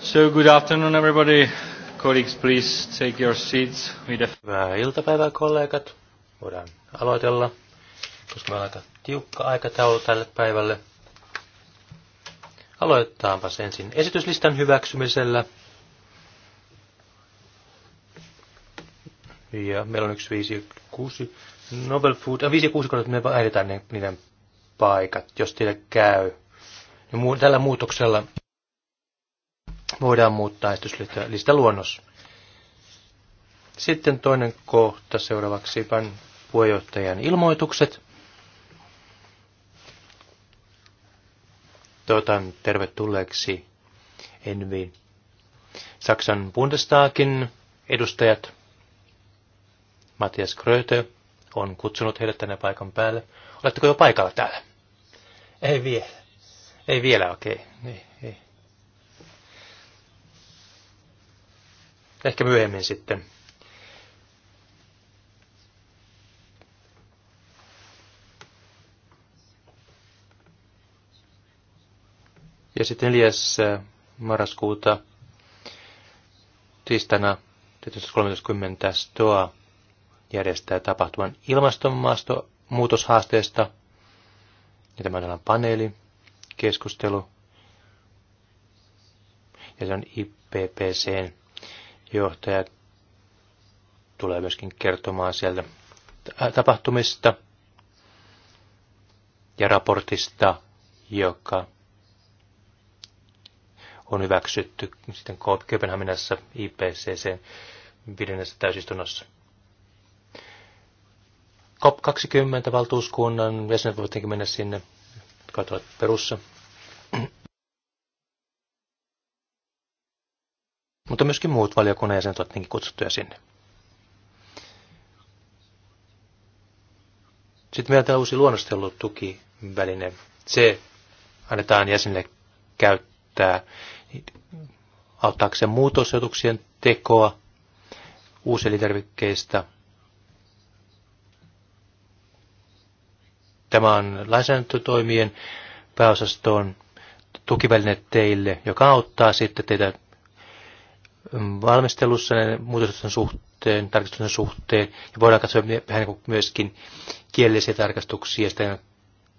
So good afternoon everybody. Colleagues, please take your seats. Hyvää iltapäivää kollegat. Voidaan aloitella, koska meillä on aika tiukka aikataulu tälle päivälle. Aloitetaanpa ensin esityslistan hyväksymisellä. Ja meillä on yksi 56 6, Nobel Food, äh, ja 5, 6, me niiden paikat, jos teille käy. Ja tällä muutoksella voidaan muuttaa esityslistan luonnos. Sitten toinen kohta seuraavaksi PAN puheenjohtajan ilmoitukset. Toivotan tervetulleeksi Envi Saksan Bundestagin edustajat. Matthias Kröte on kutsunut heidät tänne paikan päälle. Oletteko jo paikalla täällä? Ei vielä. Ei vielä, okei. Okay. Ei, ei. Ehkä myöhemmin sitten. Ja sitten 4. Äh, marraskuuta tiistaina 17.30 STOA järjestää tapahtuman ilmastonmaastomuutoshaasteesta Ja tämä on paneeli, keskustelu. Ja se on IPPCn johtaja tulee myöskin kertomaan sieltä tapahtumista ja raportista, joka on hyväksytty sitten Kööpenhaminassa IPCC viidennessä täysistunnossa. COP20 valtuuskunnan jäsenet voivat mennä sinne, katsoa perussa Mutta myöskin muut valiokunnan jäsenet ovat tietenkin kutsuttuja sinne. Sitten meillä on uusi luonnostellut tukiväline. Se annetaan jäsenille käyttää auttaakseen muutosjoituksien tekoa uuselintarvikkeista. Tämä on lainsäädäntötoimien pääosastoon tukiväline teille, joka auttaa sitten teitä valmistelussa näiden muutosten suhteen, tarkastusten suhteen, ja voidaan katsoa vähän niin myöskin kielellisiä tarkastuksia, ja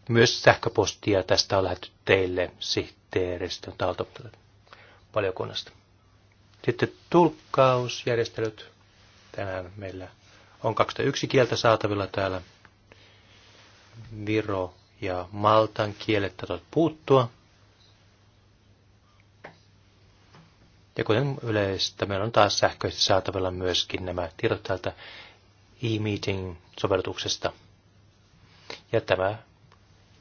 myös sähköpostia tästä on lähetty teille sihteeristön taholta valiokunnasta. Sitten tulkkausjärjestelyt. Tänään meillä on 21 kieltä saatavilla täällä. Viro ja Maltan kielet puuttua. Ja kuten yleistä, meillä on taas sähköisesti saatavilla myöskin nämä tiedot täältä e meeting sovelluksesta Ja tämä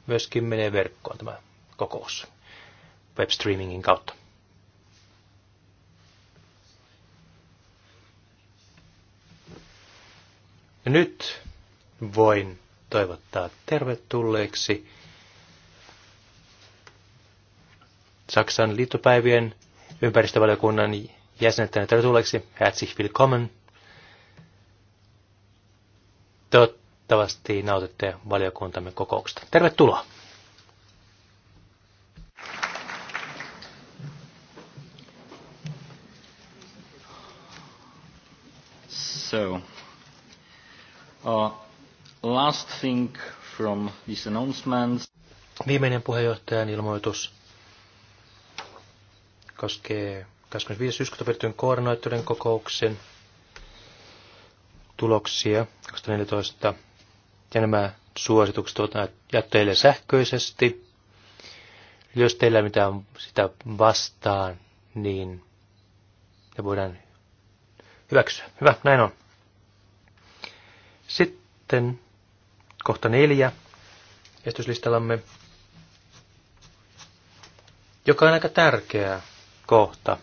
myöskin menee verkkoon tämä kokous webstreamingin kautta. Ja nyt voin toivottaa tervetulleeksi Saksan liittopäivien ympäristövaliokunnan jäsenet tänne tervetulleeksi. Herzlich willkommen. Toivottavasti nautitte valiokuntamme kokouksesta. Tervetuloa. So, uh, last thing from this announcement. Viimeinen puheenjohtajan ilmoitus koskee 25. syyskuuta pidettyyn koordinoittujen kokouksen tuloksia 2014. Ja nämä suositukset ovat jätteille sähköisesti. Jos teillä ei mitään sitä vastaan, niin ne voidaan hyväksyä. Hyvä, näin on. Sitten kohta neljä estyslistallamme, joka on aika tärkeää kohta.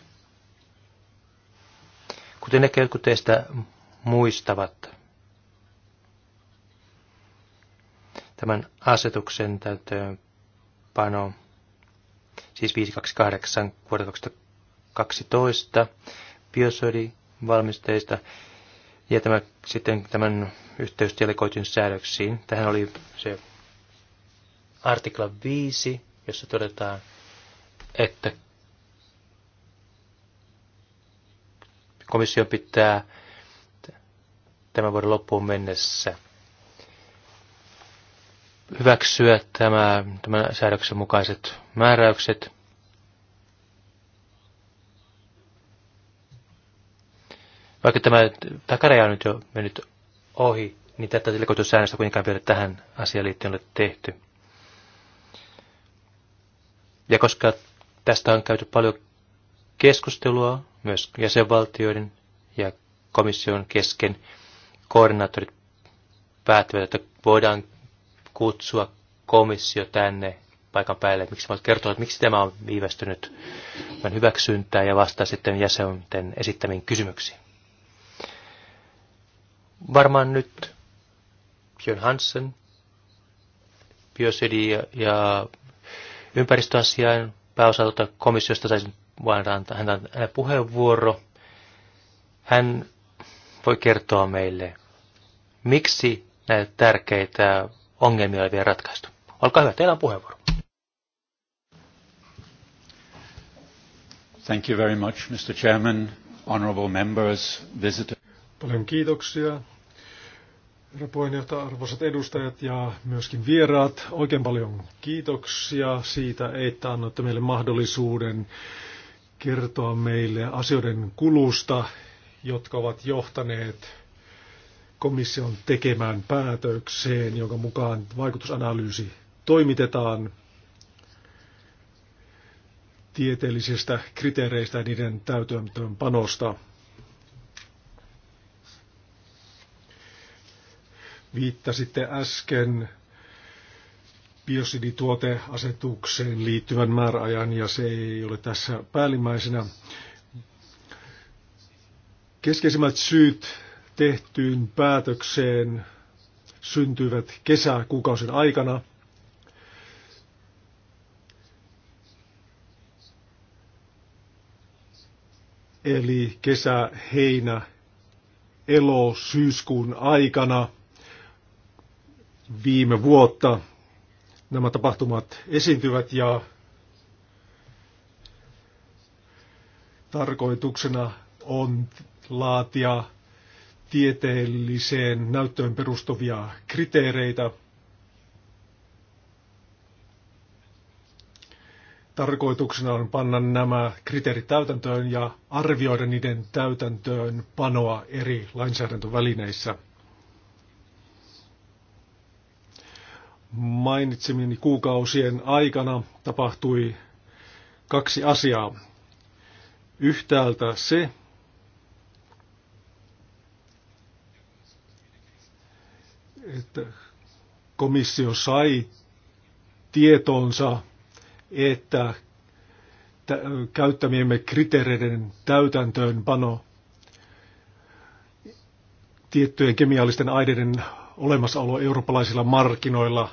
Kuten ehkä jotkut teistä muistavat, tämän asetuksen pano, siis 528 vuodelta 2012 biosodivalmisteista, ja tämä, sitten tämän yhteys säädöksiin. Tähän oli se artikla 5, jossa todetaan, että komissio pitää tämän vuoden loppuun mennessä hyväksyä tämä, tämän säädöksen mukaiset määräykset. Vaikka tämä takaraja on nyt jo mennyt ohi, niin tätä tilkoitussäännöstä kuitenkaan vielä tähän asiaan liittyen ole tehty. Ja koska tästä on käyty paljon keskustelua myös jäsenvaltioiden ja komission kesken koordinaattorit päättävät, että voidaan kutsua komissio tänne paikan päälle, miksi voit kertoa, että miksi tämä on viivästynyt tämän hyväksyntää ja vastaa sitten jäsenten esittämiin kysymyksiin. Varmaan nyt Björn Hansen, Biosidi ja, ja ympäristöasiain pääosalta komissiosta saisin vaan antaa hänelle puheenvuoro. Hän voi kertoa meille, miksi näitä tärkeitä ongelmia on vielä ratkaistu. Olkaa hyvä, teillä on puheenvuoro. Thank you very much, Mr. Chairman, honorable members, visitors. Paljon kiitoksia, herra puheenjohtaja, arvoisat edustajat ja myöskin vieraat. Oikein paljon kiitoksia siitä, että annoitte meille mahdollisuuden kertoa meille asioiden kulusta, jotka ovat johtaneet komission tekemään päätökseen, jonka mukaan vaikutusanalyysi toimitetaan tieteellisistä kriteereistä ja niiden täytäntöön panosta. Viittasitte äsken biosidituoteasetukseen liittyvän määräajan ja se ei ole tässä päällimmäisenä. Keskeisimmät syyt tehtyyn päätökseen syntyivät kesäkuukausin aikana. Eli kesä, heinä, elo, syyskuun aikana viime vuotta – nämä tapahtumat esiintyvät ja tarkoituksena on laatia tieteelliseen näyttöön perustuvia kriteereitä. Tarkoituksena on panna nämä kriteerit täytäntöön ja arvioida niiden täytäntöön panoa eri lainsäädäntövälineissä – mainitsemieni kuukausien aikana tapahtui kaksi asiaa. Yhtäältä se, että komissio sai tietonsa, että käyttämiemme kriteereiden täytäntöönpano tiettyjen kemiallisten aineiden olemassaolo eurooppalaisilla markkinoilla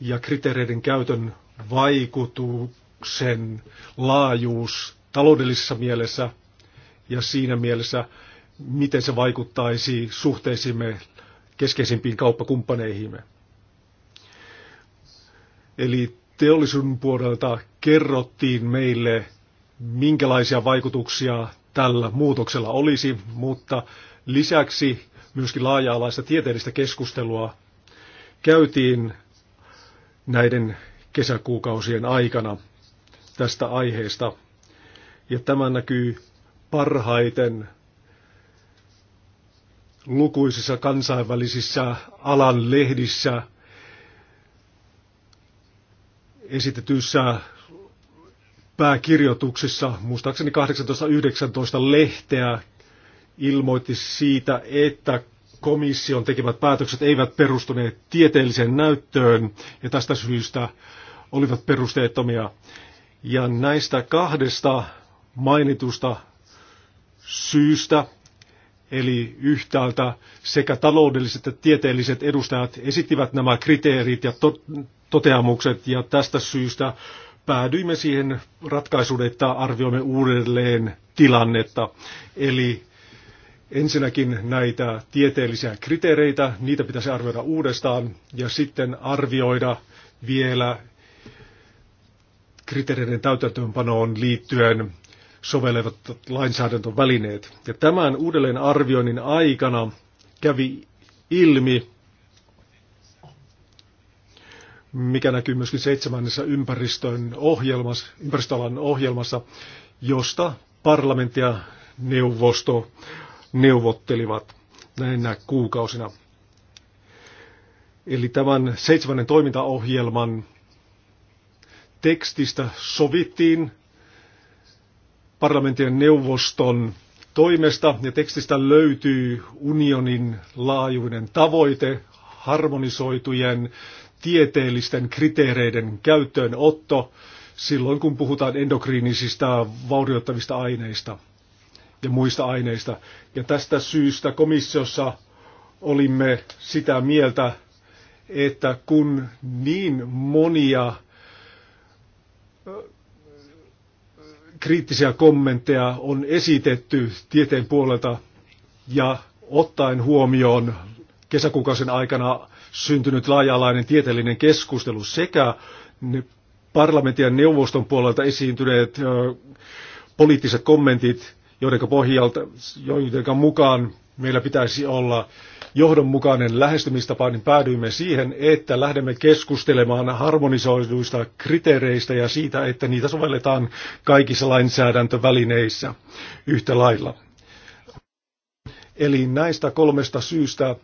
ja kriteereiden käytön vaikutuksen laajuus taloudellisessa mielessä ja siinä mielessä, miten se vaikuttaisi suhteisimme keskeisimpiin kauppakumppaneihimme. Eli teollisuuden puolelta kerrottiin meille, minkälaisia vaikutuksia tällä muutoksella olisi, mutta lisäksi myöskin laaja-alaista tieteellistä keskustelua käytiin näiden kesäkuukausien aikana tästä aiheesta. Ja tämä näkyy parhaiten lukuisissa kansainvälisissä alan lehdissä esitetyissä pääkirjoituksissa, muistaakseni 18-19 lehteä ilmoitti siitä, että komission tekemät päätökset eivät perustuneet tieteelliseen näyttöön ja tästä syystä olivat perusteettomia. Ja näistä kahdesta mainitusta syystä, eli yhtäältä sekä taloudelliset että tieteelliset edustajat esittivät nämä kriteerit ja to- toteamukset, ja tästä syystä päädyimme siihen ratkaisuun, että arvioimme uudelleen tilannetta. Eli Ensinnäkin näitä tieteellisiä kriteereitä, niitä pitäisi arvioida uudestaan ja sitten arvioida vielä kriteereiden täytäntöönpanoon liittyen sovellevat lainsäädäntövälineet. Ja tämän uudelleen arvioinnin aikana kävi ilmi, mikä näkyy myöskin seitsemännessä ympäristön ohjelmassa, ympäristöalan ohjelmassa, josta parlamentti ja neuvosto neuvottelivat näinä kuukausina. Eli tämän seitsemännen toimintaohjelman tekstistä sovittiin parlamentin neuvoston toimesta ja tekstistä löytyy unionin laajuinen tavoite harmonisoitujen tieteellisten kriteereiden käyttöönotto silloin, kun puhutaan endokriinisistä vaurioittavista aineista – ja muista aineista. Ja tästä syystä komissiossa olimme sitä mieltä, että kun niin monia äh, kriittisiä kommentteja on esitetty tieteen puolelta ja ottaen huomioon kesäkuukausen aikana syntynyt laaja-alainen tieteellinen keskustelu sekä parlamentin ja neuvoston puolelta esiintyneet äh, poliittiset kommentit joiden pohjalta, joiden mukaan meillä pitäisi olla johdonmukainen lähestymistapa, niin päädyimme siihen, että lähdemme keskustelemaan harmonisoiduista kriteereistä ja siitä, että niitä sovelletaan kaikissa lainsäädäntövälineissä yhtä lailla. Eli näistä kolmesta syystä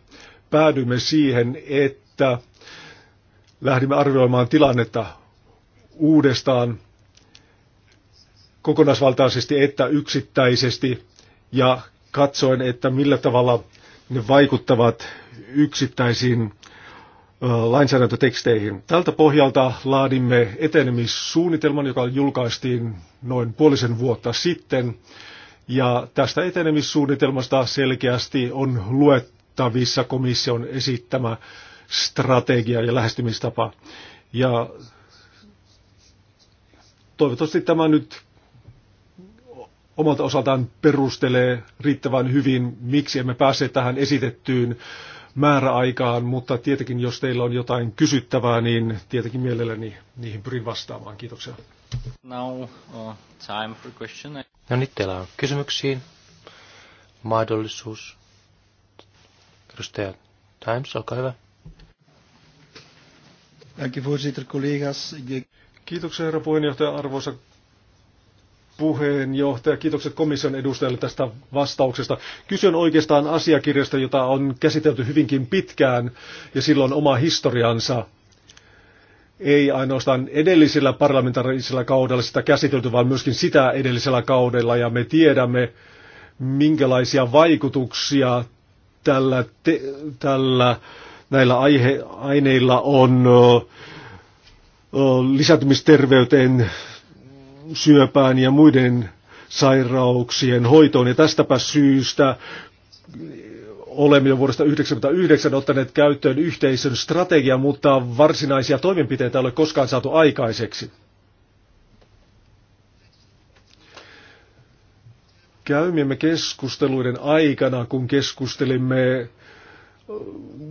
päädyimme siihen, että lähdimme arvioimaan tilannetta uudestaan kokonaisvaltaisesti että yksittäisesti ja katsoin, että millä tavalla ne vaikuttavat yksittäisiin lainsäädäntöteksteihin. Tältä pohjalta laadimme etenemissuunnitelman, joka julkaistiin noin puolisen vuotta sitten. Ja tästä etenemissuunnitelmasta selkeästi on luettavissa komission esittämä strategia ja lähestymistapa. Ja toivottavasti tämä nyt omalta osaltaan perustelee riittävän hyvin, miksi emme pääse tähän esitettyyn määräaikaan, mutta tietenkin jos teillä on jotain kysyttävää, niin tietenkin mielelläni niihin pyrin vastaamaan. Kiitoksia. Now, uh, time for question. No nyt teillä on kysymyksiin mahdollisuus. Edustaja Times, olkaa hyvä. Kiitoksia herra puheenjohtaja, arvoisa puheenjohtaja. Kiitokset komission edustajalle tästä vastauksesta. Kyse on oikeastaan asiakirjasta, jota on käsitelty hyvinkin pitkään ja sillä on oma historiansa. Ei ainoastaan edellisellä parlamentaarisella kaudella sitä käsitelty, vaan myöskin sitä edellisellä kaudella ja me tiedämme, minkälaisia vaikutuksia tällä, te, tällä näillä aihe, aineilla on lisääntymisterveyteen syöpään ja muiden sairauksien hoitoon. Ja tästäpä syystä olemme jo vuodesta 1999 ottaneet käyttöön yhteisön strategia, mutta varsinaisia toimenpiteitä ei ole koskaan saatu aikaiseksi. Käymiemme keskusteluiden aikana, kun keskustelimme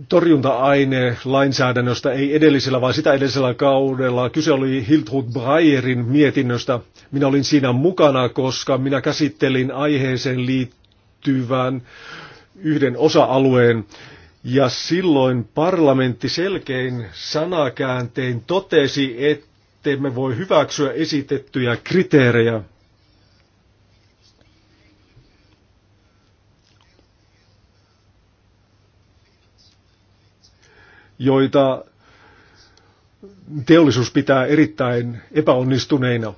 torjunta-aine lainsäädännöstä ei edellisellä, vaan sitä edellisellä kaudella. Kyse oli Hiltrud Breyerin mietinnöstä. Minä olin siinä mukana, koska minä käsittelin aiheeseen liittyvän yhden osa-alueen. Ja silloin parlamentti selkein sanakääntein totesi, että me voi hyväksyä esitettyjä kriteerejä joita teollisuus pitää erittäin epäonnistuneina.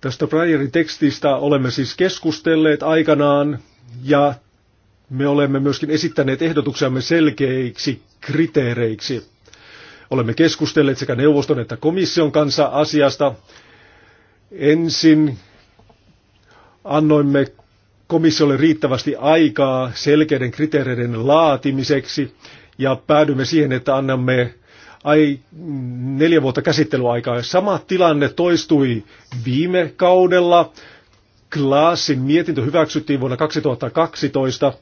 Tästä Bryerin tekstistä olemme siis keskustelleet aikanaan ja me olemme myöskin esittäneet ehdotuksiamme selkeiksi kriteereiksi. Olemme keskustelleet sekä neuvoston että komission kanssa asiasta. Ensin annoimme komissiolle riittävästi aikaa selkeiden kriteereiden laatimiseksi ja päädymme siihen, että annamme ai, neljä vuotta käsittelyaikaa. Sama tilanne toistui viime kaudella. Klaasin mietintö hyväksyttiin vuonna 2012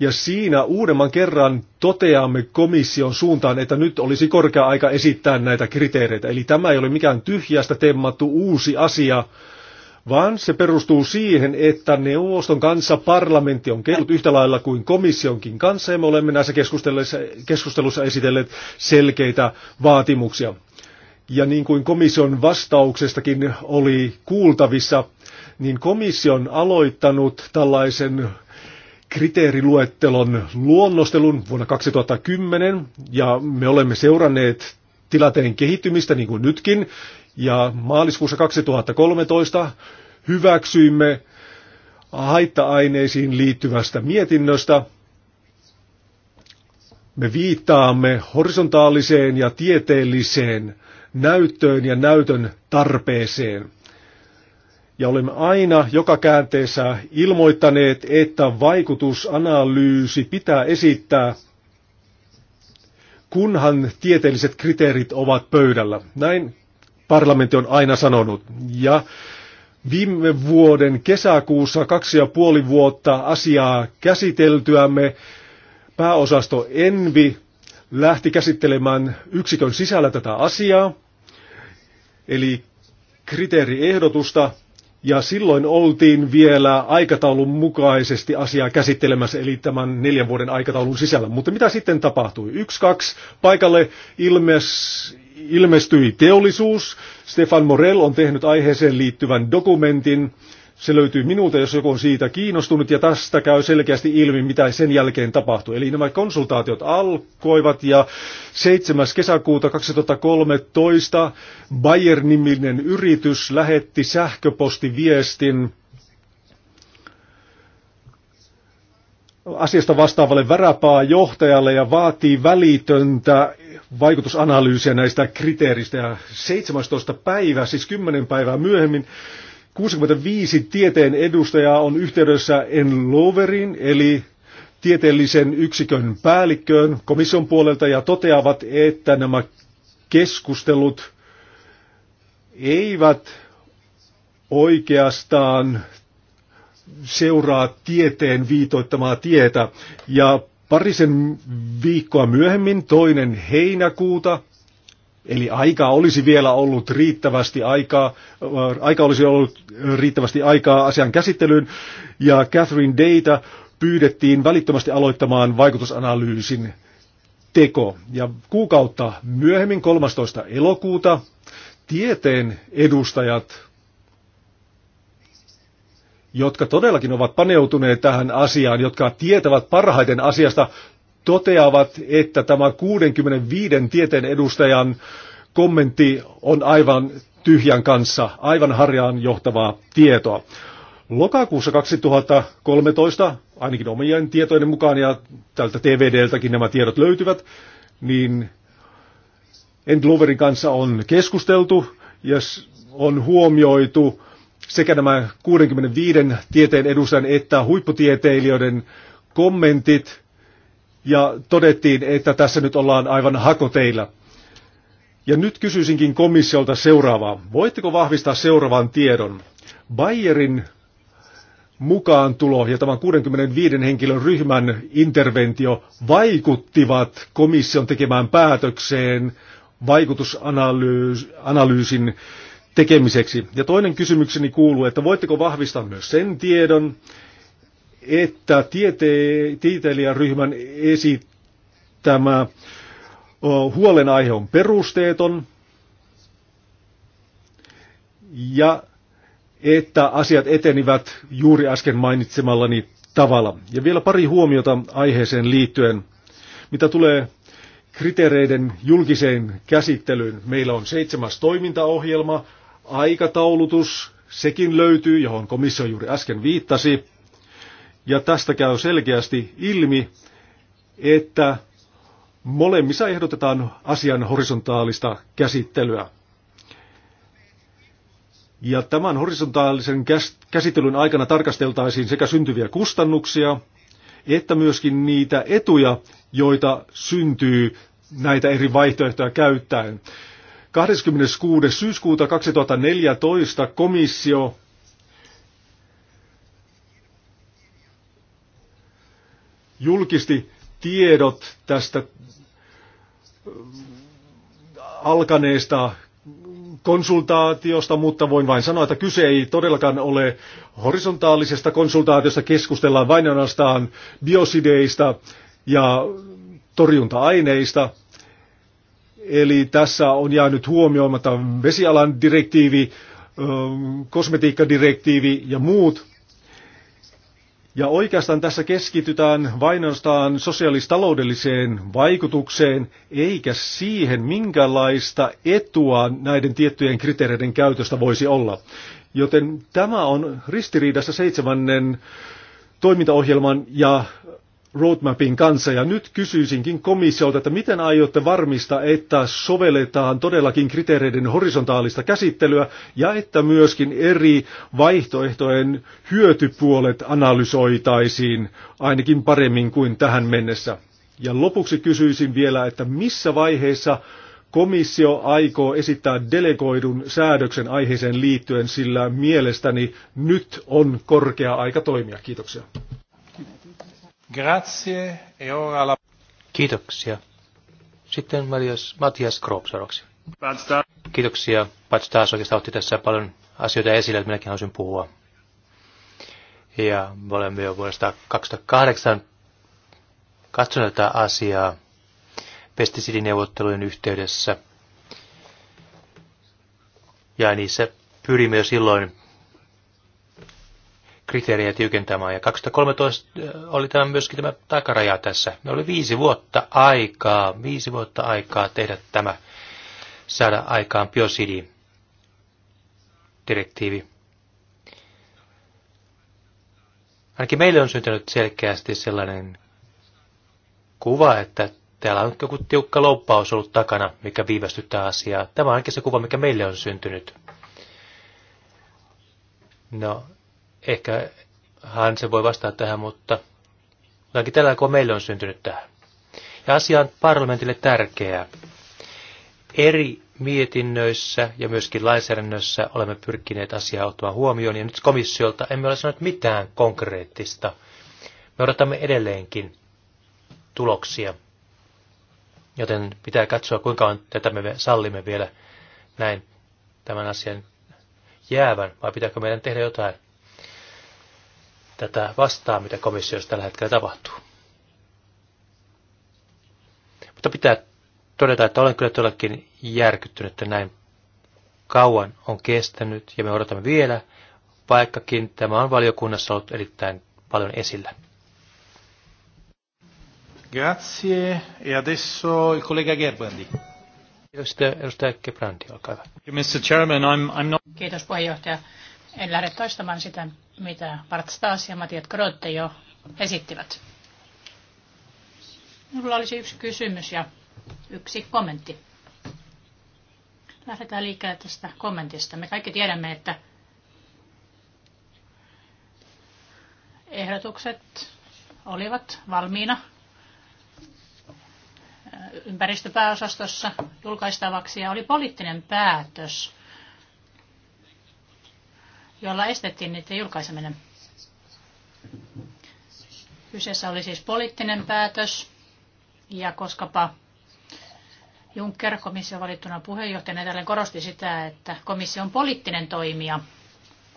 ja siinä uudemman kerran toteamme komission suuntaan, että nyt olisi korkea aika esittää näitä kriteereitä. Eli tämä ei ole mikään tyhjästä temmattu uusi asia, vaan se perustuu siihen, että neuvoston kanssa parlamentti on kellut yhtä lailla kuin komissionkin kanssa, ja me olemme näissä keskusteluissa, keskustelussa esitelleet selkeitä vaatimuksia. Ja niin kuin komission vastauksestakin oli kuultavissa, niin komissio on aloittanut tällaisen kriteeriluettelon luonnostelun vuonna 2010, ja me olemme seuranneet tilanteen kehittymistä, niin kuin nytkin, ja maaliskuussa 2013 hyväksyimme haitta-aineisiin liittyvästä mietinnöstä. Me viittaamme horisontaaliseen ja tieteelliseen näyttöön ja näytön tarpeeseen. Ja olemme aina joka käänteessä ilmoittaneet, että vaikutusanalyysi pitää esittää, kunhan tieteelliset kriteerit ovat pöydällä. Näin parlamentti on aina sanonut. Ja viime vuoden kesäkuussa kaksi ja puoli vuotta asiaa käsiteltyämme pääosasto Envi lähti käsittelemään yksikön sisällä tätä asiaa, eli kriteeriehdotusta, ja silloin oltiin vielä aikataulun mukaisesti asiaa käsittelemässä, eli tämän neljän vuoden aikataulun sisällä. Mutta mitä sitten tapahtui? Yksi, kaksi, paikalle ilmes, ilmestyi teollisuus. Stefan Morell on tehnyt aiheeseen liittyvän dokumentin. Se löytyy minulta, jos joku on siitä kiinnostunut, ja tästä käy selkeästi ilmi, mitä sen jälkeen tapahtui. Eli nämä konsultaatiot alkoivat, ja 7. kesäkuuta 2013 Bayer-niminen yritys lähetti sähköpostiviestin asiasta vastaavalle väräpaa johtajalle ja vaatii välitöntä vaikutusanalyysiä näistä kriteeristä. Ja 17. päivää, siis 10 päivää myöhemmin, 65 tieteen edustajaa on yhteydessä Enloverin, eli tieteellisen yksikön päällikköön komission puolelta ja toteavat, että nämä keskustelut eivät oikeastaan seuraa tieteen viitoittamaa tietä ja Parisen viikkoa myöhemmin, toinen heinäkuuta, eli aika olisi vielä ollut riittävästi aikaa, äh, aika olisi ollut riittävästi aikaa asian käsittelyyn, ja Catherine Data pyydettiin välittömästi aloittamaan vaikutusanalyysin teko. Ja kuukautta myöhemmin, 13. elokuuta, tieteen edustajat jotka todellakin ovat paneutuneet tähän asiaan, jotka tietävät parhaiten asiasta, toteavat, että tämä 65 tieteen edustajan kommentti on aivan tyhjän kanssa, aivan harjaan johtavaa tietoa. Lokakuussa 2013, ainakin omien tietojen mukaan ja tältä TVDltäkin nämä tiedot löytyvät, niin Endloverin kanssa on keskusteltu ja on huomioitu sekä nämä 65 tieteen edustajan että huipputieteilijöiden kommentit ja todettiin, että tässä nyt ollaan aivan hakoteilla. Ja nyt kysyisinkin komissiolta seuraavaa. Voitteko vahvistaa seuraavan tiedon? Bayerin mukaan tulo ja tämän 65 henkilön ryhmän interventio vaikuttivat komission tekemään päätökseen vaikutusanalyysin tekemiseksi. Ja toinen kysymykseni kuuluu, että voitteko vahvistaa myös sen tiedon, että tiete- tieteilijäryhmän esittämä huolenaihe on perusteeton ja että asiat etenivät juuri äsken mainitsemallani tavalla. Ja vielä pari huomiota aiheeseen liittyen. Mitä tulee kriteereiden julkiseen käsittelyyn, meillä on seitsemäs toimintaohjelma, Aikataulutus, sekin löytyy, johon komissio juuri äsken viittasi. Ja tästä käy selkeästi ilmi, että molemmissa ehdotetaan asian horisontaalista käsittelyä. Ja tämän horisontaalisen käsittelyn aikana tarkasteltaisiin sekä syntyviä kustannuksia, että myöskin niitä etuja, joita syntyy näitä eri vaihtoehtoja käyttäen. 26. syyskuuta 2014 komissio julkisti tiedot tästä alkaneesta konsultaatiosta, mutta voin vain sanoa, että kyse ei todellakaan ole horisontaalisesta konsultaatiosta, keskustellaan vain ainoastaan biosideista ja torjunta-aineista. Eli tässä on jäänyt huomioimatta vesialan direktiivi, kosmetiikkadirektiivi ja muut. Ja oikeastaan tässä keskitytään vainostaan sosiaalistaloudelliseen vaikutukseen, eikä siihen, minkälaista etua näiden tiettyjen kriteereiden käytöstä voisi olla. Joten tämä on ristiriidassa seitsemännen toimintaohjelman ja roadmapin kanssa. Ja nyt kysyisinkin komissiolta, että miten aiotte varmistaa, että sovelletaan todellakin kriteereiden horisontaalista käsittelyä ja että myöskin eri vaihtoehtojen hyötypuolet analysoitaisiin ainakin paremmin kuin tähän mennessä. Ja lopuksi kysyisin vielä, että missä vaiheessa komissio aikoo esittää delegoidun säädöksen aiheeseen liittyen, sillä mielestäni nyt on korkea aika toimia. Kiitoksia. Grazie e ora la... Kiitoksia. Sitten Marius, Matias Kroop seuraavaksi. Kiitoksia. Pats taas oikeastaan otti tässä paljon asioita esille, että minäkin haluaisin puhua. Ja me olemme jo vuodesta 2008 katsoneet tätä asiaa pestisidineuvottelujen yhteydessä. Ja niissä pyrimme jo silloin kriteerejä tiukentamaan. Ja 2013 oli tämä myöskin tämä takaraja tässä. Me oli viisi vuotta aikaa, viisi vuotta aikaa tehdä tämä, saada aikaan biosidi direktiivi. Ainakin meille on syntynyt selkeästi sellainen kuva, että täällä on joku tiukka loppaus ollut takana, mikä viivästyttää asiaa. Tämä on ainakin se kuva, mikä meille on syntynyt. No, Ehkä hän se voi vastata tähän, mutta ainakin tällä kun meille on syntynyt tähän. Ja asia on parlamentille tärkeää. Eri mietinnöissä ja myöskin lainsäädännössä olemme pyrkineet asiaa ottamaan huomioon, ja nyt komissiolta emme ole sanoneet mitään konkreettista. Me odotamme edelleenkin tuloksia, joten pitää katsoa, kuinka on tätä me sallimme vielä näin tämän asian jäävän, vai pitääkö meidän tehdä jotain tätä vastaan, mitä komissiossa tällä hetkellä tapahtuu. Mutta pitää todeta, että olen kyllä todellakin järkyttynyt, että näin kauan on kestänyt ja me odotamme vielä, vaikkakin tämä on valiokunnassa ollut erittäin paljon esillä. Grazie. E adesso il collega Gerbrandi. Edustaja Gebrandi, olkaa hyvä. Mr. Chairman, I'm, I'm not... Kiitos puheenjohtaja. En lähde toistamaan sitä, mitä Bart Stas ja Matiat Grotte jo esittivät. Minulla olisi yksi kysymys ja yksi kommentti. Lähdetään liikkeelle tästä kommentista. Me kaikki tiedämme, että ehdotukset olivat valmiina ympäristöpääosastossa julkaistavaksi ja oli poliittinen päätös jolla estettiin niiden julkaiseminen. Kyseessä oli siis poliittinen päätös, ja koskapa Juncker komissio valittuna puheenjohtajana tällä korosti sitä, että komissio on poliittinen toimija,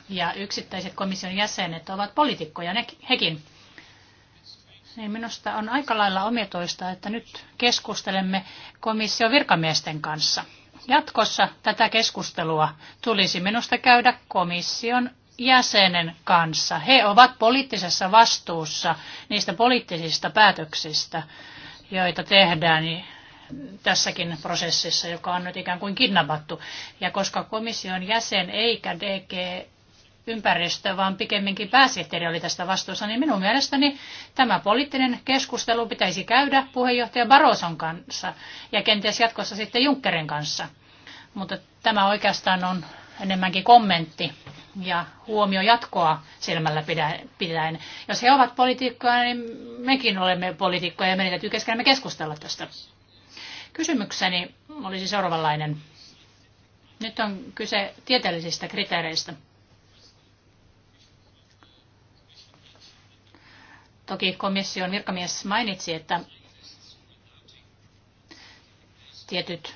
ja yksittäiset komission jäsenet ovat poliitikkoja hekin. Niin minusta on aika lailla omituista, että nyt keskustelemme komission virkamiesten kanssa – Jatkossa tätä keskustelua tulisi minusta käydä komission jäsenen kanssa. He ovat poliittisessa vastuussa niistä poliittisista päätöksistä, joita tehdään tässäkin prosessissa, joka on nyt ikään kuin kidnappattu. Ja koska komission jäsen eikä DG ympäristö, vaan pikemminkin pääsihteeri oli tästä vastuussa, niin minun mielestäni tämä poliittinen keskustelu pitäisi käydä puheenjohtaja Baroson kanssa ja kenties jatkossa sitten Junckerin kanssa. Mutta tämä oikeastaan on enemmänkin kommentti ja huomio jatkoa silmällä pitäen. Jos he ovat poliitikkoja, niin mekin olemme poliitikkoja ja meidän täytyy keskenämme keskustella tästä. Kysymykseni olisi seuraavanlainen. Nyt on kyse tieteellisistä kriteereistä. Toki komission virkamies mainitsi, että tietyt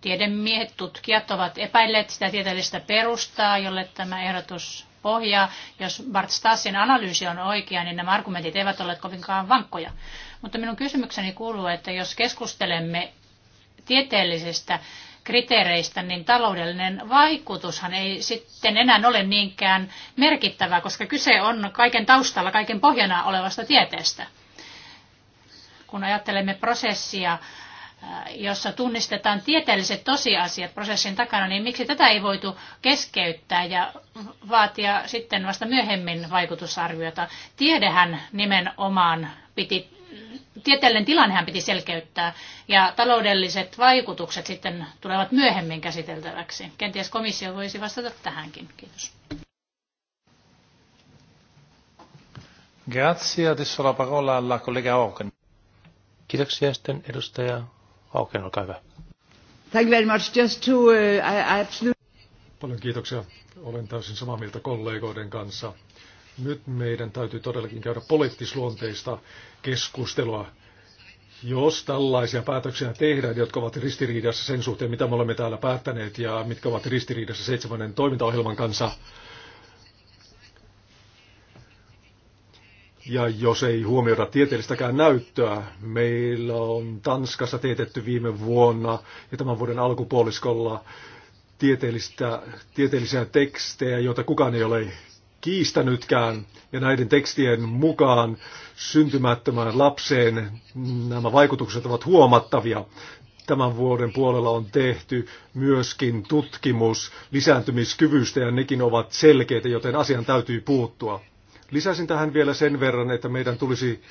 tiedemiehet, tutkijat ovat epäilleet sitä tieteellistä perustaa, jolle tämä ehdotus pohjaa. Jos Bart Stassin analyysi on oikea, niin nämä argumentit eivät ole kovinkaan vankkoja. Mutta minun kysymykseni kuuluu, että jos keskustelemme tieteellisestä kriteereistä, niin taloudellinen vaikutushan ei sitten enää ole niinkään merkittävä, koska kyse on kaiken taustalla, kaiken pohjana olevasta tieteestä. Kun ajattelemme prosessia, äh, jossa tunnistetaan tieteelliset tosiasiat prosessin takana, niin miksi tätä ei voitu keskeyttää ja vaatia sitten vasta myöhemmin vaikutusarviota? Tiedehän nimenomaan piti tieteellinen tilannehan piti selkeyttää ja taloudelliset vaikutukset sitten tulevat myöhemmin käsiteltäväksi. Kenties komissio voisi vastata tähänkin. Kiitos. Grazie. Adesso la parola alla collega Kiitoksia sitten edustaja Hauken, olkaa hyvä. Thank you very much. Just to, uh, I, I absolutely... Paljon kiitoksia. Olen täysin samaa mieltä kollegoiden kanssa. Nyt meidän täytyy todellakin käydä poliittisluonteista keskustelua. Jos tällaisia päätöksiä tehdään, jotka ovat ristiriidassa sen suhteen, mitä me olemme täällä päättäneet ja mitkä ovat ristiriidassa seitsemännen toimintaohjelman kanssa, Ja jos ei huomioida tieteellistäkään näyttöä, meillä on Tanskassa teetetty viime vuonna ja tämän vuoden alkupuoliskolla tieteellistä, tieteellisiä tekstejä, joita kukaan ei ole kiistänytkään. Ja näiden tekstien mukaan syntymättömään lapseen nämä vaikutukset ovat huomattavia. Tämän vuoden puolella on tehty myöskin tutkimus lisääntymiskyvystä ja nekin ovat selkeitä, joten asian täytyy puuttua. Lisäsin tähän vielä sen verran, että meidän tulisi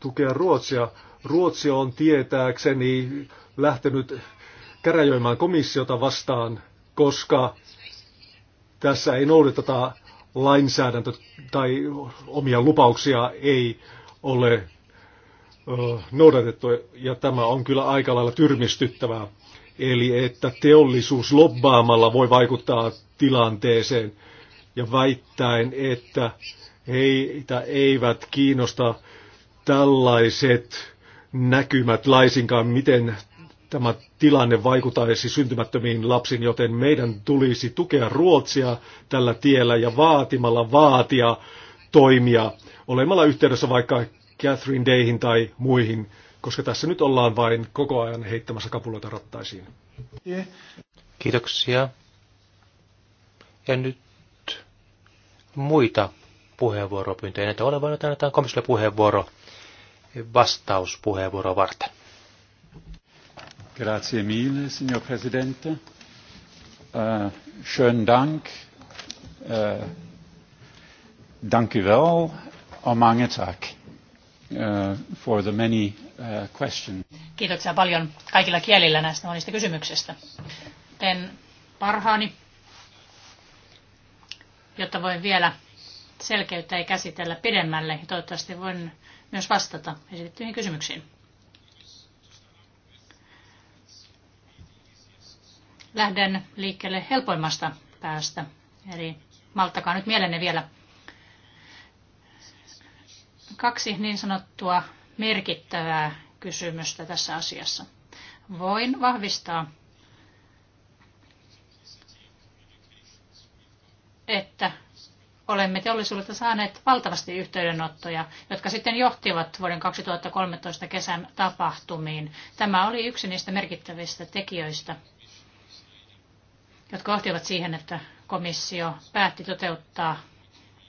tukea Ruotsia. Ruotsi on tietääkseni lähtenyt käräjöimään komissiota vastaan, koska tässä ei noudateta lainsäädäntö tai omia lupauksia ei ole noudatettu, ja tämä on kyllä aika lailla tyrmistyttävää. Eli että teollisuus lobbaamalla voi vaikuttaa tilanteeseen ja väittäen, että heitä eivät kiinnosta tällaiset näkymät laisinkaan, miten tämä tilanne vaikuttaisi syntymättömiin lapsiin, joten meidän tulisi tukea Ruotsia tällä tiellä ja vaatimalla vaatia toimia olemalla yhteydessä vaikka Catherine Dayhin tai muihin, koska tässä nyt ollaan vain koko ajan heittämässä kapuloita rattaisiin. Kiitoksia. Ja nyt muita puheenvuoropyyntöjä. Näitä ole vain, että annetaan komissiolle puheenvuoro vastauspuheenvuoro varten. Grazie mille, signor Presidente. Uh, eh, schönen Dank. Uh, wel mange tak uh, eh, for the many uh, questions. Kiitoksia paljon kaikilla kielillä näistä monista kysymyksistä. Teen parhaani, jotta voin vielä selkeyttää ja käsitellä pidemmälle. Toivottavasti voin myös vastata esitettyihin kysymyksiin. lähden liikkeelle helpoimmasta päästä. Eli malttakaa nyt mielenne vielä. Kaksi niin sanottua merkittävää kysymystä tässä asiassa. Voin vahvistaa, että olemme teollisuudelta saaneet valtavasti yhteydenottoja, jotka sitten johtivat vuoden 2013 kesän tapahtumiin. Tämä oli yksi niistä merkittävistä tekijöistä, jotka johtivat siihen, että komissio päätti toteuttaa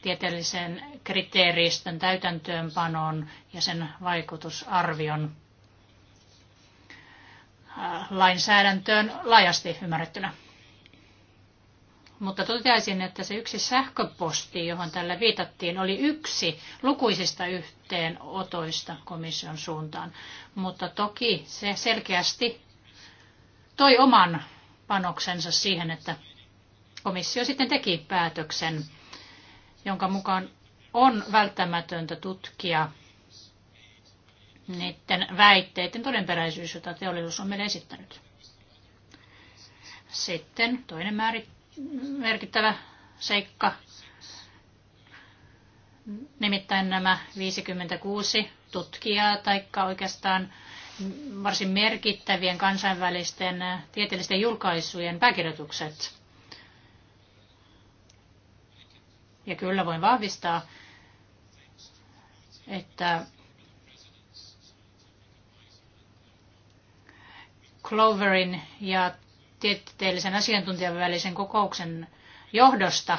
tieteellisen kriteeristön täytäntöönpanon ja sen vaikutusarvion lainsäädäntöön laajasti ymmärrettynä. Mutta toteaisin, että se yksi sähköposti, johon tällä viitattiin, oli yksi lukuisista yhteenotoista komission suuntaan. Mutta toki se selkeästi toi oman panoksensa siihen, että komissio sitten teki päätöksen, jonka mukaan on välttämätöntä tutkia niiden väitteiden todenperäisyys, jota teollisuus on meille esittänyt. Sitten toinen määrit, merkittävä seikka, nimittäin nämä 56 tutkijaa tai oikeastaan varsin merkittävien kansainvälisten tieteellisten julkaisujen pääkirjoitukset. Ja kyllä voin vahvistaa, että Cloverin ja tieteellisen asiantuntijan välisen kokouksen johdosta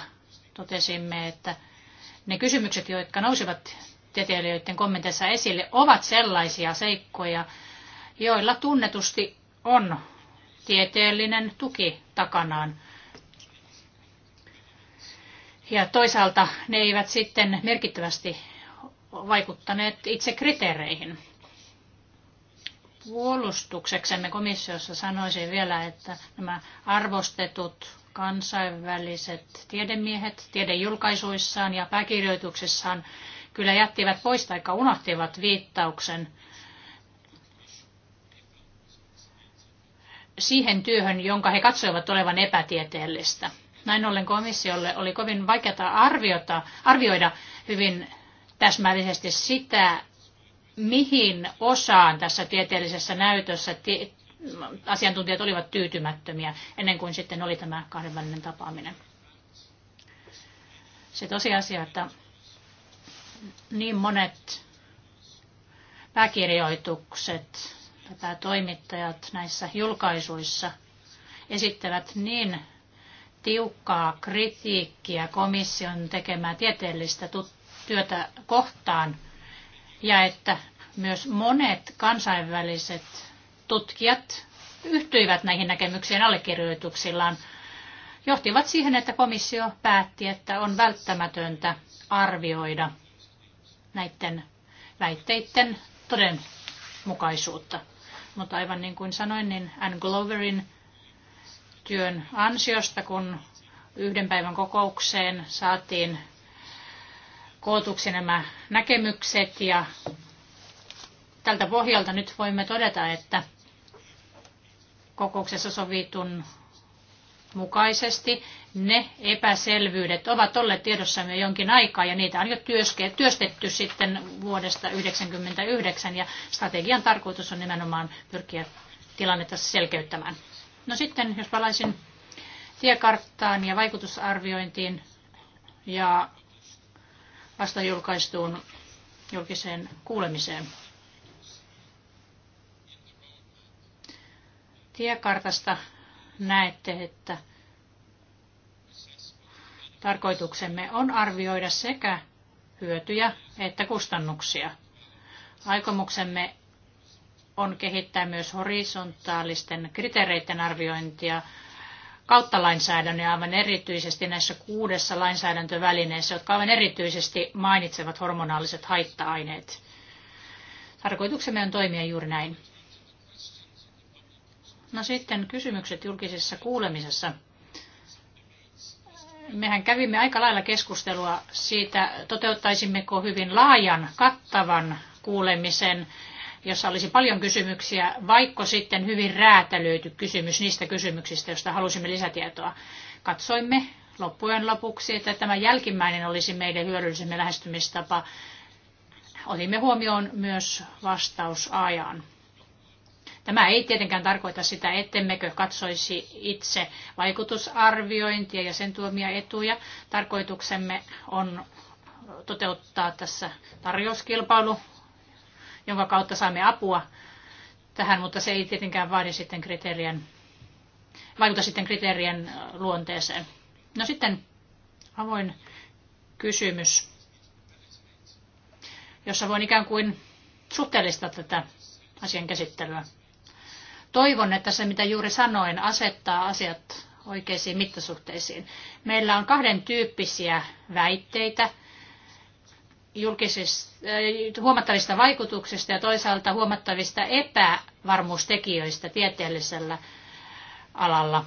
totesimme, että ne kysymykset, jotka nousivat tieteilijöiden kommenteissa esille, ovat sellaisia seikkoja, joilla tunnetusti on tieteellinen tuki takanaan. Ja toisaalta ne eivät sitten merkittävästi vaikuttaneet itse kriteereihin. Puolustukseksemme komissiossa sanoisin vielä, että nämä arvostetut kansainväliset tiedemiehet tiedejulkaisuissaan ja pääkirjoituksissaan kyllä jättivät pois tai unohtivat viittauksen siihen työhön, jonka he katsoivat olevan epätieteellistä. Näin ollen komissiolle oli kovin vaikeata arviota, arvioida hyvin täsmällisesti sitä, mihin osaan tässä tieteellisessä näytössä tie, asiantuntijat olivat tyytymättömiä ennen kuin sitten oli tämä kahdenvälinen tapaaminen. Se tosiasia, että niin monet pääkirjoitukset tai päätoimittajat näissä julkaisuissa esittävät niin tiukkaa kritiikkiä komission tekemää tieteellistä työtä kohtaan ja että myös monet kansainväliset tutkijat yhtyivät näihin näkemyksiin allekirjoituksillaan, johtivat siihen, että komissio päätti, että on välttämätöntä arvioida – näiden väitteiden todenmukaisuutta. Mutta aivan niin kuin sanoin, niin Anne Gloverin työn ansiosta, kun yhden päivän kokoukseen saatiin kootuksi nämä näkemykset ja tältä pohjalta nyt voimme todeta, että kokouksessa sovitun mukaisesti ne epäselvyydet ovat olleet tiedossamme jonkin aikaa ja niitä on jo työstetty sitten vuodesta 1999 ja strategian tarkoitus on nimenomaan pyrkiä tilannetta selkeyttämään. No sitten, jos palaisin tiekarttaan ja vaikutusarviointiin ja vasta julkaistuun julkiseen kuulemiseen. Tiekartasta näette, että Tarkoituksemme on arvioida sekä hyötyjä että kustannuksia. Aikomuksemme on kehittää myös horisontaalisten kriteereiden arviointia kautta lainsäädännön aivan erityisesti näissä kuudessa lainsäädäntövälineessä, jotka aivan erityisesti mainitsevat hormonaaliset haitta-aineet. Tarkoituksemme on toimia juuri näin. No sitten kysymykset julkisessa kuulemisessa – mehän kävimme aika lailla keskustelua siitä, toteuttaisimmeko hyvin laajan, kattavan kuulemisen, jossa olisi paljon kysymyksiä, vaikka sitten hyvin räätälöity kysymys niistä kysymyksistä, joista halusimme lisätietoa. Katsoimme loppujen lopuksi, että tämä jälkimmäinen olisi meidän hyödyllisemme lähestymistapa. Otimme huomioon myös vastausajan. Tämä ei tietenkään tarkoita sitä, ettemmekö katsoisi itse vaikutusarviointia ja sen tuomia etuja. Tarkoituksemme on toteuttaa tässä tarjouskilpailu, jonka kautta saamme apua tähän, mutta se ei tietenkään vaadi sitten kriteerien, vaikuta sitten kriteerien luonteeseen. No sitten avoin kysymys, jossa voin ikään kuin suhteellistaa tätä asian käsittelyä. Toivon, että se mitä juuri sanoin asettaa asiat oikeisiin mittasuhteisiin. Meillä on kahden tyyppisiä väitteitä julkisista, äh, huomattavista vaikutuksista ja toisaalta huomattavista epävarmuustekijöistä tieteellisellä alalla.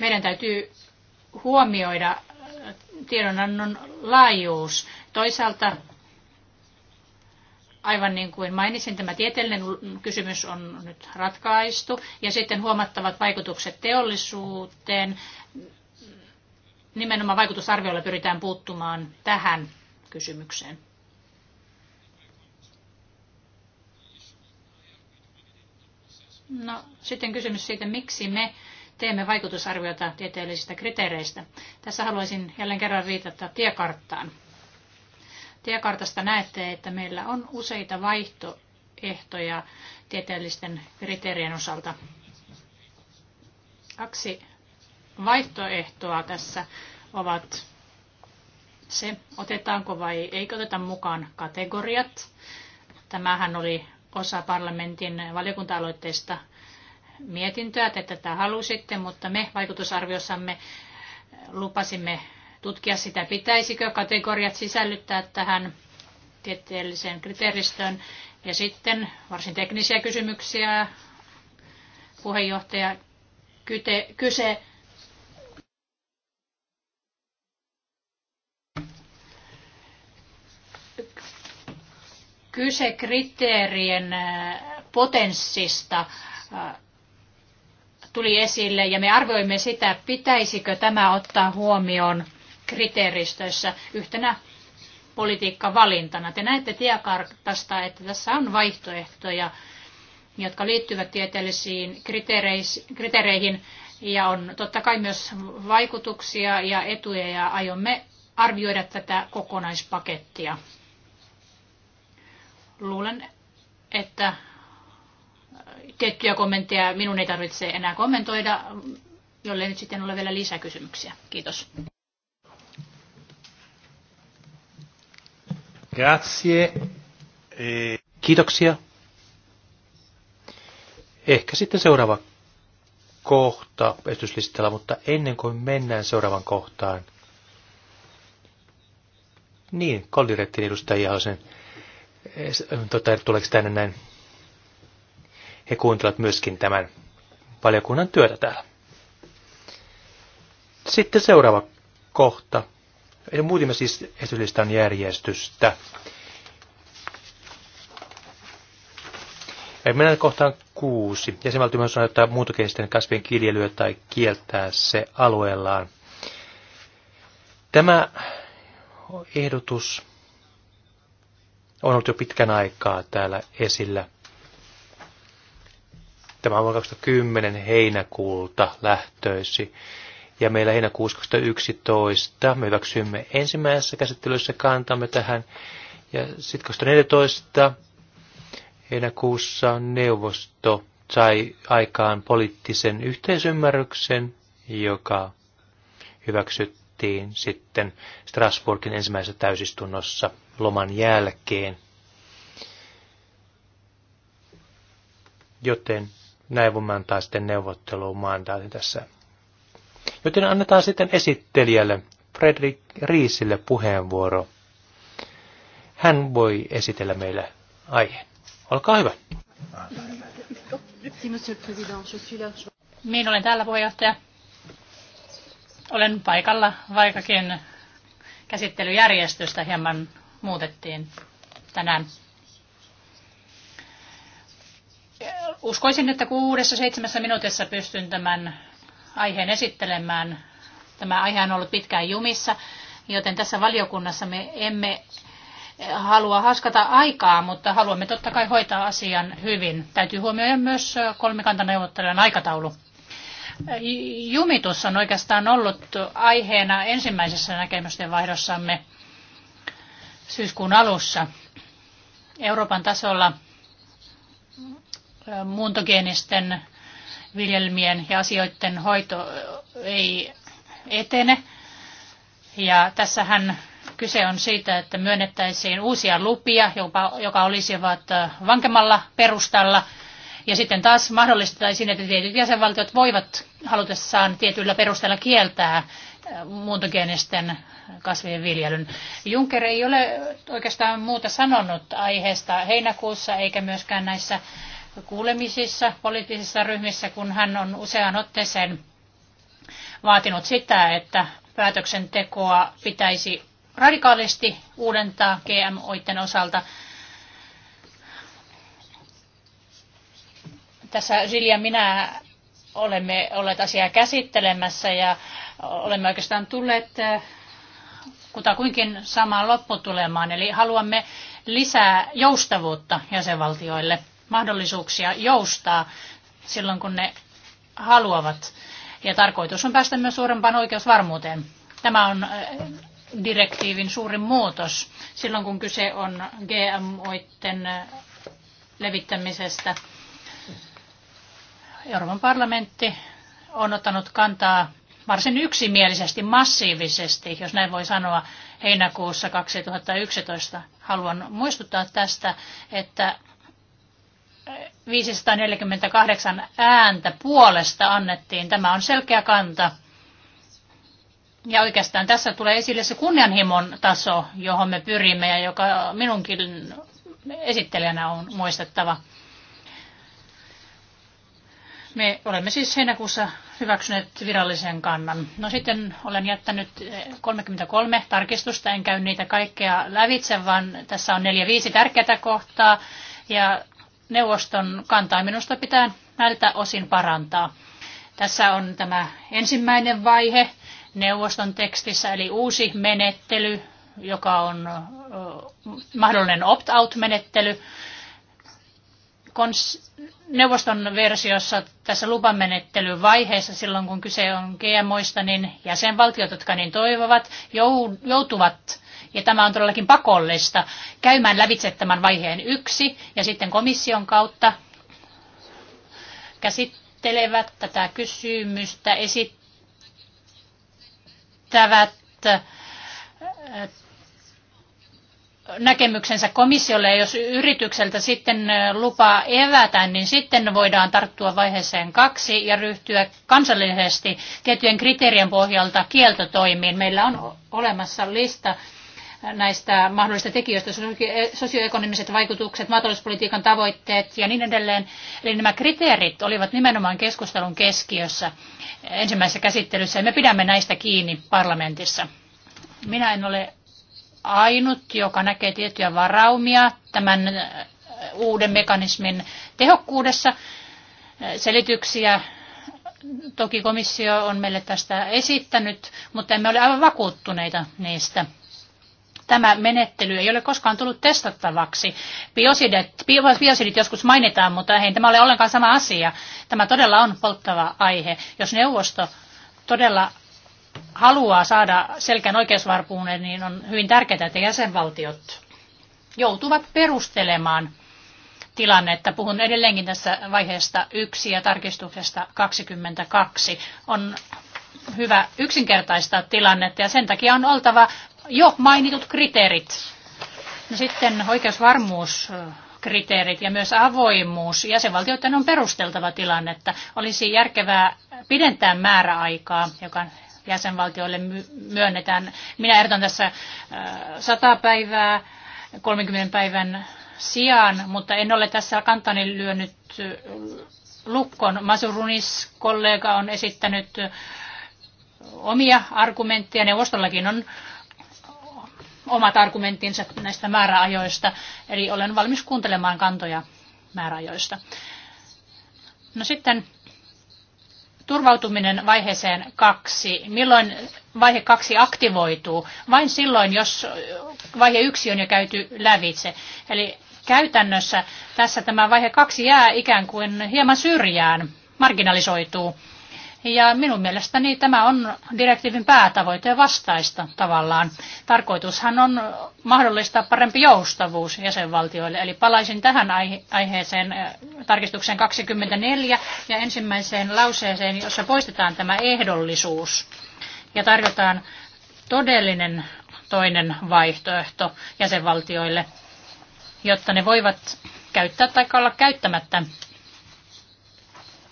Meidän täytyy huomioida tiedonannon laajuus. Toisaalta aivan niin kuin mainitsin, tämä tieteellinen kysymys on nyt ratkaistu. Ja sitten huomattavat vaikutukset teollisuuteen. Nimenomaan vaikutusarvioilla pyritään puuttumaan tähän kysymykseen. No, sitten kysymys siitä, miksi me teemme vaikutusarviota tieteellisistä kriteereistä. Tässä haluaisin jälleen kerran viitata tiekarttaan. Tiekartasta näette, että meillä on useita vaihtoehtoja tieteellisten kriteerien osalta. Kaksi vaihtoehtoa tässä ovat se, otetaanko vai eikö oteta mukaan kategoriat. Tämähän oli osa parlamentin valiokunta-aloitteista mietintöä, että tätä halusitte, mutta me vaikutusarviossamme lupasimme tutkia sitä, pitäisikö kategoriat sisällyttää tähän tieteelliseen kriteeristöön. Ja sitten varsin teknisiä kysymyksiä. Puheenjohtaja kyte, kyse kyse kriteerien äh, potenssista äh, tuli esille ja me arvioimme sitä, pitäisikö tämä ottaa huomioon kriteeristöissä yhtenä politiikkavalintana. Te näette tiekartasta, että tässä on vaihtoehtoja, jotka liittyvät tieteellisiin kriteereihin ja on totta kai myös vaikutuksia ja etuja ja aiomme arvioida tätä kokonaispakettia. Luulen, että tiettyjä kommentteja minun ei tarvitse enää kommentoida, jollei nyt sitten ole vielä lisäkysymyksiä. Kiitos. Grazie. E- Kiitoksia. Ehkä sitten seuraava kohta esityslistalla, mutta ennen kuin mennään seuraavan kohtaan. Niin, Kollirettin edustajia on sen. Eh, tota, tuleeko tänne näin? He kuuntelevat myöskin tämän valiokunnan työtä täällä. Sitten seuraava kohta Eli muutimme siis esilistan järjestystä. Eli mennään kohtaan kuusi. Jäsenvaltio myös rajoittaa muuntokeisten kasvien kiljelyä tai kieltää se alueellaan. Tämä ehdotus on ollut jo pitkän aikaa täällä esillä. Tämä on vuonna 2010 heinäkuulta lähtöisi. Ja meillä heinäkuussa 2011 me hyväksymme ensimmäisessä käsittelyssä kantamme tähän. Ja sitten 2014 heinäkuussa neuvosto sai aikaan poliittisen yhteisymmärryksen, joka hyväksyttiin sitten Strasbourgin ensimmäisessä täysistunnossa loman jälkeen. Joten näin voimme antaa sitten neuvotteluun tässä Joten annetaan sitten esittelijälle, Fredrik Riisille puheenvuoro. Hän voi esitellä meille aiheen. Olkaa hyvä. Minä niin, olen täällä puheenjohtaja. Olen paikalla, vaikkakin käsittelyjärjestystä hieman muutettiin tänään. Uskoisin, että kuudessa seitsemässä minuutissa pystyn tämän aiheen esittelemään. Tämä aihe on ollut pitkään jumissa, joten tässä valiokunnassa me emme halua haskata aikaa, mutta haluamme totta kai hoitaa asian hyvin. Täytyy huomioida myös kolmikantaneuvottelijan aikataulu. Jumitus on oikeastaan ollut aiheena ensimmäisessä näkemysten vaihdossamme syyskuun alussa. Euroopan tasolla muuntogeenisten viljelmien ja asioiden hoito ei etene. Ja tässähän kyse on siitä, että myönnettäisiin uusia lupia, jopa, joka olisivat äh, vankemmalla perustalla. Ja sitten taas mahdollistettaisiin, että tietyt jäsenvaltiot voivat halutessaan tietyllä perusteella kieltää äh, muuntogeenisten kasvien viljelyn. Juncker ei ole oikeastaan muuta sanonut aiheesta heinäkuussa eikä myöskään näissä kuulemisissa poliittisissa ryhmissä, kun hän on useaan otteeseen vaatinut sitä, että päätöksentekoa pitäisi radikaalisti uudentaa GMOiden osalta. Tässä Silja minä olemme olleet asiaa käsittelemässä ja olemme oikeastaan tulleet eh, kutakuinkin samaan lopputulemaan. Eli haluamme lisää joustavuutta jäsenvaltioille mahdollisuuksia joustaa silloin, kun ne haluavat. Ja tarkoitus on päästä myös suurempaan oikeusvarmuuteen. Tämä on äh, direktiivin suurin muutos silloin, kun kyse on GMOiden äh, levittämisestä. Euroopan parlamentti on ottanut kantaa varsin yksimielisesti, massiivisesti, jos näin voi sanoa, heinäkuussa 2011. Haluan muistuttaa tästä, että 548 ääntä puolesta annettiin. Tämä on selkeä kanta. Ja oikeastaan tässä tulee esille se kunnianhimon taso, johon me pyrimme ja joka minunkin esittelijänä on muistettava. Me olemme siis heinäkuussa hyväksyneet virallisen kannan. No sitten olen jättänyt 33 tarkistusta, en käy niitä kaikkea lävitse, vaan tässä on 4-5 tärkeää kohtaa. Ja neuvoston kantaa minusta pitää näiltä osin parantaa. Tässä on tämä ensimmäinen vaihe neuvoston tekstissä, eli uusi menettely, joka on mahdollinen opt-out-menettely. neuvoston versiossa tässä lupamenettelyvaiheessa, vaiheessa, silloin kun kyse on GMOista, niin jäsenvaltiot, jotka niin toivovat, joutuvat ja tämä on todellakin pakollista, käymään lävitse tämän vaiheen yksi ja sitten komission kautta käsittelevät tätä kysymystä, esittävät äh, näkemyksensä komissiolle ja jos yritykseltä sitten äh, lupaa evätään, niin sitten voidaan tarttua vaiheeseen kaksi ja ryhtyä kansallisesti tiettyjen kriteerien pohjalta kieltotoimiin. Meillä on olemassa lista näistä mahdollisista tekijöistä, sosioekonomiset vaikutukset, maatalouspolitiikan tavoitteet ja niin edelleen. Eli nämä kriteerit olivat nimenomaan keskustelun keskiössä ensimmäisessä käsittelyssä ja me pidämme näistä kiinni parlamentissa. Minä en ole ainut, joka näkee tiettyjä varaumia tämän äh, uuden mekanismin tehokkuudessa. Selityksiä toki komissio on meille tästä esittänyt, mutta emme ole aivan vakuuttuneita niistä tämä menettely ei ole koskaan tullut testattavaksi. Biosidit, biosidit joskus mainitaan, mutta ei tämä ole ollenkaan sama asia. Tämä todella on polttava aihe. Jos neuvosto todella haluaa saada selkeän oikeusvarpuuden, niin on hyvin tärkeää, että jäsenvaltiot joutuvat perustelemaan tilannetta. Puhun edelleenkin tässä vaiheesta yksi ja tarkistuksesta 22. On hyvä yksinkertaistaa tilannetta ja sen takia on oltava jo mainitut kriteerit. No sitten oikeusvarmuuskriteerit ja myös avoimuus. Jäsenvaltioiden on perusteltava tilanne, että Olisi järkevää pidentää määräaikaa, joka jäsenvaltioille myönnetään. Minä ehdotan tässä 100 päivää 30 päivän sijaan, mutta en ole tässä kantani lyönyt lukkon. Masurunis kollega on esittänyt omia argumentteja. Neuvostollakin on omat argumenttinsa näistä määräajoista, eli olen valmis kuuntelemaan kantoja määräajoista. No sitten turvautuminen vaiheeseen kaksi. Milloin vaihe kaksi aktivoituu? Vain silloin, jos vaihe yksi on jo käyty lävitse. Eli käytännössä tässä tämä vaihe kaksi jää ikään kuin hieman syrjään, marginalisoituu. Ja minun mielestäni tämä on direktiivin päätavoite vastaista tavallaan. Tarkoitushan on mahdollistaa parempi joustavuus jäsenvaltioille. Eli palaisin tähän aiheeseen eh, tarkistukseen 24 ja ensimmäiseen lauseeseen, jossa poistetaan tämä ehdollisuus ja tarjotaan todellinen toinen vaihtoehto jäsenvaltioille, jotta ne voivat käyttää tai olla käyttämättä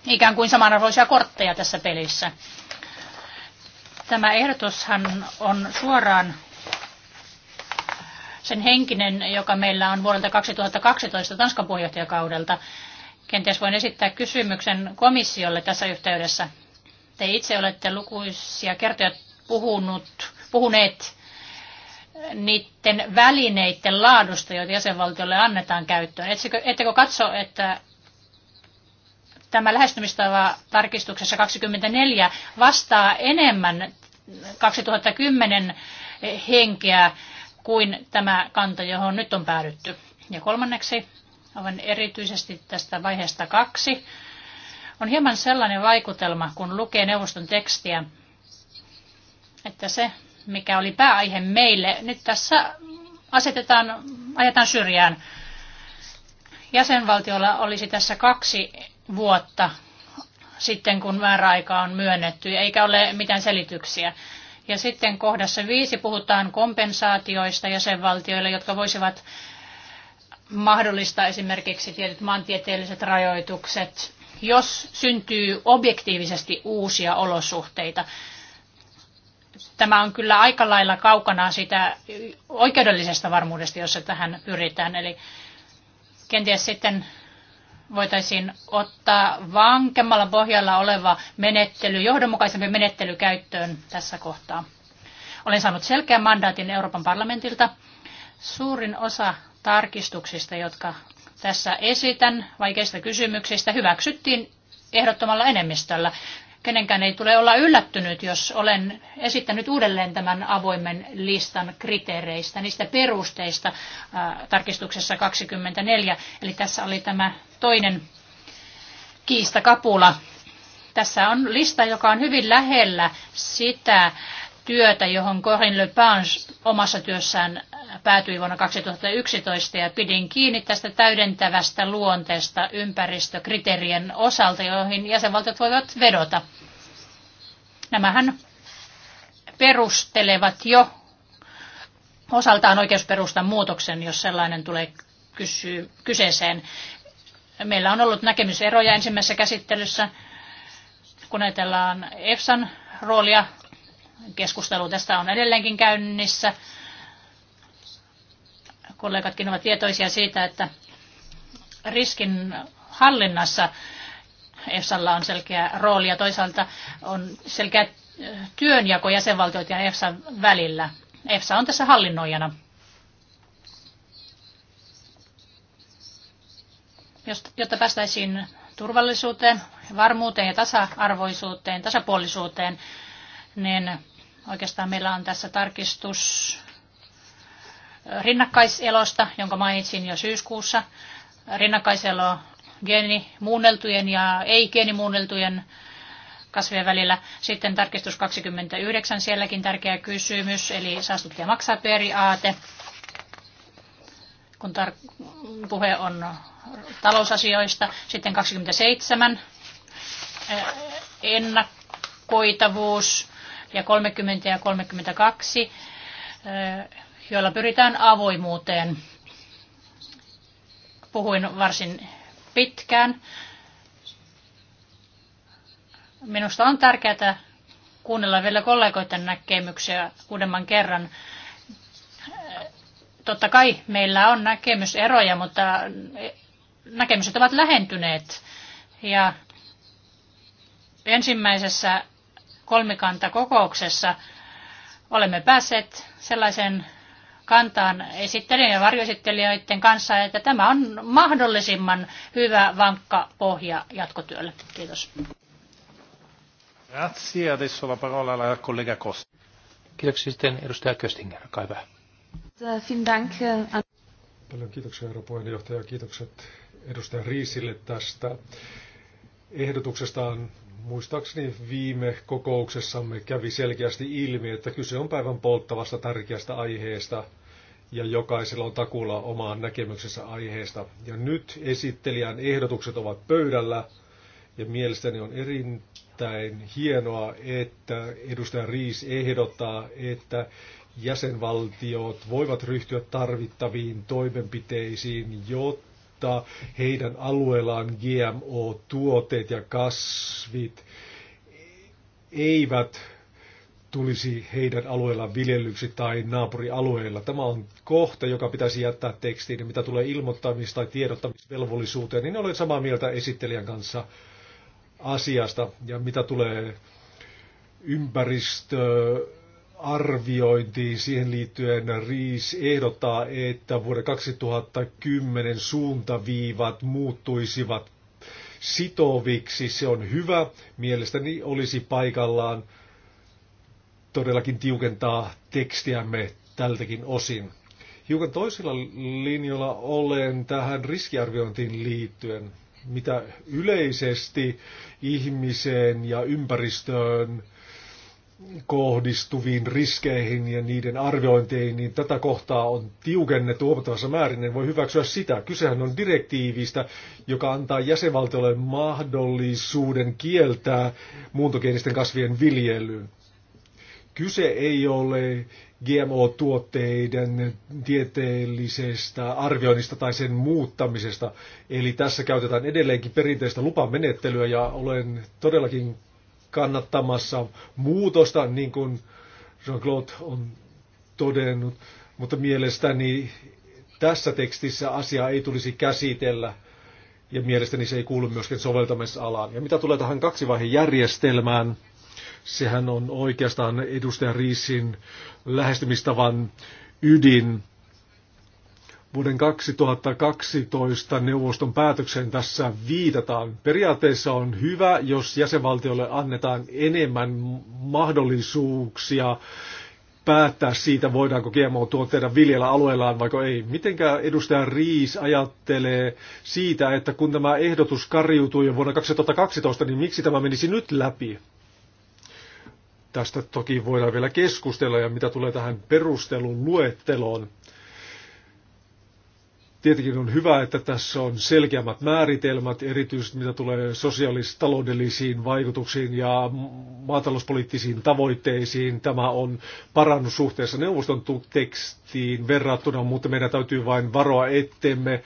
ikään kuin samanarvoisia kortteja tässä pelissä. Tämä ehdotushan on suoraan sen henkinen, joka meillä on vuodelta 2012 Tanskan puheenjohtajakaudelta. Kenties voin esittää kysymyksen komissiolle tässä yhteydessä. Te itse olette lukuisia kertoja puhunut, puhuneet niiden välineiden laadusta, joita jäsenvaltiolle annetaan käyttöön. Ettekö, ettekö katso, että tämä lähestymistava tarkistuksessa 24 vastaa enemmän 2010 henkeä kuin tämä kanta, johon nyt on päädytty. Ja kolmanneksi, aivan erityisesti tästä vaiheesta kaksi, on hieman sellainen vaikutelma, kun lukee neuvoston tekstiä, että se, mikä oli pääaihe meille, nyt tässä asetetaan, ajetaan syrjään. Jäsenvaltiolla olisi tässä kaksi vuotta sitten, kun määräaika on myönnetty, eikä ole mitään selityksiä. Ja sitten kohdassa viisi puhutaan kompensaatioista jäsenvaltioille, jotka voisivat mahdollistaa esimerkiksi tietyt maantieteelliset rajoitukset, jos syntyy objektiivisesti uusia olosuhteita. Tämä on kyllä aika lailla kaukana sitä oikeudellisesta varmuudesta, jossa tähän pyritään. Eli kenties sitten voitaisiin ottaa vankemmalla pohjalla oleva menettely, johdonmukaisempi menettely käyttöön tässä kohtaa. Olen saanut selkeän mandaatin Euroopan parlamentilta. Suurin osa tarkistuksista, jotka tässä esitän, vaikeista kysymyksistä, hyväksyttiin ehdottomalla enemmistöllä kenenkään ei tule olla yllättynyt, jos olen esittänyt uudelleen tämän avoimen listan kriteereistä, niistä perusteista tarkistuksessa 24. Eli tässä oli tämä toinen kiistakapula. Tässä on lista, joka on hyvin lähellä sitä työtä, johon Corinne Lepage omassa työssään päätyi vuonna 2011 ja pidin kiinni tästä täydentävästä luonteesta ympäristökriteerien osalta, joihin jäsenvaltiot voivat vedota. Nämähän perustelevat jo osaltaan oikeusperustan muutoksen, jos sellainen tulee kysy- kyseeseen. Meillä on ollut näkemyseroja ensimmäisessä käsittelyssä, kun ajatellaan EFSAn roolia. Keskustelu tästä on edelleenkin käynnissä kollegatkin ovat tietoisia siitä, että riskin hallinnassa EFSalla on selkeä rooli ja toisaalta on selkeä äh, työnjako jäsenvaltioiden ja EFSAn välillä. EFSA on tässä hallinnoijana. Jotta päästäisiin turvallisuuteen, varmuuteen ja tasa-arvoisuuteen, tasapuolisuuteen, niin oikeastaan meillä on tässä tarkistus rinnakkaiselosta, jonka mainitsin jo syyskuussa. Rinnakkaiselo geenimuunneltujen ja ei-geenimuunneltujen kasvien välillä. Sitten tarkistus 29, sielläkin tärkeä kysymys, eli saastuttaja maksaa periaate. Kun tar- puhe on talousasioista. Sitten 27, eh, ennakoitavuus ja 30 ja 32, joilla pyritään avoimuuteen. Puhuin varsin pitkään. Minusta on tärkeää kuunnella vielä kollegoiden näkemyksiä uudemman kerran. Totta kai meillä on näkemyseroja, mutta näkemykset ovat lähentyneet. Ja ensimmäisessä kolmikantakokouksessa olemme päässeet sellaiseen kantaan esittelijöiden ja varjoesittelijöiden kanssa, että tämä on mahdollisimman hyvä, vankka pohja jatkotyölle. Kiitos. Grazie. Adesso la parola alla collega Costa. Kiitoksia sitten edustaja Köstinger, olkaa äh, Paljon kiitoksia herra puheenjohtaja. Kiitokset edustaja Riisille tästä ehdotuksestaan. Muistaakseni viime kokouksessamme kävi selkeästi ilmi, että kyse on päivän polttavasta tärkeästä aiheesta ja jokaisella on takuulla oma näkemyksensä aiheesta. Ja nyt esittelijän ehdotukset ovat pöydällä ja mielestäni on erittäin hienoa, että edustaja Riis ehdottaa, että jäsenvaltiot voivat ryhtyä tarvittaviin toimenpiteisiin, jotta heidän alueellaan GMO-tuotteet ja kasvit eivät tulisi heidän alueellaan viljelyksi tai naapurialueella. Tämä on kohta, joka pitäisi jättää tekstiin, mitä tulee ilmoittamis- tai tiedottamisvelvollisuuteen, niin olen samaa mieltä esittelijän kanssa asiasta. Ja mitä tulee ympäristöarviointiin siihen liittyen, Riis ehdottaa, että vuoden 2010 suuntaviivat muuttuisivat sitoviksi. Se on hyvä. Mielestäni olisi paikallaan todellakin tiukentaa tekstiämme tältäkin osin. Hiukan toisilla linjoilla olen tähän riskiarviointiin liittyen, mitä yleisesti ihmiseen ja ympäristöön kohdistuviin riskeihin ja niiden arviointeihin, niin tätä kohtaa on tiukennettu huomattavassa määrin. En voi hyväksyä sitä. Kysehän on direktiivistä, joka antaa jäsenvaltiolle mahdollisuuden kieltää muuntogeenisten kasvien viljelyyn. Kyse ei ole GMO-tuotteiden tieteellisestä arvioinnista tai sen muuttamisesta. Eli tässä käytetään edelleenkin perinteistä lupamenettelyä ja olen todellakin kannattamassa muutosta, niin kuin Jean-Claude on todennut. Mutta mielestäni tässä tekstissä asiaa ei tulisi käsitellä ja mielestäni se ei kuulu myöskään soveltamisalaan. Ja mitä tulee tähän kaksivaiheen järjestelmään, Sehän on oikeastaan edustaja Riisin lähestymistavan ydin. Vuoden 2012 neuvoston päätökseen tässä viitataan. Periaatteessa on hyvä, jos jäsenvaltiolle annetaan enemmän mahdollisuuksia päättää siitä, voidaanko GMO-tuotteita viljellä alueellaan vai ei. Mitenkä edustaja Riis ajattelee siitä, että kun tämä ehdotus karjuutui jo vuonna 2012, niin miksi tämä menisi nyt läpi? Tästä toki voidaan vielä keskustella ja mitä tulee tähän perustelun luetteloon. Tietenkin on hyvä, että tässä on selkeämmät määritelmät, erityisesti mitä tulee sosiaalis-taloudellisiin vaikutuksiin ja maatalouspoliittisiin tavoitteisiin. Tämä on parannus suhteessa neuvoston tekstiin verrattuna, mutta meidän täytyy vain varoa, ettemme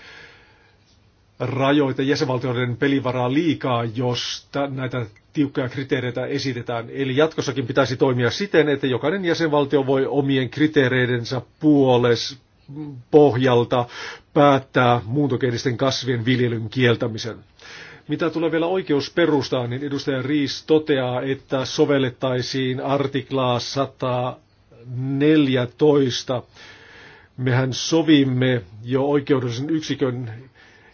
rajoita jäsenvaltioiden pelivaraa liikaa, jos näitä tiukkoja kriteereitä esitetään. Eli jatkossakin pitäisi toimia siten, että jokainen jäsenvaltio voi omien kriteereidensä puoles pohjalta päättää muuntogeenisten kasvien viljelyn kieltämisen. Mitä tulee vielä oikeusperustaan, niin edustaja Riis toteaa, että sovellettaisiin artiklaa 114. Mehän sovimme jo oikeudellisen yksikön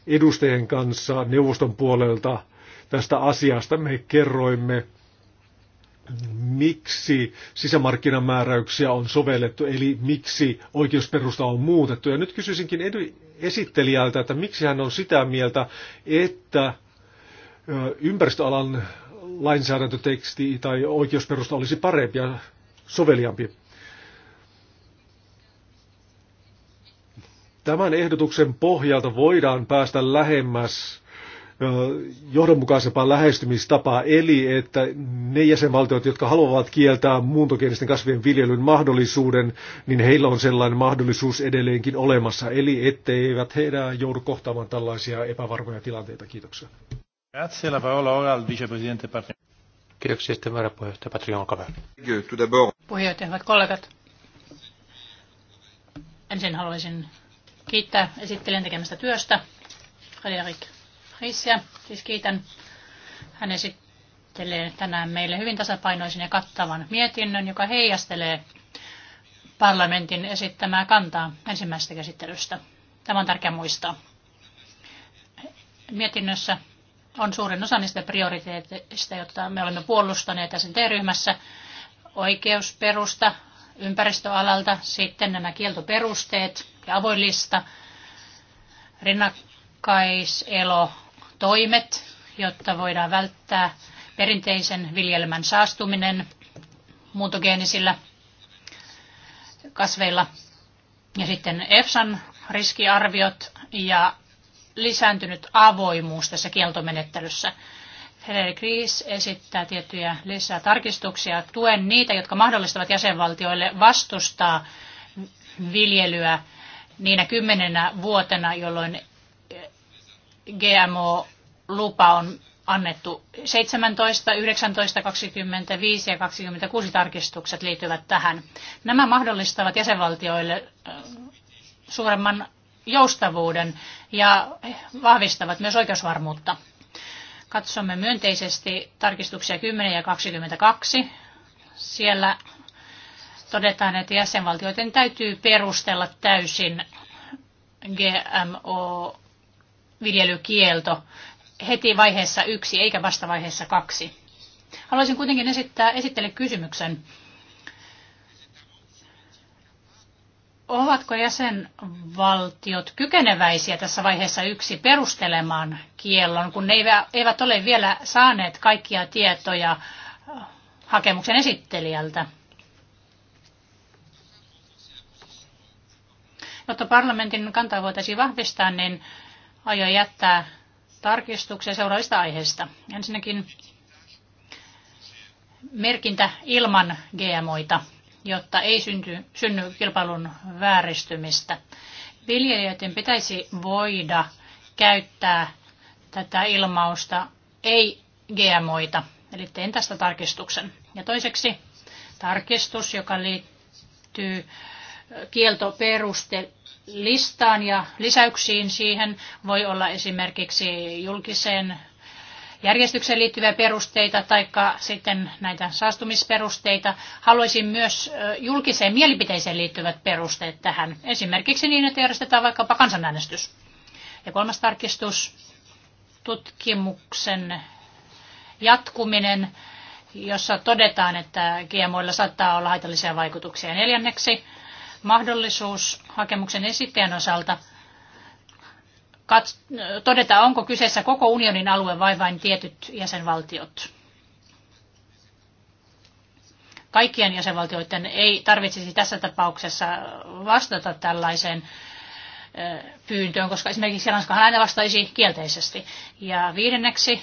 edustajien kanssa neuvoston puolelta tästä asiasta. Me kerroimme, miksi sisämarkkinamääräyksiä on sovellettu, eli miksi oikeusperusta on muutettu. Ja nyt kysyisinkin esittelijältä, että miksi hän on sitä mieltä, että ympäristöalan lainsäädäntöteksti tai oikeusperusta olisi parempi ja soveliampi. Tämän ehdotuksen pohjalta voidaan päästä lähemmäs johdonmukaisempaa lähestymistapaa, eli että ne jäsenvaltiot, jotka haluavat kieltää muuntogeenisten kasvien viljelyn mahdollisuuden, niin heillä on sellainen mahdollisuus edelleenkin olemassa, eli etteivät heidän joudu kohtaamaan tällaisia epävarmoja tilanteita. Kiitoksia. Kiitoksia sitten varapuheenjohtaja Patrion Olkava. Puheenjohtaja, hyvät kollegat. Ensin haluaisin kiittää esittelijän tekemästä työstä. Frederik Rissiä, siis kiitän. Hän esittelee tänään meille hyvin tasapainoisen ja kattavan mietinnön, joka heijastelee parlamentin esittämää kantaa ensimmäisestä käsittelystä. Tämä on tärkeää muistaa. Mietinnössä on suurin osa niistä prioriteeteista, joita me olemme puolustaneet SNT-ryhmässä. Oikeusperusta ympäristöalalta, sitten nämä kieltoperusteet ja avoin lista, rinnakkaiselo, toimet, jotta voidaan välttää perinteisen viljelmän saastuminen muuntogeenisillä kasveilla. Ja sitten EFSAn riskiarviot ja lisääntynyt avoimuus tässä kieltomenettelyssä. Henry Kriis esittää tiettyjä lisää tarkistuksia. Tuen niitä, jotka mahdollistavat jäsenvaltioille vastustaa viljelyä niinä kymmenenä vuotena, jolloin GMO-lupa on annettu. 17, 19, 25 ja 26 tarkistukset liittyvät tähän. Nämä mahdollistavat jäsenvaltioille suuremman joustavuuden ja vahvistavat myös oikeusvarmuutta. Katsomme myönteisesti tarkistuksia 10 ja 22. Siellä todetaan, että jäsenvaltioiden täytyy perustella täysin GMO-viljelykielto heti vaiheessa yksi eikä vasta vaiheessa kaksi. Haluaisin kuitenkin esittää esittele kysymyksen. Ovatko jäsenvaltiot kykeneväisiä tässä vaiheessa yksi perustelemaan kiellon, kun ne eivät ole vielä saaneet kaikkia tietoja äh, hakemuksen esittelijältä? Jotta parlamentin kantaa voitaisiin vahvistaa, niin aion jättää tarkistuksia seuraavista aiheista. Ensinnäkin merkintä ilman GMOita jotta ei synty, synny kilpailun vääristymistä. Viljelijöiden pitäisi voida käyttää tätä ilmausta ei GMOita. Eli tein tästä tarkistuksen. Ja toiseksi tarkistus, joka liittyy kieltoperuste listaan ja lisäyksiin siihen voi olla esimerkiksi julkiseen järjestykseen liittyviä perusteita tai sitten näitä saastumisperusteita. Haluaisin myös julkiseen mielipiteeseen liittyvät perusteet tähän. Esimerkiksi niin, että järjestetään vaikkapa kansanäänestys. Ja kolmas tarkistus, tutkimuksen jatkuminen, jossa todetaan, että GMOilla saattaa olla haitallisia vaikutuksia. Neljänneksi, mahdollisuus hakemuksen esittäjän osalta – todeta, onko kyseessä koko unionin alue vai vain tietyt jäsenvaltiot. Kaikkien jäsenvaltioiden ei tarvitsisi tässä tapauksessa vastata tällaiseen pyyntöön, koska esimerkiksi Ranskahan aina vastaisi kielteisesti. Ja viidenneksi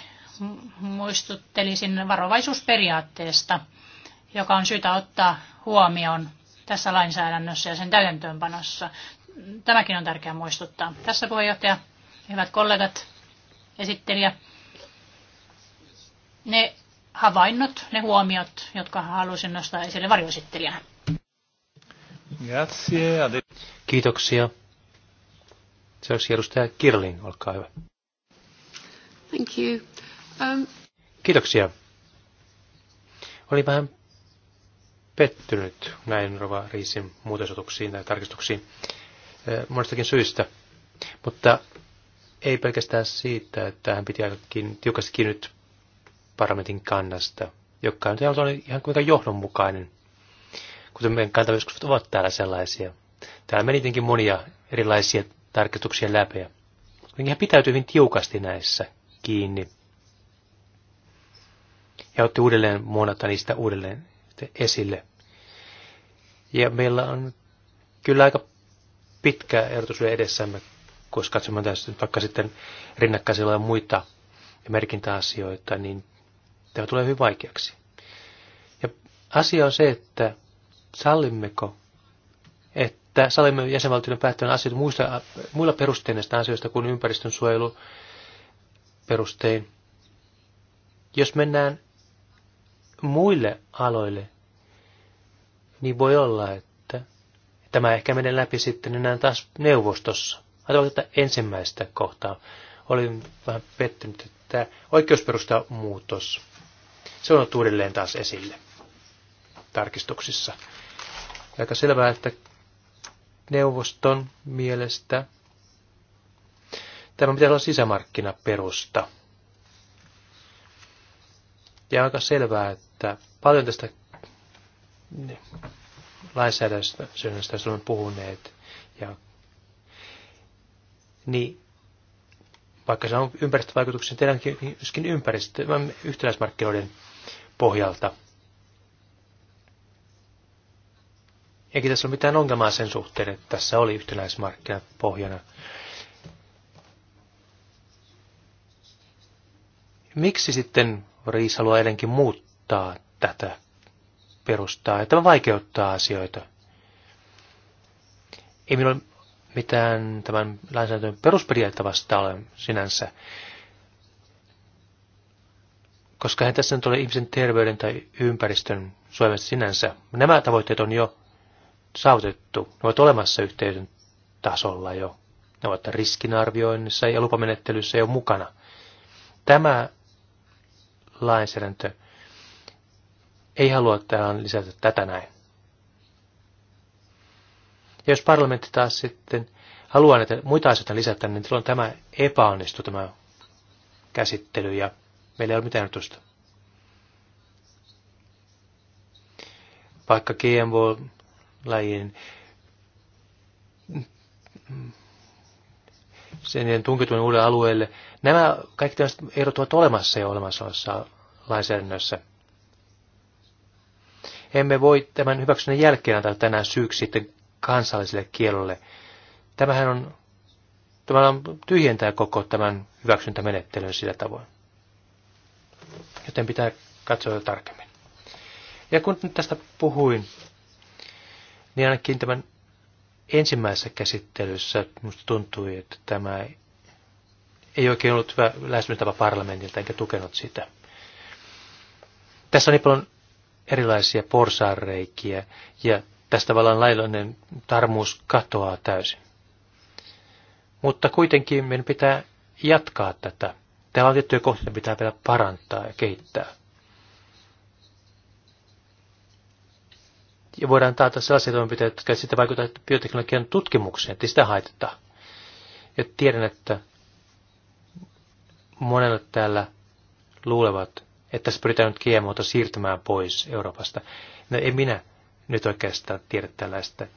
muistuttelisin varovaisuusperiaatteesta, joka on syytä ottaa huomioon tässä lainsäädännössä ja sen täytäntöönpanossa. Tämäkin on tärkeää muistuttaa. Tässä puheenjohtaja hyvät kollegat, esittelijä, ne havainnot, ne huomiot, jotka halusin nostaa esille varjoesittelijänä. Kiitoksia. Se olisi edustaja Kirling, olkaa hyvä. Thank you. Um... Kiitoksia. Oli vähän pettynyt näin Rova Riisin muutosotuksiin tai tarkistuksiin eh, monestakin syistä, mutta ei pelkästään siitä, että hän piti aika kiinni, tiukasti kiinni nyt parlamentin kannasta, joka on ihan kuinka johdonmukainen, kuten meidän kantavyyskuvat ovat täällä sellaisia. Täällä meni tietenkin monia erilaisia tarkistuksia läpi. niin hän pitäytyi hyvin tiukasti näissä kiinni. Ja otti uudelleen monata niistä uudelleen esille. Ja meillä on kyllä aika pitkä erotus edessämme jos katsomme tässä vaikka sitten rinnakkaisilla ja muita merkintäasioita, niin tämä tulee hyvin vaikeaksi. Ja asia on se, että sallimmeko, että sallimme jäsenvaltioiden päättävän asioita muista, muilla perusteista asioista kuin ympäristön suojelu perustein. Jos mennään muille aloille, niin voi olla, että tämä ehkä menee läpi sitten enää taas neuvostossa. Ajatellaan tätä ensimmäistä kohtaa. Olin vähän pettynyt, että oikeusperusta muutos. Se on uudelleen taas esille tarkistuksissa. Aika selvää, että neuvoston mielestä tämä pitää olla sisämarkkinaperusta. Ja aika selvää, että paljon tästä lainsäädännöstä olemme puhuneet ja niin vaikka se on ympäristövaikutuksen, tehdäänkin myöskin ympäristö, yhtäläismarkkinoiden pohjalta. Eikä tässä ole mitään ongelmaa sen suhteen, että tässä oli yhtenäismarkkinat pohjana. Miksi sitten Riis haluaa edelleenkin muuttaa tätä perustaa, että vaikeuttaa asioita? Ei minulla mitään tämän lainsäädännön perusperiaatetta vastaan ole sinänsä. Koska hän tässä nyt ole ihmisen terveyden tai ympäristön suojelmista sinänsä. Nämä tavoitteet on jo saavutettu. Ne ovat olemassa yhteisön tasolla jo. Ne ovat riskinarvioinnissa ja lupamenettelyssä jo mukana. Tämä lainsäädäntö ei halua tähän lisätä tätä näin. Ja jos parlamentti taas sitten haluaa näitä muita asioita lisätä, niin silloin tämä epäonnistuu, tämä käsittely, ja meillä ei ole mitään tuosta. Vaikka GMO-lajin sen tunkituin uuden alueelle. Nämä kaikki tämmöiset erot ovat olemassa jo olemassa olevassa lainsäädännössä. Emme voi tämän hyväksynnän jälkeen antaa tänään syyksi sitten kansalliselle kielelle. Tämähän on, tämä on tyhjentää koko tämän hyväksyntämenettelyn sillä tavoin. Joten pitää katsoa tarkemmin. Ja kun nyt tästä puhuin, niin ainakin tämän ensimmäisessä käsittelyssä minusta tuntui, että tämä ei oikein ollut hyvä lähestymistapa parlamentilta, enkä tukenut sitä. Tässä on niin paljon erilaisia porsaanreikiä ja tästä tavallaan laillinen tarmuus katoaa täysin. Mutta kuitenkin meidän pitää jatkaa tätä. Täällä on tiettyjä kohtia, pitää vielä parantaa ja kehittää. Ja voidaan taata sellaisia toimenpiteitä, jotka sitten vaikuttavat bioteknologian tutkimukseen, että sitä haitetaan. Ja tiedän, että monella täällä luulevat, että tässä pyritään nyt GMOta siirtämään pois Euroopasta. No ei minä nyt oikeastaan tiedä tällaista.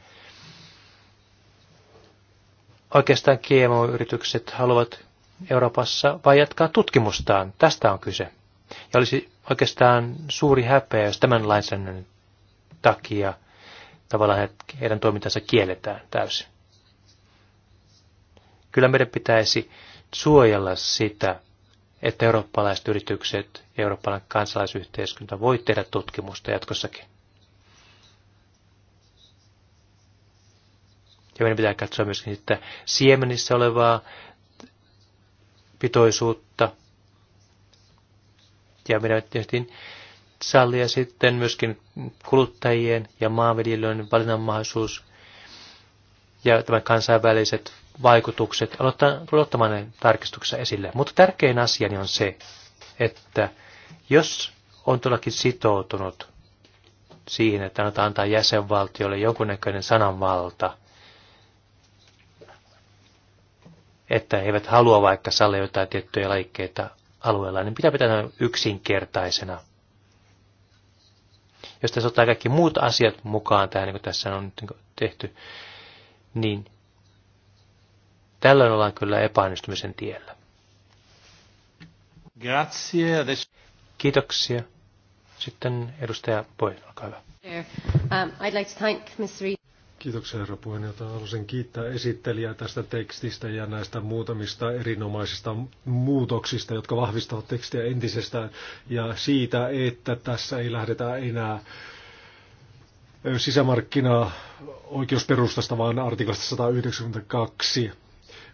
Oikeastaan GMO-yritykset haluavat Euroopassa vai jatkaa tutkimustaan. Tästä on kyse. Ja olisi oikeastaan suuri häpeä, jos tämän lainsäädännön takia tavallaan heidän toimintansa kielletään täysin. Kyllä meidän pitäisi suojella sitä, että eurooppalaiset yritykset ja eurooppalainen kansalaisyhteiskunta voi tehdä tutkimusta jatkossakin. Ja meidän pitää katsoa myöskin sitä siemenissä olevaa pitoisuutta. Ja meidän tietysti sallia sitten myöskin kuluttajien ja maanviljelijöiden valinnanmahdollisuus ja tämän kansainväliset vaikutukset ottamaan ne tarkistuksessa esille. Mutta tärkein asia on se, että jos on todellakin sitoutunut siihen, että antaa jäsenvaltiolle jonkunnäköinen sananvalta – että he eivät halua vaikka salle jotain tiettyjä laikkeita alueella, niin pitää pitää yksinkertaisena. Jos tässä ottaa kaikki muut asiat mukaan tähän, niin kuin tässä on nyt tehty, niin tällöin ollaan kyllä epäonnistumisen tiellä. Grazie. Kiitoksia. Sitten edustaja Poi, olkaa hyvä. Um, I'd like to thank Mr. Kiitoksia herra puheenjohtaja. Haluaisin kiittää esittelijää tästä tekstistä ja näistä muutamista erinomaisista muutoksista, jotka vahvistavat tekstiä entisestään ja siitä, että tässä ei lähdetä enää sisämarkkina oikeusperustasta, vaan artiklasta 192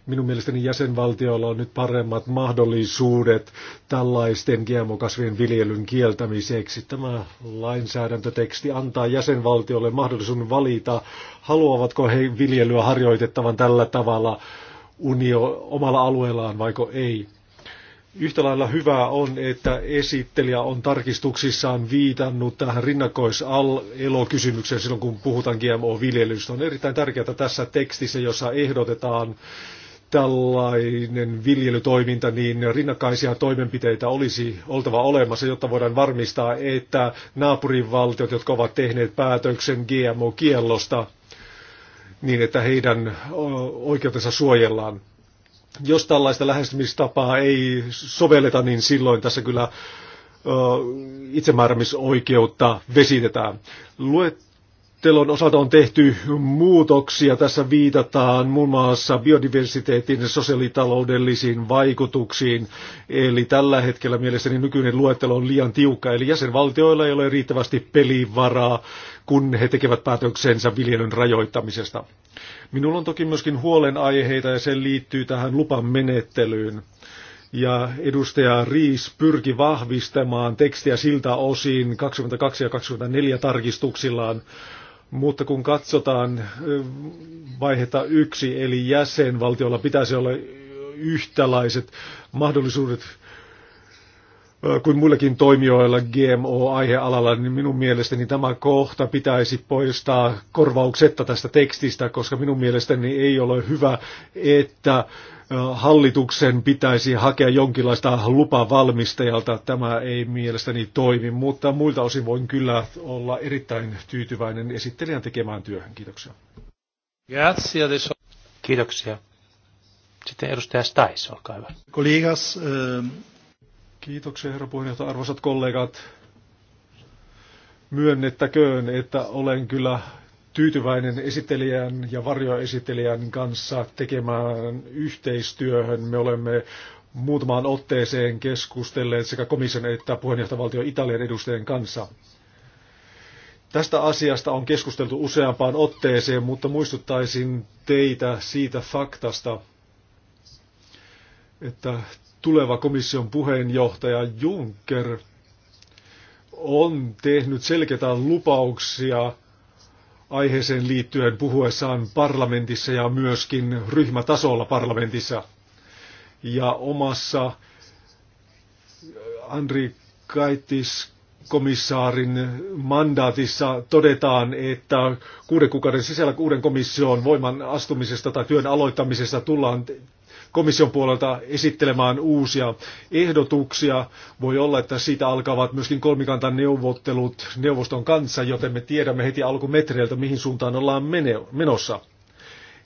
Minun mielestäni jäsenvaltioilla on nyt paremmat mahdollisuudet tällaisten GMO-kasvien viljelyn kieltämiseksi. Tämä lainsäädäntöteksti antaa jäsenvaltioille mahdollisuuden valita, haluavatko he viljelyä harjoitettavan tällä tavalla unio, omalla alueellaan vaiko ei. Yhtä lailla hyvää on, että esittelijä on tarkistuksissaan viitannut tähän rinnakkoiselokysymykseen silloin, kun puhutaan GMO-viljelystä. On erittäin tärkeää tässä tekstissä, jossa ehdotetaan tällainen viljelytoiminta, niin rinnakkaisia toimenpiteitä olisi oltava olemassa, jotta voidaan varmistaa, että naapurivaltiot, jotka ovat tehneet päätöksen GMO-kiellosta, niin että heidän oikeutensa suojellaan. Jos tällaista lähestymistapaa ei sovelleta, niin silloin tässä kyllä itsemääräämisoikeutta vesitetään. Luet, luettelon osalta on tehty muutoksia. Tässä viitataan muun muassa biodiversiteetin ja sosiaalitaloudellisiin vaikutuksiin. Eli tällä hetkellä mielestäni nykyinen luettelo on liian tiukka, eli jäsenvaltioilla ei ole riittävästi pelivaraa, kun he tekevät päätöksensä viljelyn rajoittamisesta. Minulla on toki myöskin huolenaiheita ja se liittyy tähän menettelyyn. ja edustaja Riis pyrki vahvistamaan tekstiä siltä osin 22 ja 24 tarkistuksillaan. Mutta kun katsotaan vaihetta yksi, eli jäsenvaltiolla pitäisi olla yhtälaiset mahdollisuudet kuin muillakin toimijoilla GMO-aihealalla, niin minun mielestäni tämä kohta pitäisi poistaa korvauksetta tästä tekstistä, koska minun mielestäni ei ole hyvä, että hallituksen pitäisi hakea jonkinlaista lupaa valmistajalta. Tämä ei mielestäni toimi, mutta muilta osin voin kyllä olla erittäin tyytyväinen esittelijän tekemään työhön. Kiitoksia. Kiitoksia. Sitten edustaja Stais, olkaa hyvä. Kollegas, Kiitoksia herra puheenjohtaja, arvoisat kollegat. Myönnettäköön, että olen kyllä tyytyväinen esittelijän ja varjoesittelijän kanssa tekemään yhteistyöhön. Me olemme muutamaan otteeseen keskustelleet sekä komission että puheenjohtavaltio Italian edustajien kanssa. Tästä asiasta on keskusteltu useampaan otteeseen, mutta muistuttaisin teitä siitä faktasta, että tuleva komission puheenjohtaja Juncker on tehnyt selkeitä lupauksia aiheeseen liittyen puhuessaan parlamentissa ja myöskin ryhmätasolla parlamentissa. Ja omassa äh, Andri Kaitis komissaarin mandaatissa todetaan, että kuuden kuukauden sisällä uuden komission voiman astumisesta tai työn aloittamisesta tullaan komission puolelta esittelemään uusia ehdotuksia. Voi olla, että siitä alkavat myöskin kolmikantan neuvottelut neuvoston kanssa, joten me tiedämme heti alkumetreiltä, mihin suuntaan ollaan menossa.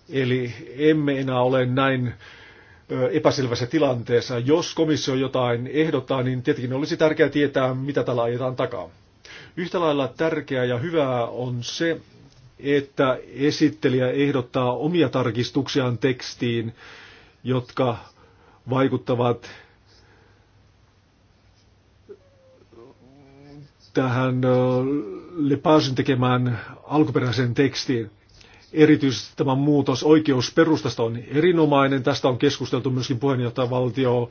Eli emme enää ole näin epäselvässä tilanteessa. Jos komissio jotain ehdottaa, niin tietenkin olisi tärkeää tietää, mitä tällä ajetaan takaa. Yhtä lailla tärkeää ja hyvää on se, että esittelijä ehdottaa omia tarkistuksiaan tekstiin, jotka vaikuttavat tähän Lepagen tekemään alkuperäiseen tekstiin. Erityisesti tämä muutos oikeusperustasta on erinomainen. Tästä on keskusteltu myöskin puheenjohtajavaltio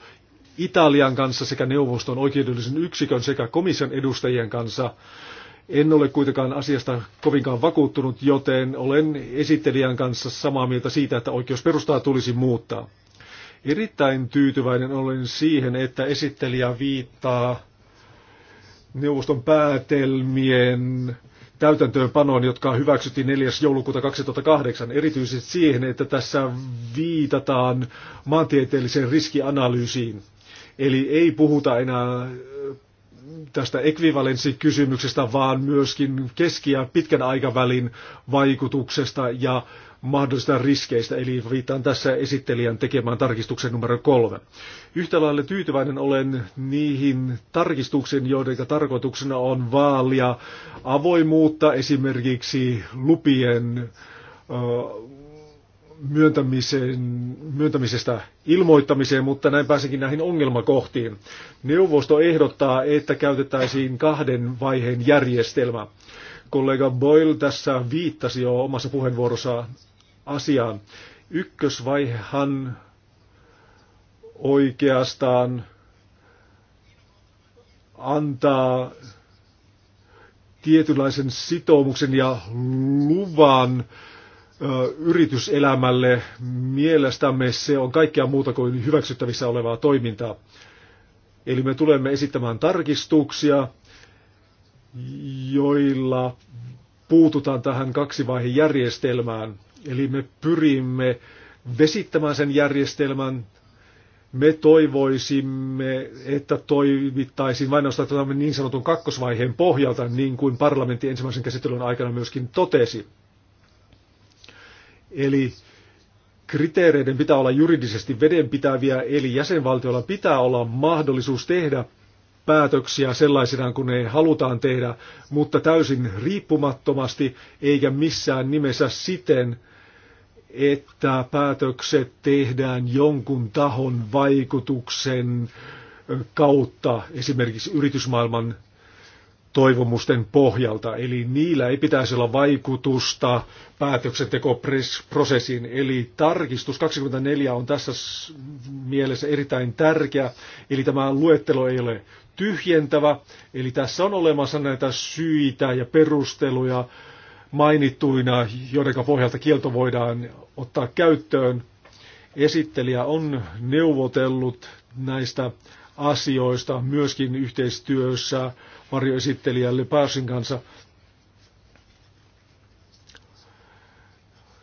Italian kanssa sekä neuvoston oikeudellisen yksikön sekä komission edustajien kanssa en ole kuitenkaan asiasta kovinkaan vakuuttunut, joten olen esittelijän kanssa samaa mieltä siitä, että oikeusperustaa tulisi muuttaa. Erittäin tyytyväinen olen siihen, että esittelijä viittaa neuvoston päätelmien täytäntöönpanoon, jotka hyväksyttiin 4. joulukuuta 2008, erityisesti siihen, että tässä viitataan maantieteelliseen riskianalyysiin. Eli ei puhuta enää tästä ekvivalenssikysymyksestä, vaan myöskin keski- ja pitkän aikavälin vaikutuksesta ja mahdollisista riskeistä, eli viittaan tässä esittelijän tekemään tarkistuksen numero kolme. Yhtä lailla tyytyväinen olen niihin tarkistuksiin, joiden tarkoituksena on vaalia avoimuutta esimerkiksi lupien ö, myöntämisestä ilmoittamiseen, mutta näin pääsenkin näihin ongelmakohtiin. Neuvosto ehdottaa, että käytettäisiin kahden vaiheen järjestelmä. Kollega Boyle tässä viittasi jo omassa puheenvuorossa asiaan. Ykkösvaihehan oikeastaan antaa tietynlaisen sitoumuksen ja luvan äh, yrityselämälle. Mielestämme se on kaikkea muuta kuin hyväksyttävissä olevaa toimintaa. Eli me tulemme esittämään tarkistuksia, joilla puututaan tähän kaksivaiheen järjestelmään. Eli me pyrimme vesittämään sen järjestelmän. Me toivoisimme, että toimittaisiin vain niin sanotun kakkosvaiheen pohjalta, niin kuin parlamentti ensimmäisen käsittelyn aikana myöskin totesi. Eli kriteereiden pitää olla juridisesti vedenpitäviä, eli jäsenvaltioilla pitää olla mahdollisuus tehdä päätöksiä sellaisinaan kuin ne halutaan tehdä, mutta täysin riippumattomasti eikä missään nimessä siten, että päätökset tehdään jonkun tahon vaikutuksen kautta, esimerkiksi yritysmaailman toivomusten pohjalta. Eli niillä ei pitäisi olla vaikutusta päätöksentekoprosessiin. Eli tarkistus 24 on tässä mielessä erittäin tärkeä. Eli tämä luettelo ei ole tyhjentävä. Eli tässä on olemassa näitä syitä ja perusteluja mainittuina, joiden pohjalta kielto voidaan ottaa käyttöön. Esittelijä on neuvotellut näistä asioista myöskin yhteistyössä varjoesittelijä Lepagin kanssa.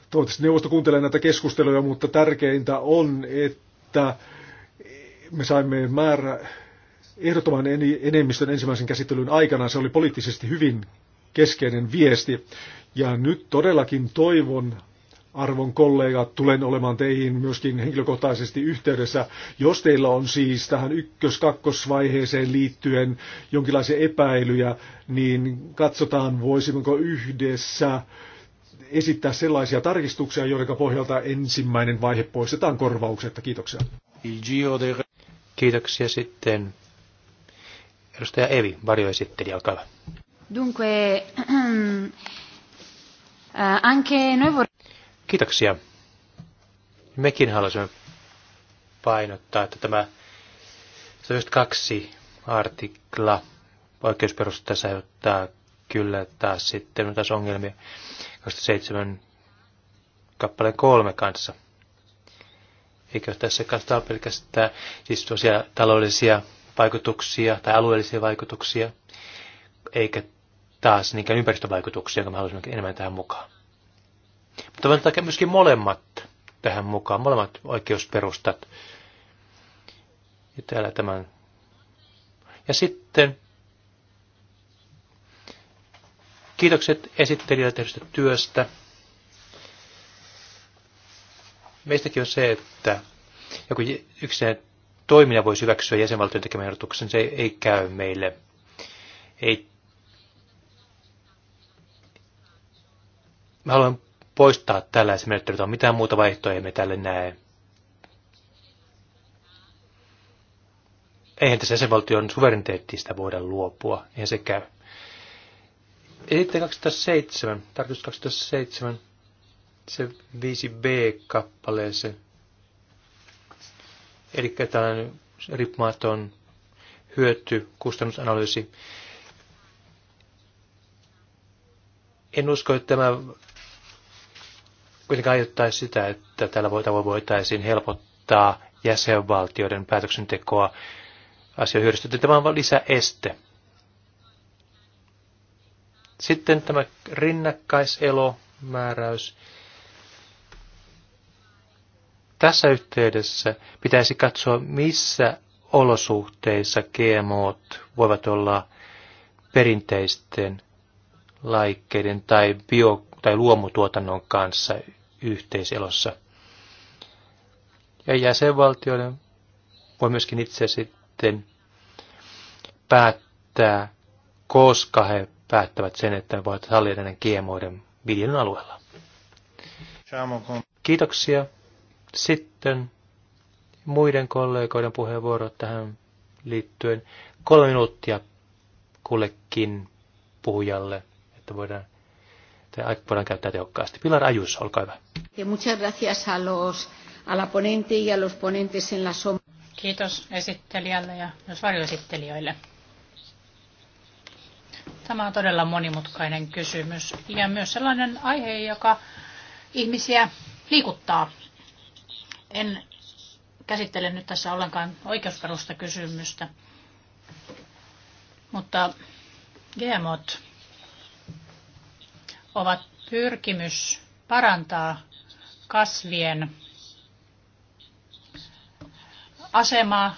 Toivottavasti neuvosto kuuntelee näitä keskusteluja, mutta tärkeintä on, että me saimme määrä ehdottoman enemmistön ensimmäisen käsittelyn aikana. Se oli poliittisesti hyvin keskeinen viesti. Ja nyt todellakin toivon, arvon kollegat, tulen olemaan teihin myöskin henkilökohtaisesti yhteydessä. Jos teillä on siis tähän ykkös-kakkosvaiheeseen liittyen jonkinlaisia epäilyjä, niin katsotaan, voisimmeko yhdessä esittää sellaisia tarkistuksia, joiden pohjalta ensimmäinen vaihe poistetaan korvauksetta. Kiitoksia. Kiitoksia sitten. Edustaja Evi, varjoesittelijä, olkaa hyvä. Dunque, eh, anche noi vorremmo... Kiitoksia. Mekin haluaisimme painottaa, että tämä 102 artikla oikeusperustassa aiheuttaa kyllä taas sitten taas ongelmia 27 kappaleen kolme kanssa. Eikö tässä kannata pelkästään siis tosiaan taloudellisia vaikutuksia tai alueellisia vaikutuksia, eikä taas niinkään ympäristövaikutuksia, jonka me haluaisimme enemmän tähän mukaan. Mutta otetaan myöskin molemmat tähän mukaan, molemmat oikeusperustat. Ja täällä tämän. Ja sitten kiitokset esittelijöille tehdystä työstä. Meistäkin on se, että joku yksinäinen toimija voisi hyväksyä jäsenvaltion tekemän ehdotuksen, se ei, ei käy meille. Ei. Mä haluan poistaa tällaisen on Mitään muuta vaihtoehtoja me tälle näe. Eihän tässä jäsenvaltion suvereniteettista voida luopua, eihän se käy. Ja sitten 2007, tarkoitus 2007, se 5b-kappaleeseen. Eli tällainen riippumaton hyöty, kustannusanalyysi. En usko, että tämä kuitenkaan aiottaa sitä, että tällä voitaisiin helpottaa jäsenvaltioiden päätöksentekoa asioihin Tämä on vain lisäeste. Sitten tämä rinnakkaiselomääräys. Tässä yhteydessä pitäisi katsoa, missä olosuhteissa GMOt voivat olla perinteisten laikkeiden tai bio tai luomutuotannon kanssa yhteiselossa. Ja jäsenvaltioiden voi myöskin itse sitten päättää, koska he päättävät sen, että voivat sallia näiden kiemoiden viljelyn alueella. Kiitoksia. Sitten muiden kollegoiden puheenvuorot tähän liittyen. Kolme minuuttia kullekin puhujalle, että voidaan te voidaan käyttää tehokkaasti. Pilar Ayus, olkaa hyvä. muchas gracias a los, a la ponente y a los ponentes en la sombra. Kiitos esittelijälle ja myös varjoesittelijöille. Tämä on todella monimutkainen kysymys ja myös sellainen aihe, joka ihmisiä liikuttaa. En käsittele nyt tässä ollenkaan oikeusperusta kysymystä, mutta GMOt ovat pyrkimys parantaa kasvien asemaa.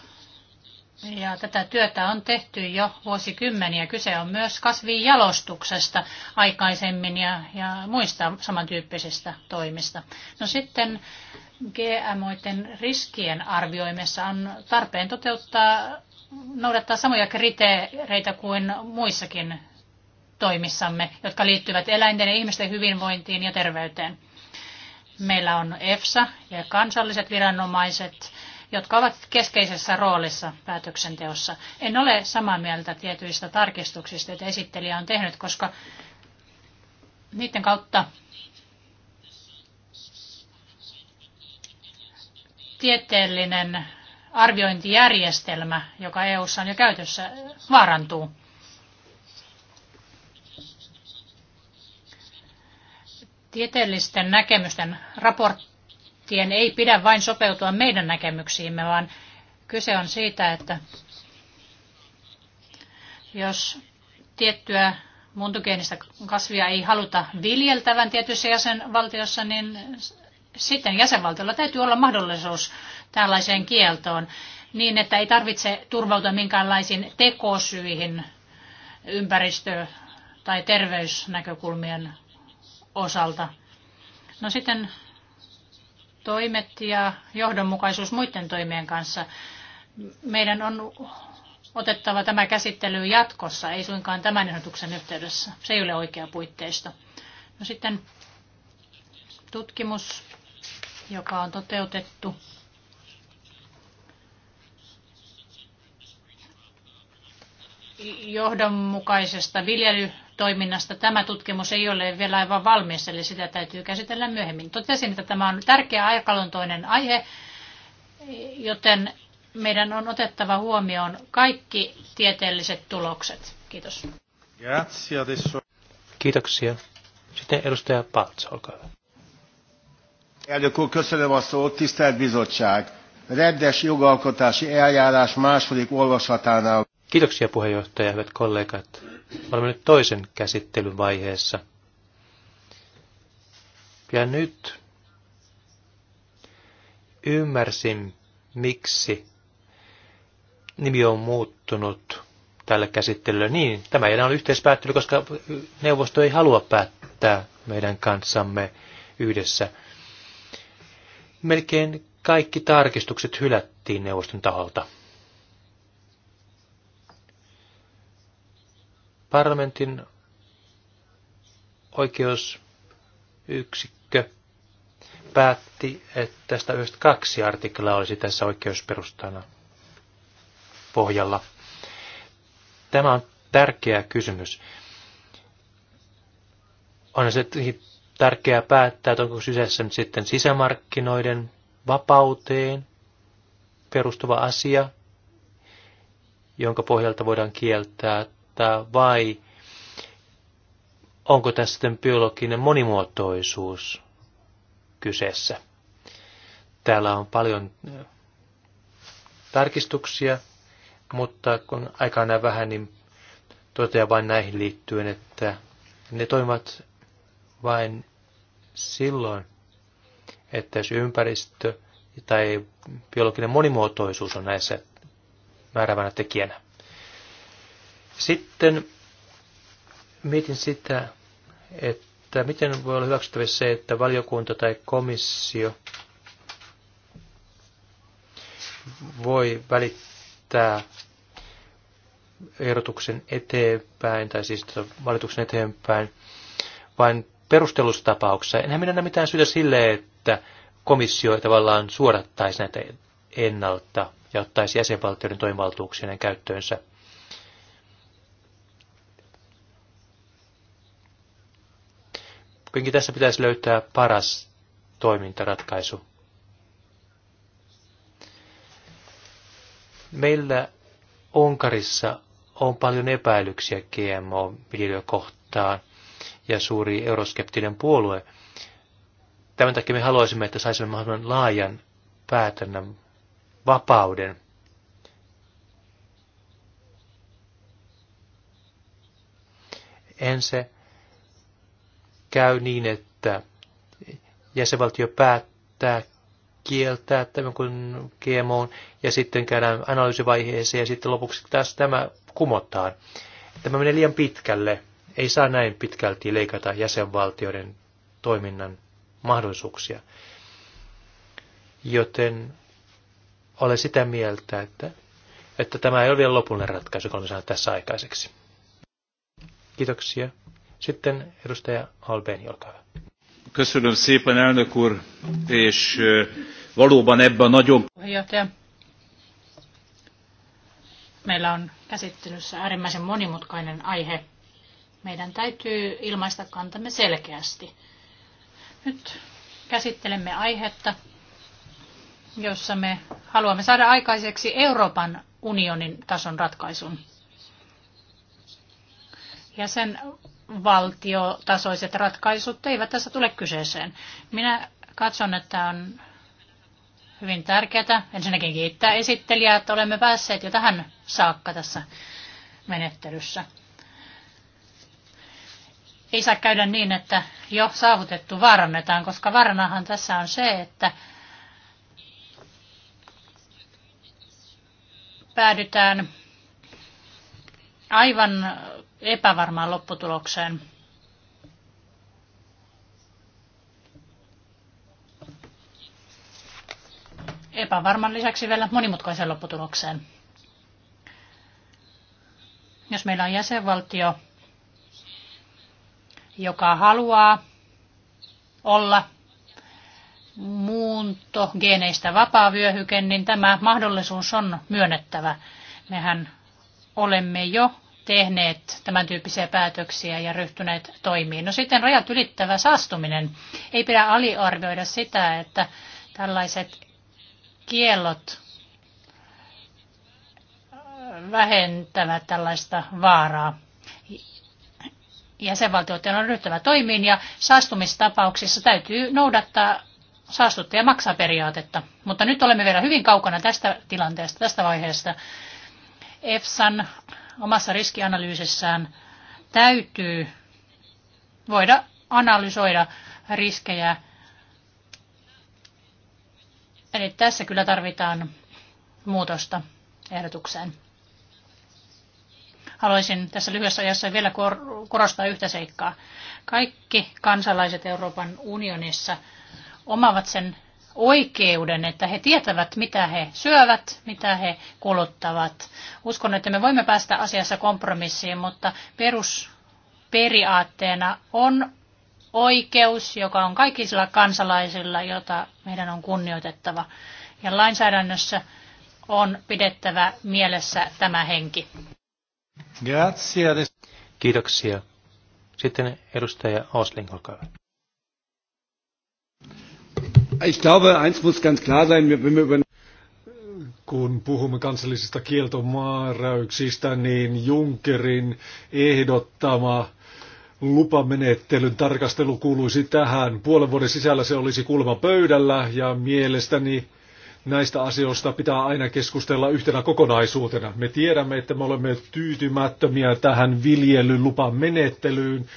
Ja tätä työtä on tehty jo vuosikymmeniä. Kyse on myös kasvien jalostuksesta aikaisemmin ja, ja muista samantyyppisistä toimista. No sitten GMOiden riskien arvioimessa on tarpeen toteuttaa, noudattaa samoja kriteereitä kuin muissakin toimissamme, jotka liittyvät eläinten ja ihmisten hyvinvointiin ja terveyteen. Meillä on EFSA ja kansalliset viranomaiset, jotka ovat keskeisessä roolissa päätöksenteossa. En ole samaa mieltä tietyistä tarkistuksista, joita esittelijä on tehnyt, koska niiden kautta tieteellinen arviointijärjestelmä, joka EU:ssa on jo käytössä, vaarantuu. tieteellisten näkemysten raporttien ei pidä vain sopeutua meidän näkemyksiimme, vaan kyse on siitä, että jos tiettyä muuntogeenistä kasvia ei haluta viljeltävän tietyissä jäsenvaltiossa, niin sitten jäsenvaltiolla täytyy olla mahdollisuus tällaiseen kieltoon niin, että ei tarvitse turvautua minkäänlaisiin tekosyihin ympäristö- tai terveysnäkökulmien osalta. No sitten toimet ja johdonmukaisuus muiden toimien kanssa. Meidän on otettava tämä käsittely jatkossa, ei suinkaan tämän ehdotuksen yhteydessä. Se ei ole oikea puitteisto. No sitten tutkimus, joka on toteutettu johdonmukaisesta viljelytoiminnasta tämä tutkimus ei ole vielä aivan valmis, eli sitä täytyy käsitellä myöhemmin. Totesin, että tämä on tärkeä toinen aihe, joten meidän on otettava huomioon kaikki tieteelliset tulokset. Kiitos. Kiitoksia. Sitten edustaja Paltz, olkaa hyvä. Elnök úr, köszönöm a szót, tisztelt bizottság! Rendes jogalkotási eljárás második olvasatánál Kiitoksia puheenjohtaja, hyvät kollegat. Olemme nyt toisen käsittelyn vaiheessa. Ja nyt ymmärsin, miksi nimi on muuttunut tällä käsittelyllä. Niin, tämä ei enää ole yhteispäättely, koska neuvosto ei halua päättää meidän kanssamme yhdessä. Melkein kaikki tarkistukset hylättiin neuvoston taholta. parlamentin oikeusyksikkö päätti, että tästä kaksi artiklaa olisi tässä oikeusperustana pohjalla. Tämä on tärkeä kysymys. On se tärkeää päättää, että onko kyseessä nyt sitten sisämarkkinoiden vapauteen perustuva asia, jonka pohjalta voidaan kieltää kohtaa vai onko tässä sitten biologinen monimuotoisuus kyseessä? Täällä on paljon äh, tarkistuksia, mutta kun aika on vähän, niin totean vain näihin liittyen, että ne toimivat vain silloin, että jos ympäristö tai biologinen monimuotoisuus on näissä määrävänä tekijänä. Sitten mietin sitä, että miten voi olla hyväksyttävissä se, että valiokunta tai komissio voi välittää ehdotuksen eteenpäin, tai siis tuota valituksen eteenpäin, vain perustelustapauksessa. Enhän minä näe mitään syytä sille, että komissio tavallaan suodattaisi näitä ennalta ja ottaisi jäsenvaltioiden toimivaltuuksien käyttöönsä. Kuitenkin tässä pitäisi löytää paras toimintaratkaisu. Meillä Onkarissa on paljon epäilyksiä GMO-viljelyä kohtaan ja suuri euroskeptinen puolue. Tämän takia me haluaisimme, että saisimme mahdollisimman laajan päätännän vapauden. Ensin käy niin, että jäsenvaltio päättää kieltää tämän kuin GMO, ja sitten käydään analyysivaiheeseen, ja sitten lopuksi taas tämä kumotaan. Tämä menee liian pitkälle. Ei saa näin pitkälti leikata jäsenvaltioiden toiminnan mahdollisuuksia. Joten olen sitä mieltä, että, että tämä ei ole vielä lopullinen ratkaisu, kun olen saanut tässä aikaiseksi. Kiitoksia. Sitten edustaja Albeni, olkaa hyvä. Köszönöm szépen, elnök úr, és valóban ebben nagyon... Puheenjohtaja, meillä on käsittelyssä äärimmäisen monimutkainen aihe. Meidän täytyy ilmaista kantamme selkeästi. Nyt käsittelemme aihetta, jossa me haluamme saada aikaiseksi Euroopan unionin tason ratkaisun. Jäsen valtiotasoiset ratkaisut eivät tässä tule kyseeseen. Minä katson, että on hyvin tärkeää ensinnäkin kiittää esittelijää, että olemme päässeet jo tähän saakka tässä menettelyssä. Ei saa käydä niin, että jo saavutettu varannetaan, koska vaaranahan tässä on se, että päädytään aivan epävarmaan lopputulokseen. Epävarman lisäksi vielä monimutkaisen lopputulokseen. Jos meillä on jäsenvaltio, joka haluaa olla muuntogeneistä vapaa vyöhyke, niin tämä mahdollisuus on myönnettävä. Mehän olemme jo tehneet tämän tyyppisiä päätöksiä ja ryhtyneet toimiin. No sitten rajat ylittävä saastuminen. Ei pidä aliarvioida sitä, että tällaiset kiellot vähentävät tällaista vaaraa. Jäsenvaltioiden on ryhtyvä toimiin ja saastumistapauksissa täytyy noudattaa saastuttaja maksaa periaatetta. Mutta nyt olemme vielä hyvin kaukana tästä tilanteesta, tästä vaiheesta. EFSAn omassa riskianalyysissään täytyy voida analysoida riskejä. Eli tässä kyllä tarvitaan muutosta ehdotukseen. Haluaisin tässä lyhyessä ajassa vielä korostaa yhtä seikkaa. Kaikki kansalaiset Euroopan unionissa omavat sen oikeuden, että he tietävät, mitä he syövät, mitä he kuluttavat. Uskon, että me voimme päästä asiassa kompromissiin, mutta perusperiaatteena on oikeus, joka on kaikilla kansalaisilla, jota meidän on kunnioitettava. Ja lainsäädännössä on pidettävä mielessä tämä henki. Kiitoksia. Sitten edustaja Osling, olkaa hyvä. Ich glaube, eins muss ganz klar sein, wenn wir über kun puhumme kansallisista kieltomääräyksistä, niin Junckerin ehdottama lupamenettelyn tarkastelu kuuluisi tähän. Puolen vuoden sisällä se olisi kulma pöydällä ja mielestäni näistä asioista pitää aina keskustella yhtenä kokonaisuutena. Me tiedämme, että me olemme tyytymättömiä tähän viljelylupamenettelyyn menettelyyn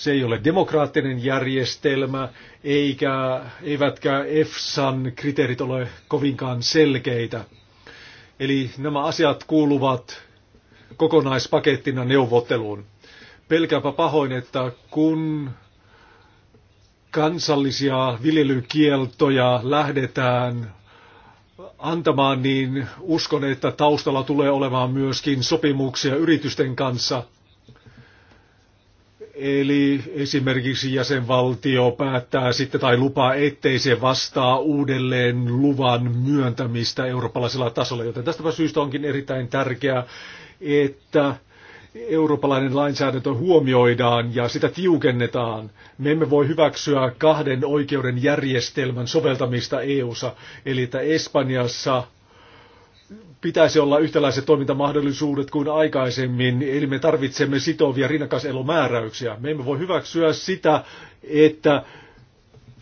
se ei ole demokraattinen järjestelmä, eikä, eivätkä EFSAn kriteerit ole kovinkaan selkeitä. Eli nämä asiat kuuluvat kokonaispakettina neuvotteluun. Pelkääpä pahoin, että kun kansallisia viljelykieltoja lähdetään antamaan, niin uskon, että taustalla tulee olemaan myöskin sopimuksia yritysten kanssa – Eli esimerkiksi jäsenvaltio päättää sitten tai lupaa, ettei se vastaa uudelleen luvan myöntämistä eurooppalaisella tasolla. Joten tästä syystä onkin erittäin tärkeää, että eurooppalainen lainsäädäntö huomioidaan ja sitä tiukennetaan. Me emme voi hyväksyä kahden oikeuden järjestelmän soveltamista EU:ssa, eli että Espanjassa pitäisi olla yhtäläiset toimintamahdollisuudet kuin aikaisemmin, eli me tarvitsemme sitovia rinnakkaiselomääräyksiä. Me emme voi hyväksyä sitä, että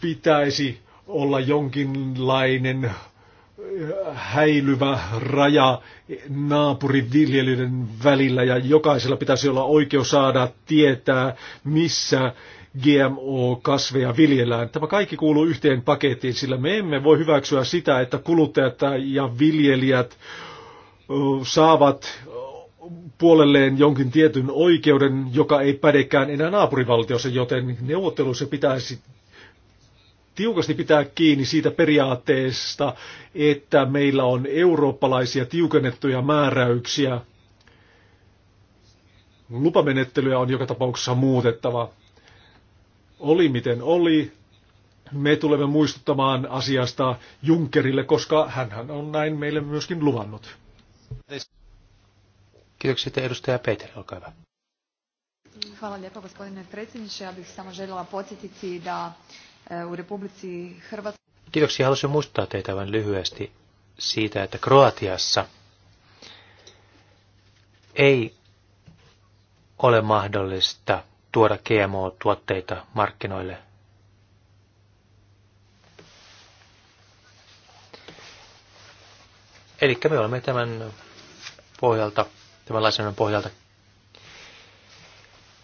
pitäisi olla jonkinlainen äh, häilyvä raja naapuriviljelyiden välillä ja jokaisella pitäisi olla oikeus saada tietää, missä GMO-kasveja viljellään. Tämä kaikki kuuluu yhteen pakettiin, sillä me emme voi hyväksyä sitä, että kuluttajat ja viljelijät saavat puolelleen jonkin tietyn oikeuden, joka ei pädekään enää naapurivaltiossa, joten neuvotteluissa pitäisi tiukasti pitää kiinni siitä periaatteesta, että meillä on eurooppalaisia tiukennettuja määräyksiä. Lupamenettelyä on joka tapauksessa muutettava. Oli miten oli, me tulemme muistuttamaan asiasta Junckerille, koska hän on näin meille myöskin luvannut. Kiitoksia edustaja Peter, olkaa hyvä. Hvala lijepo gospodine predsjedniče. Ja bih samo željela podsjetiti da e, u Republici Hrvatskoj... Kiitoksia. Haluaisin muistuttaa teitä vain lyhyesti siitä, että Kroatiassa ei ole mahdollista tuoda GMO-tuotteita markkinoille. Eli me olemme tämän pohjalta, tämän lainsäädännön pohjalta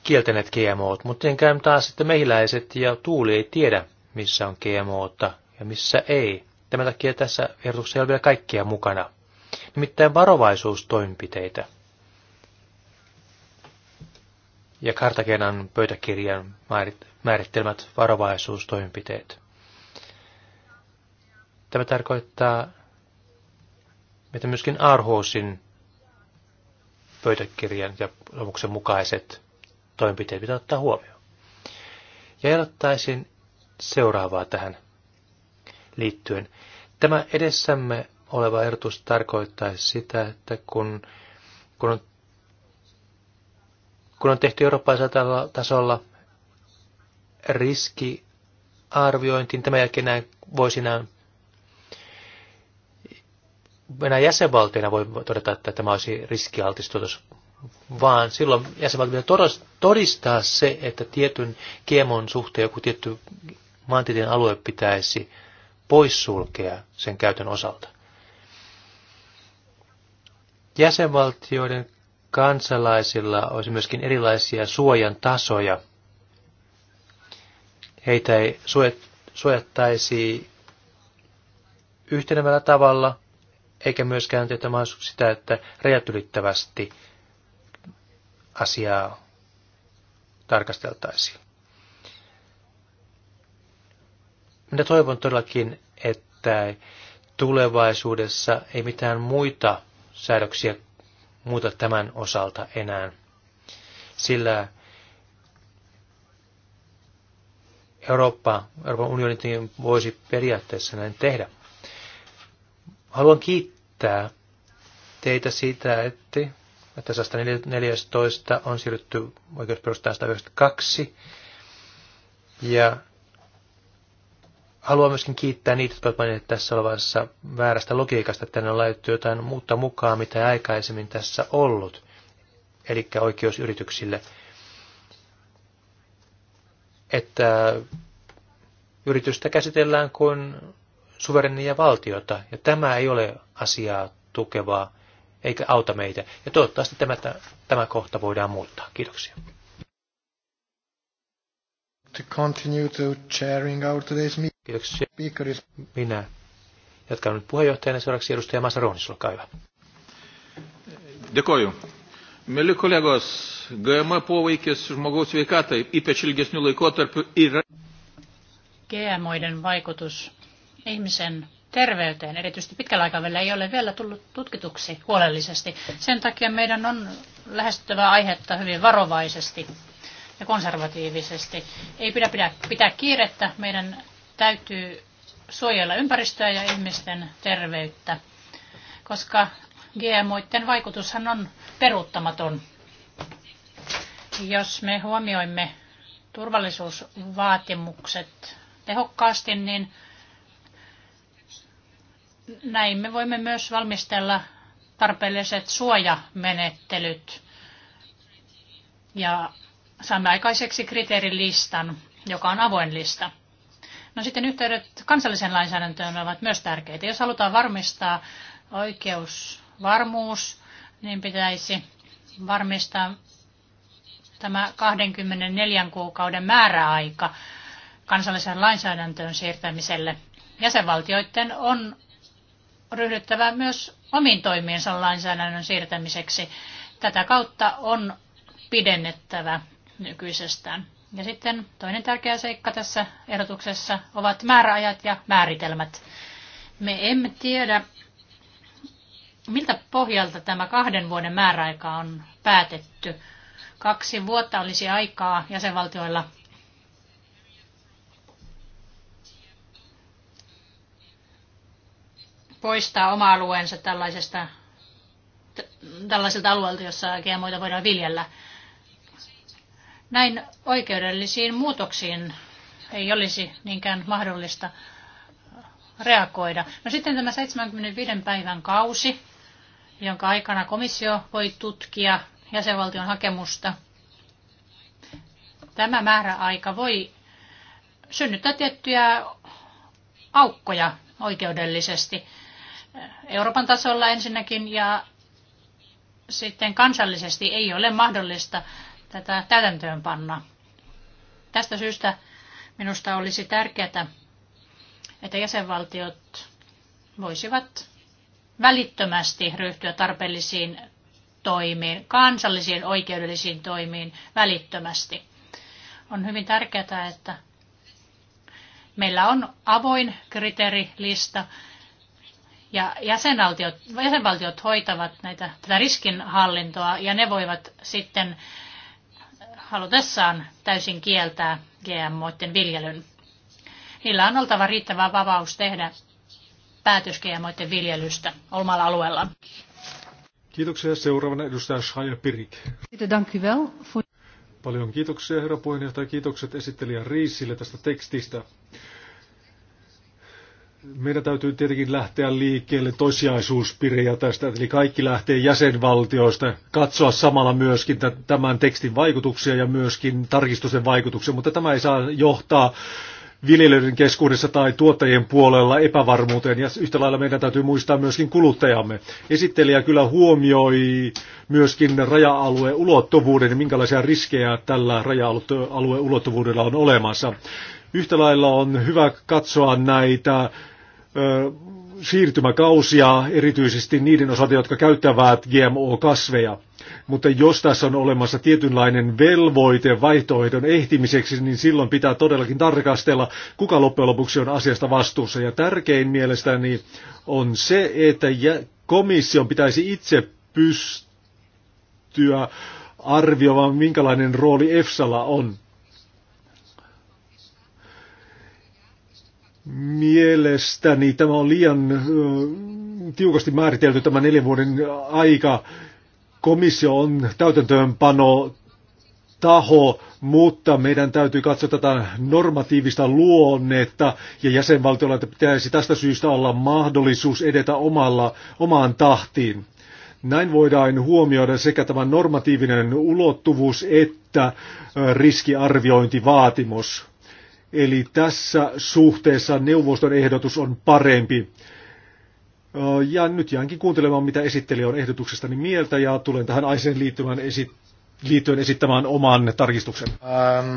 kieltäneet GMOt, mutta tietenkään taas sitten mehiläiset ja tuuli ei tiedä, missä on GMOta ja missä ei. Tämän takia tässä ehdotuksessa ei ole vielä kaikkia mukana. Nimittäin varovaisuustoimenpiteitä ja Kartagenan pöytäkirjan määrittelemät varovaisuustoimenpiteet. Tämä tarkoittaa, että myöskin Arhuosin pöytäkirjan ja lopuksen mukaiset toimenpiteet pitää ottaa huomioon. Ja ehdottaisin seuraavaa tähän liittyen. Tämä edessämme oleva ehdotus tarkoittaisi sitä, että kun, kun on kun on tehty eurooppalaisella tasolla niin tämän jälkeen näin voisi näin Venäjän jäsenvaltiona voi todeta, että tämä olisi riskialtistutus, vaan silloin jäsenvaltio pitää todistaa se, että tietyn kiemon suhteen joku tietty maantieteen alue pitäisi poissulkea sen käytön osalta. Jäsenvaltioiden kansalaisilla olisi myöskin erilaisia suojan tasoja. Heitä ei suojattaisi yhtenevällä tavalla, eikä myöskään tätä mahdollisuus sitä, että rajat ylittävästi asiaa tarkasteltaisiin. Minä toivon todellakin, että tulevaisuudessa ei mitään muita säädöksiä muuta tämän osalta enää, sillä Eurooppa, Euroopan unioni voisi periaatteessa näin tehdä. Haluan kiittää teitä siitä, että, että 114 on siirrytty oikeusperustaan 192 ja haluan myöskin kiittää niitä, jotka ovat tässä olevassa väärästä logiikasta, että tänne on laitettu jotain muuta mukaan, mitä ei aikaisemmin tässä ollut, eli oikeusyrityksille. Että yritystä käsitellään kuin suverenia valtiota, ja tämä ei ole asiaa tukevaa, eikä auta meitä. Ja toivottavasti tämä, tämä kohta voidaan muuttaa. Kiitoksia to continue to our today's meeting. Kiitoksia. Speakeris. Minä jatkan nyt puheenjohtajana seuraavaksi edustaja Roonis, olkaa hyvä. Dekoju. Mieli kollegos, GMO poveikis žmogaus sveikatai, ypač ilgesnių laikotarpių, yra. GMOiden vaikutus ihmisen terveyteen, erityisesti pitkällä aikavälillä, ei ole vielä tullut tutkituksi huolellisesti. Sen takia meidän on lähestyttävä aihetta hyvin varovaisesti ja konservatiivisesti. Ei pidä, pidä pitää kiirettä. Meidän täytyy suojella ympäristöä ja ihmisten terveyttä, koska GMOiden vaikutushan on peruuttamaton. Jos me huomioimme turvallisuusvaatimukset tehokkaasti, niin näin me voimme myös valmistella tarpeelliset suojamenettelyt ja saamme aikaiseksi kriteerilistan, joka on avoin lista. No sitten yhteydet kansalliseen lainsäädäntöön ovat myös tärkeitä. Jos halutaan varmistaa oikeusvarmuus, niin pitäisi varmistaa tämä 24 kuukauden määräaika kansalliseen lainsäädäntöön siirtämiselle. Jäsenvaltioiden on ryhdyttävä myös omiin toimiinsa lainsäädännön siirtämiseksi. Tätä kautta on pidennettävä nykyisestään. Ja sitten toinen tärkeä seikka tässä erotuksessa ovat määräajat ja määritelmät. Me emme tiedä, miltä pohjalta tämä kahden vuoden määräaika on päätetty. Kaksi vuotta olisi aikaa jäsenvaltioilla poistaa oma alueensa tällaisesta, tällaiselta alueelta, jossa GMOita voidaan viljellä. Näin oikeudellisiin muutoksiin ei olisi niinkään mahdollista reagoida. No sitten tämä 75 päivän kausi, jonka aikana komissio voi tutkia jäsenvaltion hakemusta. Tämä määräaika voi synnyttää tiettyjä aukkoja oikeudellisesti Euroopan tasolla ensinnäkin ja sitten kansallisesti ei ole mahdollista tätä täytäntöönpanna. Tästä syystä minusta olisi tärkeää, että jäsenvaltiot voisivat välittömästi ryhtyä tarpeellisiin toimiin, kansallisiin oikeudellisiin toimiin välittömästi. On hyvin tärkeää, että meillä on avoin kriteerilista ja jäsenvaltiot, jäsenvaltiot hoitavat näitä, tätä riskinhallintoa ja ne voivat sitten halutessaan täysin kieltää GMOiden viljelyn. Niillä on oltava riittävä vapaus tehdä päätös GMOiden viljelystä omalla alueella. Kiitoksia. Seuraavana edustaja Shaya Pirik. Paljon kiitoksia herra puheenjohtaja. Kiitokset esittelijä Riisille tästä tekstistä meidän täytyy tietenkin lähteä liikkeelle toissijaisuuspirejä tästä, eli kaikki lähtee jäsenvaltioista, katsoa samalla myöskin tämän tekstin vaikutuksia ja myöskin tarkistusten vaikutuksia, mutta tämä ei saa johtaa viljelijöiden keskuudessa tai tuottajien puolella epävarmuuteen, ja yhtä lailla meidän täytyy muistaa myöskin kuluttajamme. Esittelijä kyllä huomioi myöskin raja-alueen ulottuvuuden ja minkälaisia riskejä tällä raja-alueen ulottuvuudella on olemassa. Yhtä lailla on hyvä katsoa näitä siirtymäkausia, erityisesti niiden osalta, jotka käyttävät GMO-kasveja. Mutta jos tässä on olemassa tietynlainen velvoite vaihtoehdon ehtimiseksi, niin silloin pitää todellakin tarkastella, kuka loppujen lopuksi on asiasta vastuussa. Ja tärkein mielestäni on se, että komission pitäisi itse pystyä arvioimaan, minkälainen rooli EFSAlla on. Mielestäni tämä on liian tiukasti määritelty tämä neljän vuoden aika. Komissio on täytäntöönpano taho, mutta meidän täytyy katsoa tätä normatiivista luonnetta ja jäsenvaltiolla pitäisi tästä syystä olla mahdollisuus edetä omalla, omaan tahtiin. Näin voidaan huomioida sekä tämä normatiivinen ulottuvuus että riskiarviointivaatimus. Eli tässä suhteessa neuvoston ehdotus on parempi. Ja nyt jäänkin kuuntelemaan, mitä esittelijä on ehdotuksestani mieltä, ja tulen tähän aiseen liittyen, esi- liittyen esittämään oman tarkistuksen. Ähm.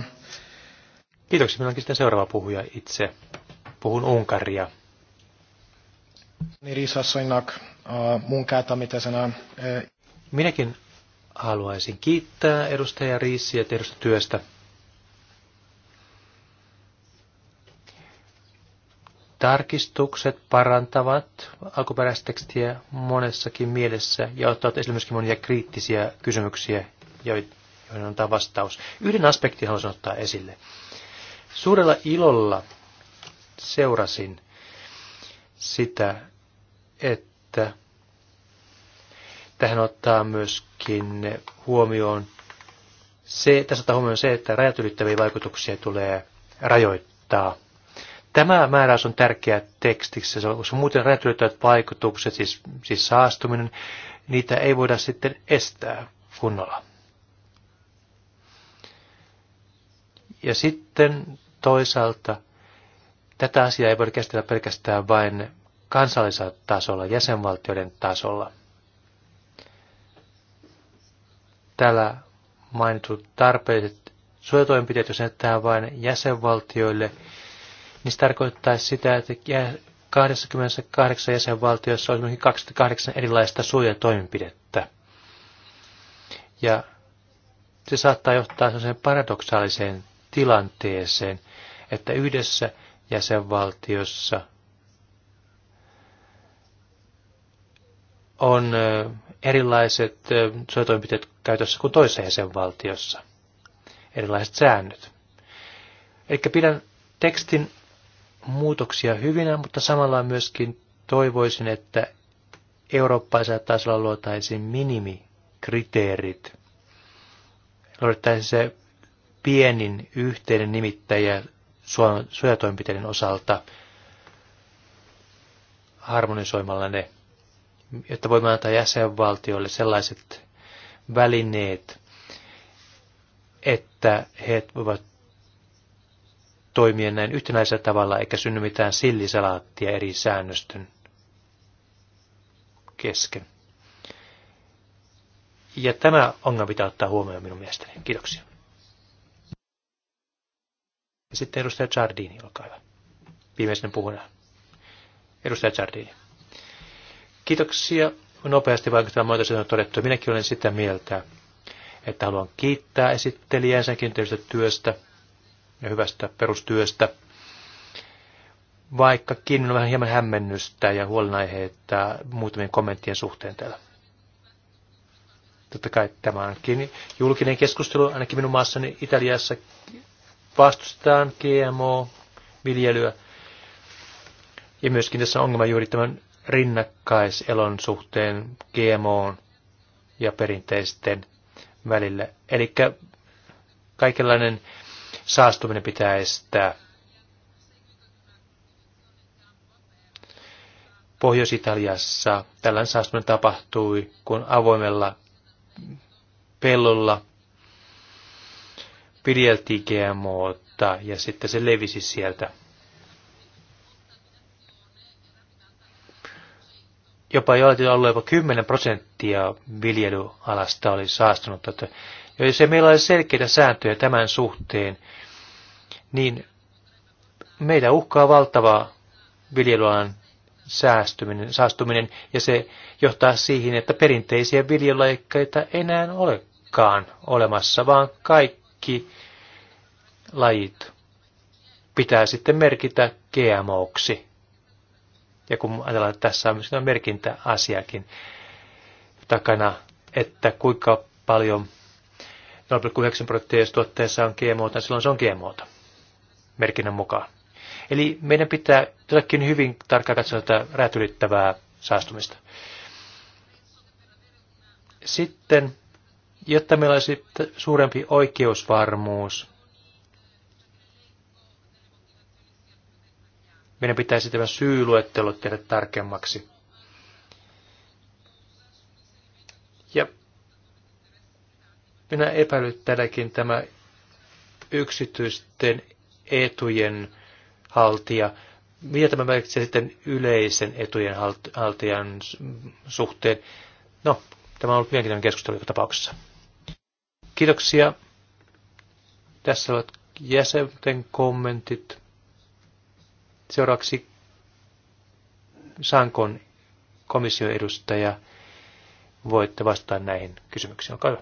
Kiitoksia. Minulla onkin sitten seuraava puhuja itse. Puhun Unkaria. Äh, äh, Minäkin haluaisin kiittää edustaja Riissiä tehdystä työstä tarkistukset parantavat alkuperäistekstiä monessakin mielessä ja ottavat esille myöskin monia kriittisiä kysymyksiä, joihin antaa vastaus. Yhden aspektin haluaisin ottaa esille. Suurella ilolla seurasin sitä, että tähän ottaa myöskin huomioon se, tässä ottaa huomioon se, että rajat ylittäviä vaikutuksia tulee rajoittaa – Tämä määräys on tärkeä tekstissä, koska muuten räätälöityvät vaikutukset, siis, siis saastuminen, niitä ei voida sitten estää kunnolla. Ja sitten toisaalta tätä asiaa ei voida käsitellä pelkästään vain kansallisella tasolla, jäsenvaltioiden tasolla. Täällä mainitut tarpeelliset suojatoimenpiteet, jos näyttää vain jäsenvaltioille, niin se tarkoittaisi sitä, että 28 jäsenvaltiossa olisi myöskin 28 erilaista suojatoimenpidettä. Ja se saattaa johtaa sellaiseen paradoksaaliseen tilanteeseen, että yhdessä jäsenvaltiossa on erilaiset suojatoimenpiteet käytössä kuin toisessa jäsenvaltiossa. Erilaiset säännöt. Eli pidän tekstin muutoksia hyvinä, mutta samalla myöskin toivoisin, että eurooppalaisella tasolla luotaisiin minimikriteerit. Luotaisiin se pienin yhteinen nimittäjä suojatoimenpiteiden osalta harmonisoimalla ne, jotta voimme antaa jäsenvaltioille sellaiset välineet, että he voivat toimia näin yhtenäisellä tavalla, eikä synny mitään sillisalaattia eri säännösten kesken. Ja tämä ongelma pitää ottaa huomioon minun mielestäni. Kiitoksia. Ja sitten edustaja Giardini, olkaa hyvä. Viimeisen puhuna. Edustaja Giardini. Kiitoksia nopeasti vaikuttava muuta on todettu. Minäkin olen sitä mieltä, että haluan kiittää esittelijää ensinnäkin työstä ja hyvästä perustyöstä. Vaikkakin on vähän hieman hämmennystä ja huolenaiheita muutamien kommenttien suhteen täällä. Totta kai tämä onkin julkinen keskustelu, ainakin minun maassani Italiassa vastustetaan GMO-viljelyä. Ja myöskin tässä on ongelma juuri tämän rinnakkaiselon suhteen GMO ja perinteisten välillä. Eli kaikenlainen saastuminen pitää estää. Pohjois-Italiassa tällainen saastuminen tapahtui, kun avoimella pellolla pideltiin GMOta ja sitten se levisi sieltä. Jopa jollakin alueella 10 prosenttia viljelyalasta oli saastunut, ja jos ei meillä ole selkeitä sääntöjä tämän suhteen, niin meidän uhkaa valtava viljelualan säästyminen, saastuminen, ja se johtaa siihen, että perinteisiä viljelajikkeita enää olekaan olemassa, vaan kaikki lajit pitää sitten merkitä GMOksi. Ja kun ajatellaan, että tässä on myös merkintäasiakin takana, että kuinka paljon 0,9 prosenttia, jos tuotteessa on GMO, niin silloin se on GMO merkinnän mukaan. Eli meidän pitää jotakin hyvin tarkkaan katsoa tätä räätylittävää saastumista. Sitten, jotta meillä olisi suurempi oikeusvarmuus, meidän pitäisi tämä syyluettelo tehdä tarkemmaksi. Minä epäilyttelenkin tämä yksityisten etujen haltija. Mitä tämä merkitsee sitten yleisen etujen haltijan suhteen? No, tämä on ollut mielenkiintoinen keskustelu joka tapauksessa. Kiitoksia. Tässä ovat jäsenten kommentit. Seuraavaksi Sankon komission edustaja. Voitte vastata näihin kysymyksiin. Olkaa hyvä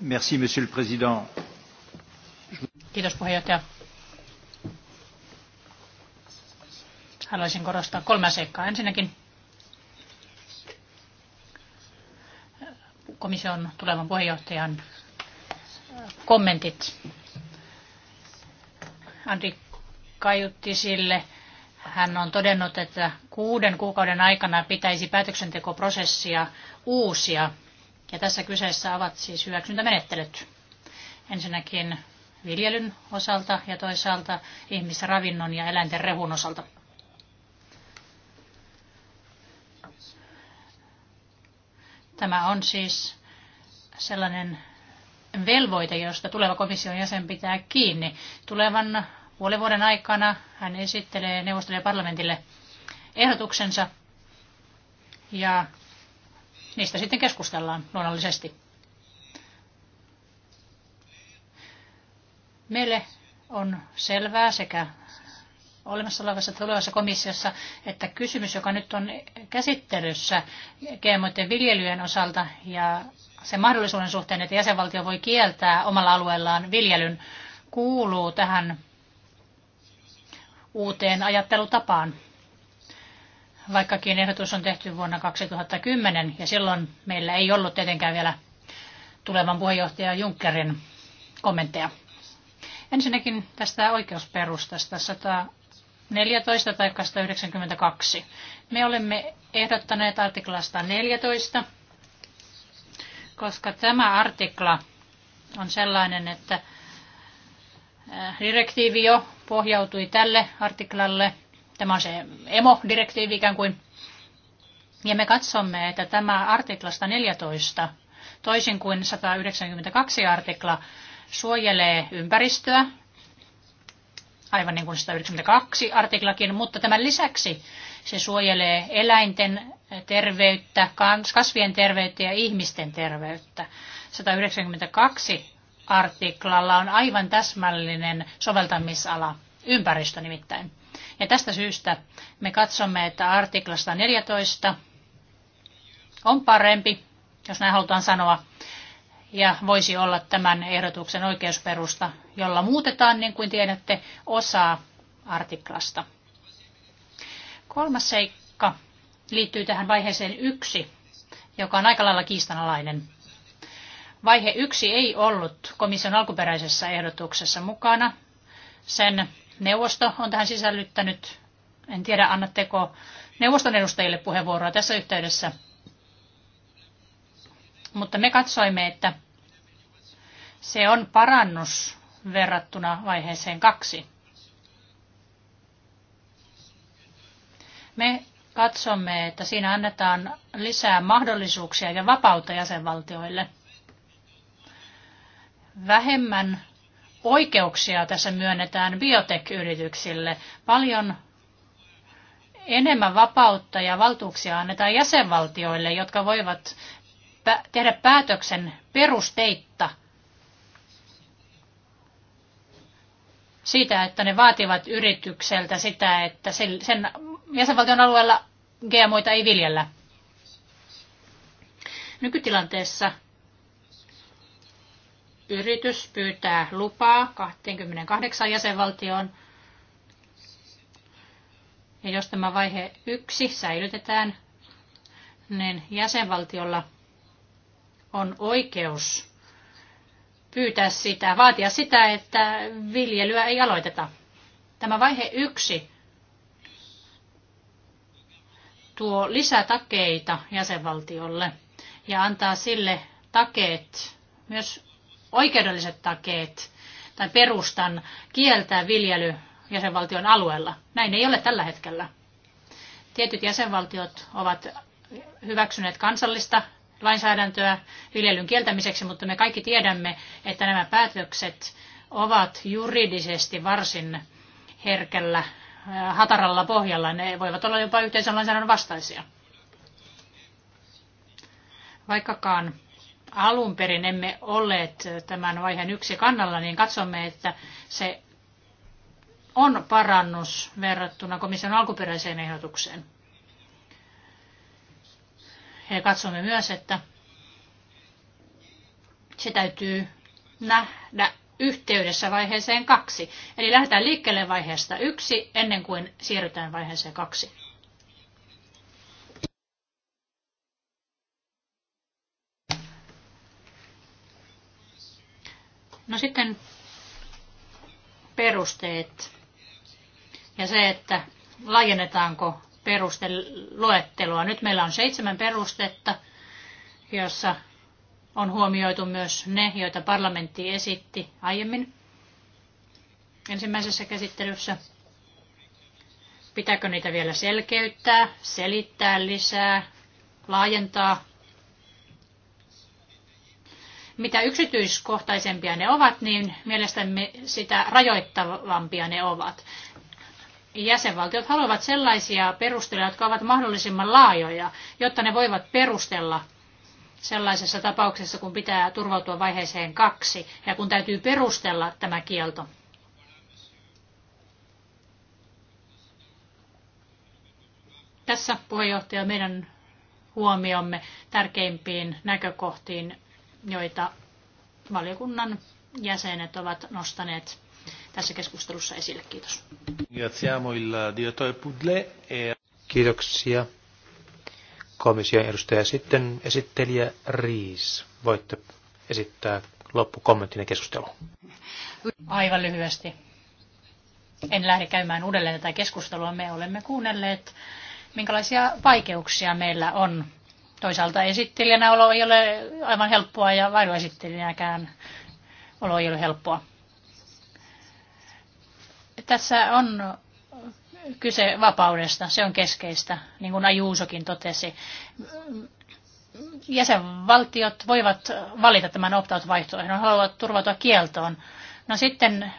monsieur le président. Kiitos puheenjohtaja. Haluaisin korostaa kolme seikkaa. Ensinnäkin komission tulevan puheenjohtajan kommentit Andri Kajuttisille. Hän on todennut, että kuuden kuukauden aikana pitäisi päätöksentekoprosessia uusia ja tässä kyseessä ovat siis hyväksyntämenettelyt. Ensinnäkin viljelyn osalta ja toisaalta ihmisravinnon ja eläinten rehun osalta. Tämä on siis sellainen velvoite, josta tuleva komission jäsen pitää kiinni. Tulevan puolen vuoden aikana hän esittelee neuvostolle ja parlamentille ehdotuksensa ja Niistä sitten keskustellaan luonnollisesti. Meille on selvää sekä olemassa olevassa tulevassa komissiossa, että kysymys, joka nyt on käsittelyssä GMOiden viljelyjen osalta ja sen mahdollisuuden suhteen, että jäsenvaltio voi kieltää omalla alueellaan viljelyn, kuuluu tähän uuteen ajattelutapaan vaikkakin ehdotus on tehty vuonna 2010 ja silloin meillä ei ollut tietenkään vielä tulevan puheenjohtaja Junckerin kommentteja. Ensinnäkin tästä oikeusperustasta 114 tai 192. Me olemme ehdottaneet artiklaa 14, koska tämä artikla on sellainen, että direktiivi jo pohjautui tälle artiklalle – Tämä on se emo-direktiivi ikään kuin. Ja me katsomme, että tämä artiklasta 14, toisin kuin 192 artikla, suojelee ympäristöä, aivan niin kuin 192 artiklakin, mutta tämän lisäksi se suojelee eläinten terveyttä, kasvien terveyttä ja ihmisten terveyttä. 192 artiklalla on aivan täsmällinen soveltamisala, ympäristö nimittäin. Ja tästä syystä me katsomme, että artiklasta 14 on parempi, jos näin halutaan sanoa, ja voisi olla tämän ehdotuksen oikeusperusta, jolla muutetaan, niin kuin tiedätte, osaa artiklasta. Kolmas seikka liittyy tähän vaiheeseen yksi, joka on aika lailla kiistanalainen. Vaihe yksi ei ollut komission alkuperäisessä ehdotuksessa mukana. Sen Neuvosto on tähän sisällyttänyt. En tiedä, annatteko neuvoston edustajille puheenvuoroa tässä yhteydessä. Mutta me katsoimme, että se on parannus verrattuna vaiheeseen kaksi. Me katsomme, että siinä annetaan lisää mahdollisuuksia ja vapautta jäsenvaltioille. Vähemmän oikeuksia tässä myönnetään biotech-yrityksille. Paljon enemmän vapautta ja valtuuksia annetaan jäsenvaltioille, jotka voivat tehdä päätöksen perusteitta siitä, että ne vaativat yritykseltä sitä, että sen jäsenvaltion alueella GMOita ei viljellä. Nykytilanteessa yritys pyytää lupaa 28 jäsenvaltioon. Ja jos tämä vaihe yksi säilytetään, niin jäsenvaltiolla on oikeus pyytää sitä, vaatia sitä, että viljelyä ei aloiteta. Tämä vaihe yksi tuo lisätakeita jäsenvaltiolle ja antaa sille takeet myös oikeudelliset takeet tai perustan kieltää viljely jäsenvaltion alueella. Näin ei ole tällä hetkellä. Tietyt jäsenvaltiot ovat hyväksyneet kansallista lainsäädäntöä viljelyn kieltämiseksi, mutta me kaikki tiedämme, että nämä päätökset ovat juridisesti varsin herkällä äh, hataralla pohjalla. Ne voivat olla jopa yhteisön lainsäädännön vastaisia. Vaikkakaan alun perin emme olleet tämän vaiheen yksi kannalla, niin katsomme, että se on parannus verrattuna komission alkuperäiseen ehdotukseen. Ja katsomme myös, että se täytyy nähdä yhteydessä vaiheeseen kaksi. Eli lähdetään liikkeelle vaiheesta yksi ennen kuin siirrytään vaiheeseen kaksi. No sitten perusteet ja se, että laajennetaanko perusteluettelua. Nyt meillä on seitsemän perustetta, jossa on huomioitu myös ne, joita parlamentti esitti aiemmin ensimmäisessä käsittelyssä. Pitääkö niitä vielä selkeyttää, selittää lisää, laajentaa mitä yksityiskohtaisempia ne ovat, niin mielestämme sitä rajoittavampia ne ovat. Jäsenvaltiot haluavat sellaisia perusteluja, jotka ovat mahdollisimman laajoja, jotta ne voivat perustella sellaisessa tapauksessa, kun pitää turvautua vaiheeseen kaksi ja kun täytyy perustella tämä kielto. Tässä puheenjohtaja meidän huomiomme tärkeimpiin näkökohtiin joita valiokunnan jäsenet ovat nostaneet tässä keskustelussa esille. Kiitos. E- Kiitoksia. Komission edustaja sitten esittelijä Riis. Voitte esittää loppukommenttinen keskusteluun. Aivan lyhyesti. En lähde käymään uudelleen tätä keskustelua. Me olemme kuunnelleet, minkälaisia vaikeuksia meillä on Toisaalta esittelijänä olo ei ole aivan helppoa ja varjoesittelijänäkään olo ei ole helppoa. Tässä on kyse vapaudesta, se on keskeistä, niin kuin Ajuusokin totesi. Jäsenvaltiot voivat valita tämän opt-out-vaihtoehdon, haluavat turvautua kieltoon. No sitten,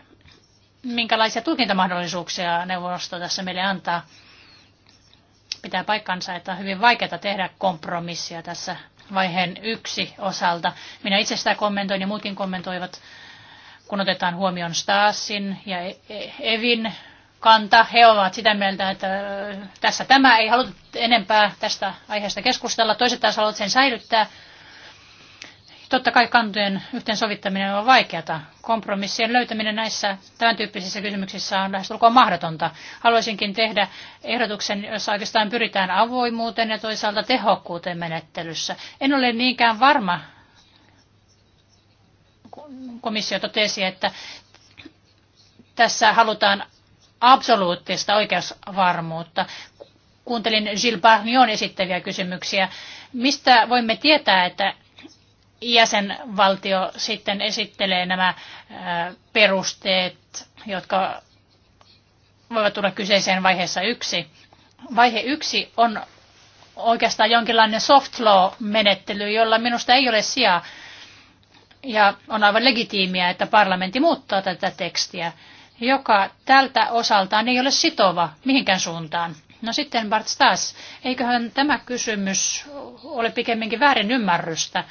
minkälaisia tulkintamahdollisuuksia neuvosto tässä meille antaa? Pitää paikkansa, että on hyvin vaikeaa tehdä kompromissia tässä vaiheen yksi osalta. Minä itse sitä kommentoin ja muutkin kommentoivat, kun otetaan huomioon Stasin ja e- e- Evin kanta. He ovat sitä mieltä, että tässä tämä ei haluta enempää tästä aiheesta keskustella. Toiset taas haluavat sen säilyttää. Totta kai kantojen yhteensovittaminen on vaikeata. Kompromissien löytäminen näissä tämän tyyppisissä kysymyksissä on lähestulkoon mahdotonta. Haluaisinkin tehdä ehdotuksen, jossa oikeastaan pyritään avoimuuteen ja toisaalta tehokkuuteen menettelyssä. En ole niinkään varma, komissio totesi, että tässä halutaan absoluuttista oikeusvarmuutta. Kuuntelin Gilles Barnion esittäviä kysymyksiä. Mistä voimme tietää, että jäsenvaltio sitten esittelee nämä perusteet, jotka voivat tulla kyseiseen vaiheessa yksi. Vaihe yksi on oikeastaan jonkinlainen soft law-menettely, jolla minusta ei ole sijaa. Ja on aivan legitiimiä, että parlamentti muuttaa tätä tekstiä, joka tältä osaltaan ei ole sitova mihinkään suuntaan. No sitten Bart Stas, eiköhän tämä kysymys ole pikemminkin väärin ymmärrystä.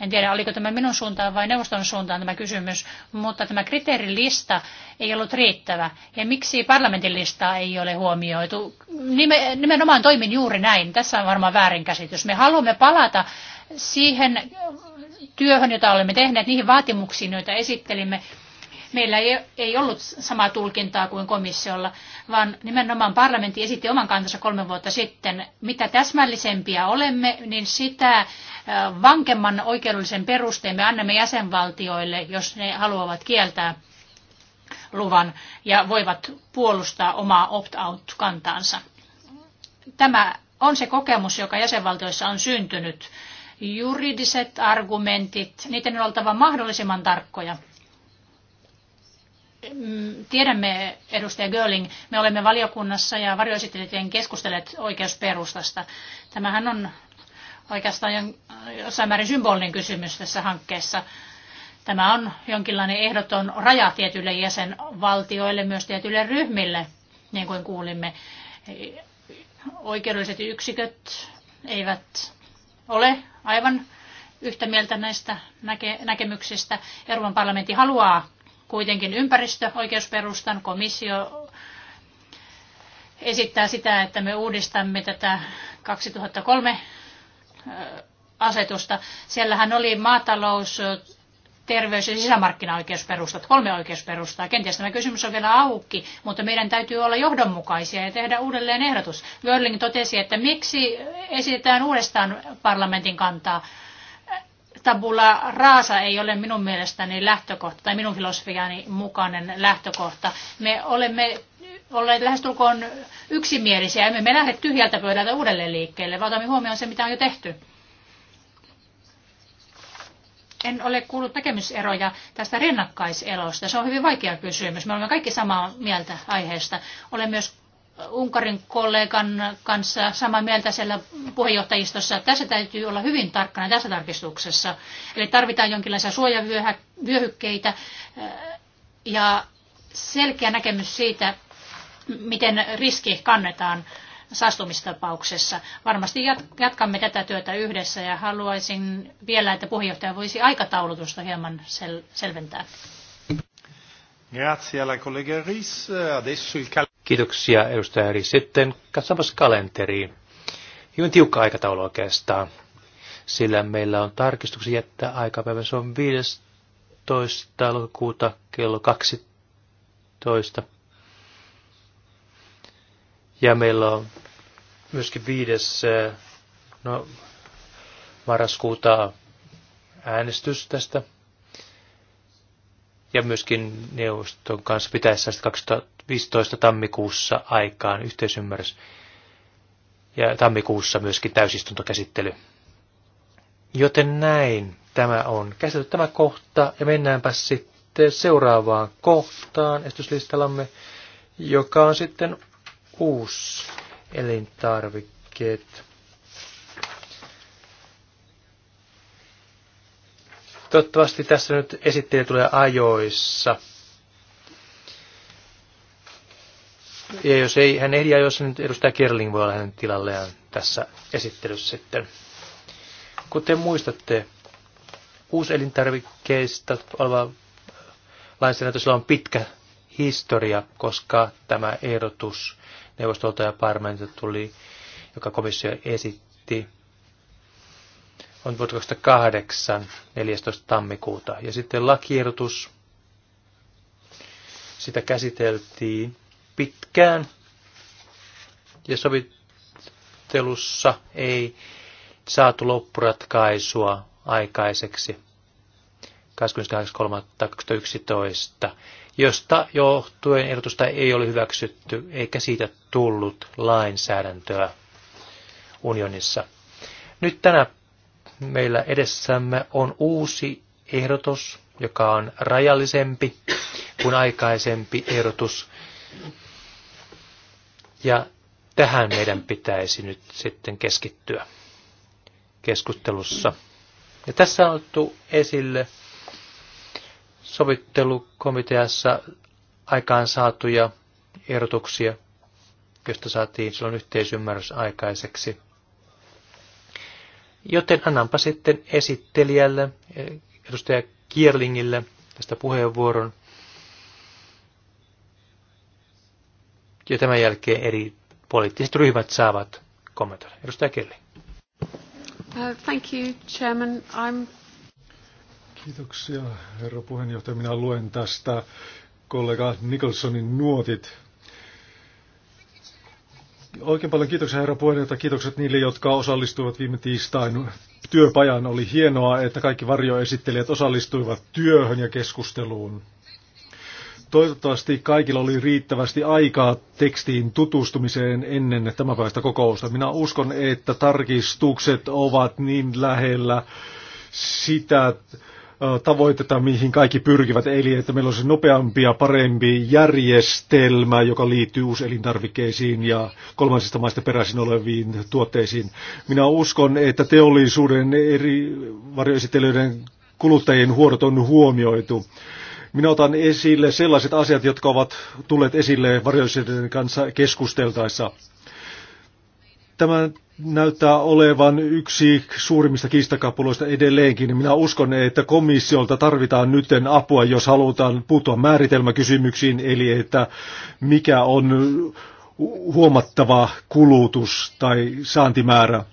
En tiedä, oliko tämä minun suuntaan vai neuvoston suuntaan tämä kysymys, mutta tämä kriteerilista ei ollut riittävä. Ja miksi parlamentin listaa ei ole huomioitu? Nimenomaan toimin juuri näin. Tässä on varmaan väärinkäsitys. Me haluamme palata siihen työhön, jota olemme tehneet, niihin vaatimuksiin, joita esittelimme Meillä ei, ei ollut samaa tulkintaa kuin komissiolla, vaan nimenomaan parlamentti esitti oman kantansa kolme vuotta sitten. Mitä täsmällisempiä olemme, niin sitä vankemman oikeudellisen perusteen me annamme jäsenvaltioille, jos ne haluavat kieltää luvan ja voivat puolustaa omaa opt-out-kantaansa. Tämä on se kokemus, joka jäsenvaltioissa on syntynyt. Juridiset argumentit, niiden on oltava mahdollisimman tarkkoja tiedämme, edustaja Görling, me olemme valiokunnassa ja varjoesittelijöiden keskustelleet oikeusperustasta. Tämähän on oikeastaan jossain määrin symbolinen kysymys tässä hankkeessa. Tämä on jonkinlainen ehdoton raja tietyille jäsenvaltioille, myös tietyille ryhmille, niin kuin kuulimme. Oikeudelliset yksiköt eivät ole aivan yhtä mieltä näistä näke- näkemyksistä. Euroopan parlamentti haluaa kuitenkin ympäristöoikeusperustan komissio esittää sitä, että me uudistamme tätä 2003 asetusta. Siellähän oli maatalous, terveys- ja sisämarkkinaoikeusperustat, kolme oikeusperustaa. Kenties tämä kysymys on vielä auki, mutta meidän täytyy olla johdonmukaisia ja tehdä uudelleen ehdotus. Wörling totesi, että miksi esitetään uudestaan parlamentin kantaa tabula raasa ei ole minun mielestäni lähtökohta tai minun filosofiani mukainen lähtökohta. Me olemme olleet lähestulkoon yksimielisiä. Emme me lähde tyhjältä pöydältä uudelleen liikkeelle, vaan otamme huomioon se, mitä on jo tehty. En ole kuullut näkemyseroja tästä rinnakkaiselosta. Se on hyvin vaikea kysymys. Me olemme kaikki samaa mieltä aiheesta. Olen myös Unkarin kollegan kanssa samaa mieltä siellä puheenjohtajistossa. Tässä täytyy olla hyvin tarkkana tässä tarkistuksessa. Eli tarvitaan jonkinlaisia suojavyöhykkeitä eh, ja selkeä näkemys siitä, miten riski kannetaan saastumistapauksessa. Varmasti jatkamme tätä työtä yhdessä ja haluaisin vielä, että puheenjohtaja voisi aikataulutusta hieman sel- selventää. Grazie alla collega Ris. Adesso il cal- Kiitoksia edustaja Eri. Sitten katsotaanpas kalenteriin. Hyvin tiukka aikataulu oikeastaan, sillä meillä on tarkistuksen jättää aikapäivä. Se on 15. lokakuuta kello 12. Ja meillä on myöskin 5. No, marraskuuta äänestys tästä. Ja myöskin neuvoston kanssa pitäisi 2000 15. tammikuussa aikaan yhteisymmärrys ja tammikuussa myöskin täysistuntokäsittely. Joten näin tämä on käsitelty tämä kohta ja mennäänpä sitten seuraavaan kohtaan estyslistallamme, joka on sitten uusi elintarvikkeet. Toivottavasti tässä nyt esittely tulee ajoissa. Ja jos ei hän ehdi ajoissa, niin edustaja Kerling voi olla hänen tilalleen tässä esittelyssä sitten. Kuten muistatte, uuselintarvikkeista oleva lainsäädäntö, on pitkä historia, koska tämä ehdotus neuvostolta ja parlamentilta tuli, joka komissio esitti, on vuotta 2008, 14. tammikuuta. Ja sitten lakiehdotus, sitä käsiteltiin pitkään ja sovittelussa ei saatu loppuratkaisua aikaiseksi 28.3.2011, josta johtuen ehdotusta ei ole hyväksytty eikä siitä tullut lainsäädäntöä unionissa. Nyt tänä meillä edessämme on uusi ehdotus, joka on rajallisempi kuin aikaisempi ehdotus. Ja tähän meidän pitäisi nyt sitten keskittyä keskustelussa. Ja tässä on otettu esille sovittelukomiteassa aikaan saatuja ehdotuksia, joista saatiin silloin yhteisymmärrys aikaiseksi. Joten annanpa sitten esittelijälle, edustaja Kierlingille, tästä puheenvuoron. Ja tämän jälkeen eri poliittiset ryhmät saavat kommentoida. Edustaja Kelly. Uh, thank you, Chairman. I'm... Kiitoksia, herra puheenjohtaja. Minä luen tästä kollega Nicholsonin nuotit. Oikein paljon kiitoksia herra puheenjohtaja. Kiitokset niille, jotka osallistuivat viime tiistain työpajan. Oli hienoa, että kaikki varjoesittelijät osallistuivat työhön ja keskusteluun. Toivottavasti kaikilla oli riittävästi aikaa tekstiin tutustumiseen ennen tämänpäiväistä kokousta. Minä uskon, että tarkistukset ovat niin lähellä sitä äh, tavoitetta, mihin kaikki pyrkivät, eli että meillä olisi nopeampi ja parempi järjestelmä, joka liittyy uuselintarvikkeisiin ja kolmansista maista peräisin oleviin tuotteisiin. Minä uskon, että teollisuuden eri varjoesittelyiden kuluttajien huorot on huomioitu. Minä otan esille sellaiset asiat, jotka ovat tulleet esille varjoisioiden kanssa keskusteltaessa. Tämä näyttää olevan yksi suurimmista kiistakapuloista edelleenkin. Minä uskon, että komissiolta tarvitaan nyt apua, jos halutaan puuttua määritelmäkysymyksiin, eli että mikä on huomattava kulutus tai saantimäärä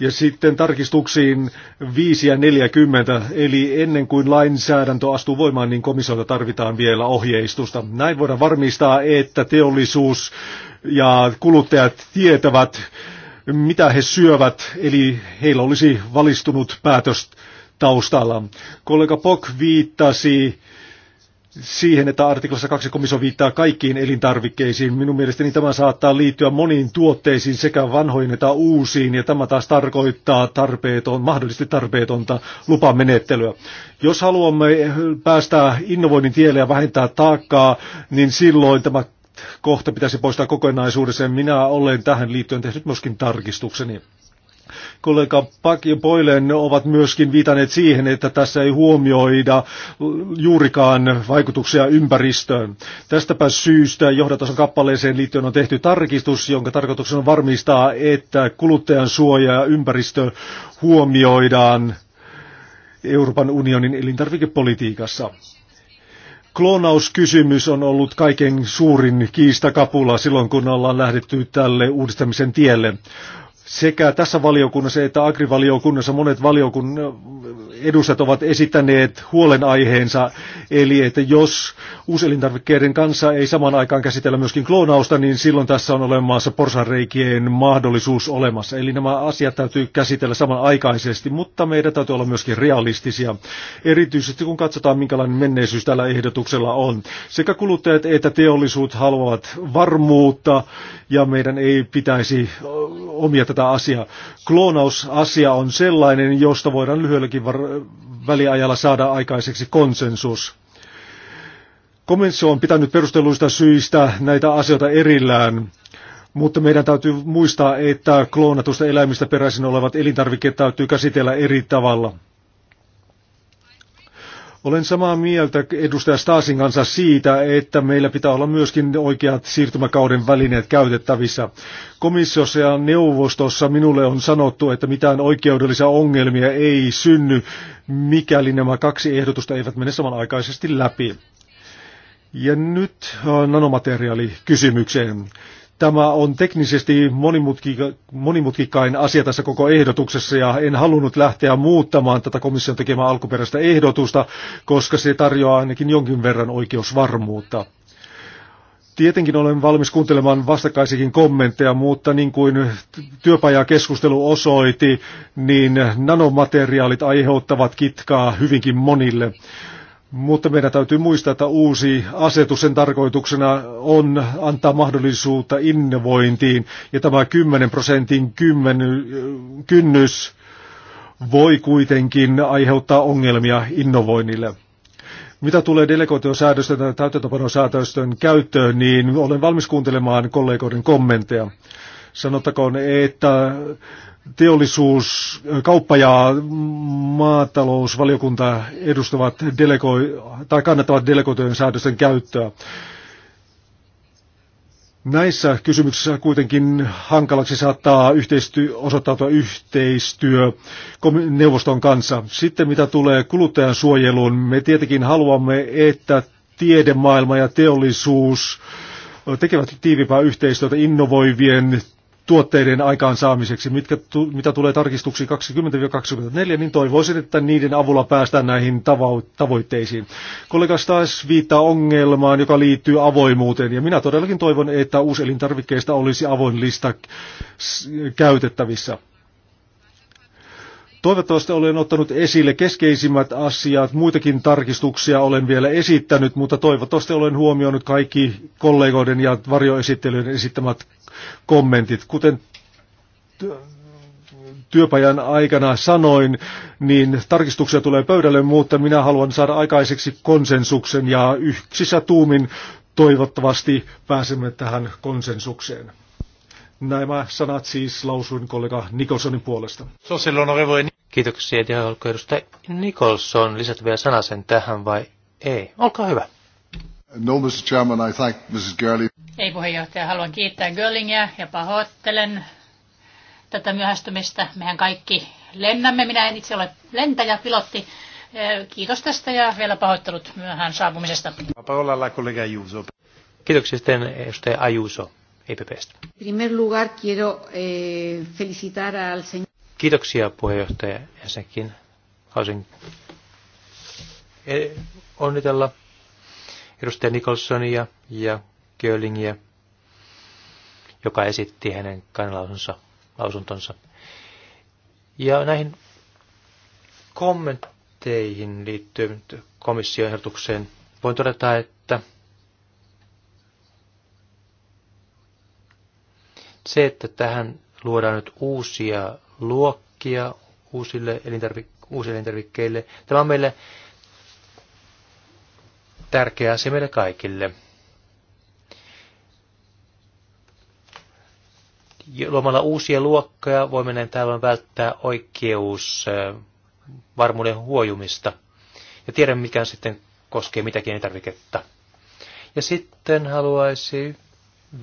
ja sitten tarkistuksiin 5 ja 40, eli ennen kuin lainsäädäntö astuu voimaan, niin komissiolta tarvitaan vielä ohjeistusta. Näin voidaan varmistaa, että teollisuus ja kuluttajat tietävät, mitä he syövät, eli heillä olisi valistunut päätös taustalla. Kollega Pok viittasi siihen, että artiklassa 2 komissio viittaa kaikkiin elintarvikkeisiin. Minun mielestäni tämä saattaa liittyä moniin tuotteisiin sekä vanhoihin että uusiin, ja tämä taas tarkoittaa tarpeeton, mahdollisesti tarpeetonta lupamenettelyä. Jos haluamme päästä innovoinnin tielle ja vähentää taakkaa, niin silloin tämä kohta pitäisi poistaa kokonaisuudessaan. Minä olen tähän liittyen tehnyt myöskin tarkistukseni kollega Pak ja Boylen ovat myöskin viitaneet siihen, että tässä ei huomioida juurikaan vaikutuksia ympäristöön. Tästäpä syystä johdatason kappaleeseen liittyen on tehty tarkistus, jonka tarkoituksena on varmistaa, että kuluttajan suoja ja ympäristö huomioidaan Euroopan unionin elintarvikepolitiikassa. Kloonauskysymys on ollut kaiken suurin kiistakapula silloin, kun ollaan lähdetty tälle uudistamisen tielle sekä tässä valiokunnassa että agrivaliokunnassa monet valiokunnan edustajat ovat esittäneet huolenaiheensa, eli että jos uuselintarvikkeiden kanssa ei samaan aikaan käsitellä myöskin kloonausta, niin silloin tässä on olemassa porsareikien mahdollisuus olemassa. Eli nämä asiat täytyy käsitellä samanaikaisesti, mutta meidän täytyy olla myöskin realistisia, erityisesti kun katsotaan, minkälainen menneisyys tällä ehdotuksella on. Sekä kuluttajat että teollisuut haluavat varmuutta, ja meidän ei pitäisi omia tätä asiaa. Kloonausasia on sellainen, josta voidaan lyhyelläkin var- väliajalla saada aikaiseksi konsensus. Komissio on pitänyt perusteluista syistä näitä asioita erillään, mutta meidän täytyy muistaa, että kloonatusta eläimistä peräisin olevat elintarvikkeet täytyy käsitellä eri tavalla. Olen samaa mieltä edustaja Staasin kanssa siitä, että meillä pitää olla myöskin oikeat siirtymäkauden välineet käytettävissä. Komissiossa ja neuvostossa minulle on sanottu, että mitään oikeudellisia ongelmia ei synny, mikäli nämä kaksi ehdotusta eivät mene samanaikaisesti läpi. Ja nyt äh, nanomateriaalikysymykseen. kysymykseen. Tämä on teknisesti monimutkikain asia tässä koko ehdotuksessa ja en halunnut lähteä muuttamaan tätä komission tekemää alkuperäistä ehdotusta, koska se tarjoaa ainakin jonkin verran oikeusvarmuutta. Tietenkin olen valmis kuuntelemaan vastakkaisikin kommentteja, mutta niin kuin työpajakeskustelu osoiti, niin nanomateriaalit aiheuttavat kitkaa hyvinkin monille. Mutta meidän täytyy muistaa, että uusi asetuksen tarkoituksena on antaa mahdollisuutta innovointiin. Ja tämä 10 prosentin kynnys voi kuitenkin aiheuttaa ongelmia innovoinnille. Mitä tulee delegoitiosäädöstön tai täytäntöpanosäädöstön käyttöön, niin olen valmis kuuntelemaan kollegoiden kommentteja. Sanottakoon, että teollisuus, kauppa ja maatalousvaliokunta edustavat delegoi, tai kannattavat delegoitujen säädösten käyttöä. Näissä kysymyksissä kuitenkin hankalaksi saattaa yhteistyö, osoittautua yhteistyö neuvoston kanssa. Sitten mitä tulee kuluttajan suojeluun, me tietenkin haluamme, että tiedemaailma ja teollisuus tekevät tiivimpää yhteistyötä innovoivien tuotteiden aikaansaamiseksi, mitkä, tu, mitä tulee tarkistuksiin 2024, niin toivoisin, että niiden avulla päästään näihin tavo, tavoitteisiin. Kollega taas viittaa ongelmaan, joka liittyy avoimuuteen, ja minä todellakin toivon, että uuselintarvikkeista olisi avoin lista käytettävissä. Toivottavasti olen ottanut esille keskeisimmät asiat. Muitakin tarkistuksia olen vielä esittänyt, mutta toivottavasti olen huomioinut kaikki kollegoiden ja varjoesittelyiden esittämät kommentit. Kuten työpajan aikana sanoin, niin tarkistuksia tulee pöydälle, mutta minä haluan saada aikaiseksi konsensuksen ja yksissä tuumin toivottavasti pääsemme tähän konsensukseen. Nämä sanat siis lausuin kollega Nikolsonin puolesta. Kiitoksia, ja olko edustaja Nikolson lisät vielä sanasen tähän vai ei? Olkaa hyvä. No, Mr. Chairman, I thank Mrs. Gurley. Ei puheenjohtaja, haluan kiittää Görlingiä ja pahoittelen tätä myöhästymistä. Mehän kaikki lennämme, minä en itse ole lentäjä, pilotti. Eh, kiitos tästä ja vielä pahoittelut myöhään saapumisesta. Paola kollega Juuso. Kiitoksia sitten edustaja Ajuso. EPPstä. Primer lugar quiero eh, felicitar al señor... Kiitoksia puheenjohtaja jäsenkin. Haluaisin eh, onnitella edustaja Nicholsonia ja Gölingiä, joka esitti hänen kannalausunsa, lausuntonsa. Ja näihin kommentteihin liittyen komission ehdotukseen voin todeta, että Se, että tähän luodaan nyt uusia luokkia uusille, elintarvik- uusille elintarvikkeille, tämä on meille tärkeä asia meille kaikille. Luomalla uusia luokkia voimme näin tällöin välttää oikeus äh, varmuuden huojumista. Ja tiedämme, mikä sitten koskee mitäkin elintarviketta. Ja sitten haluaisin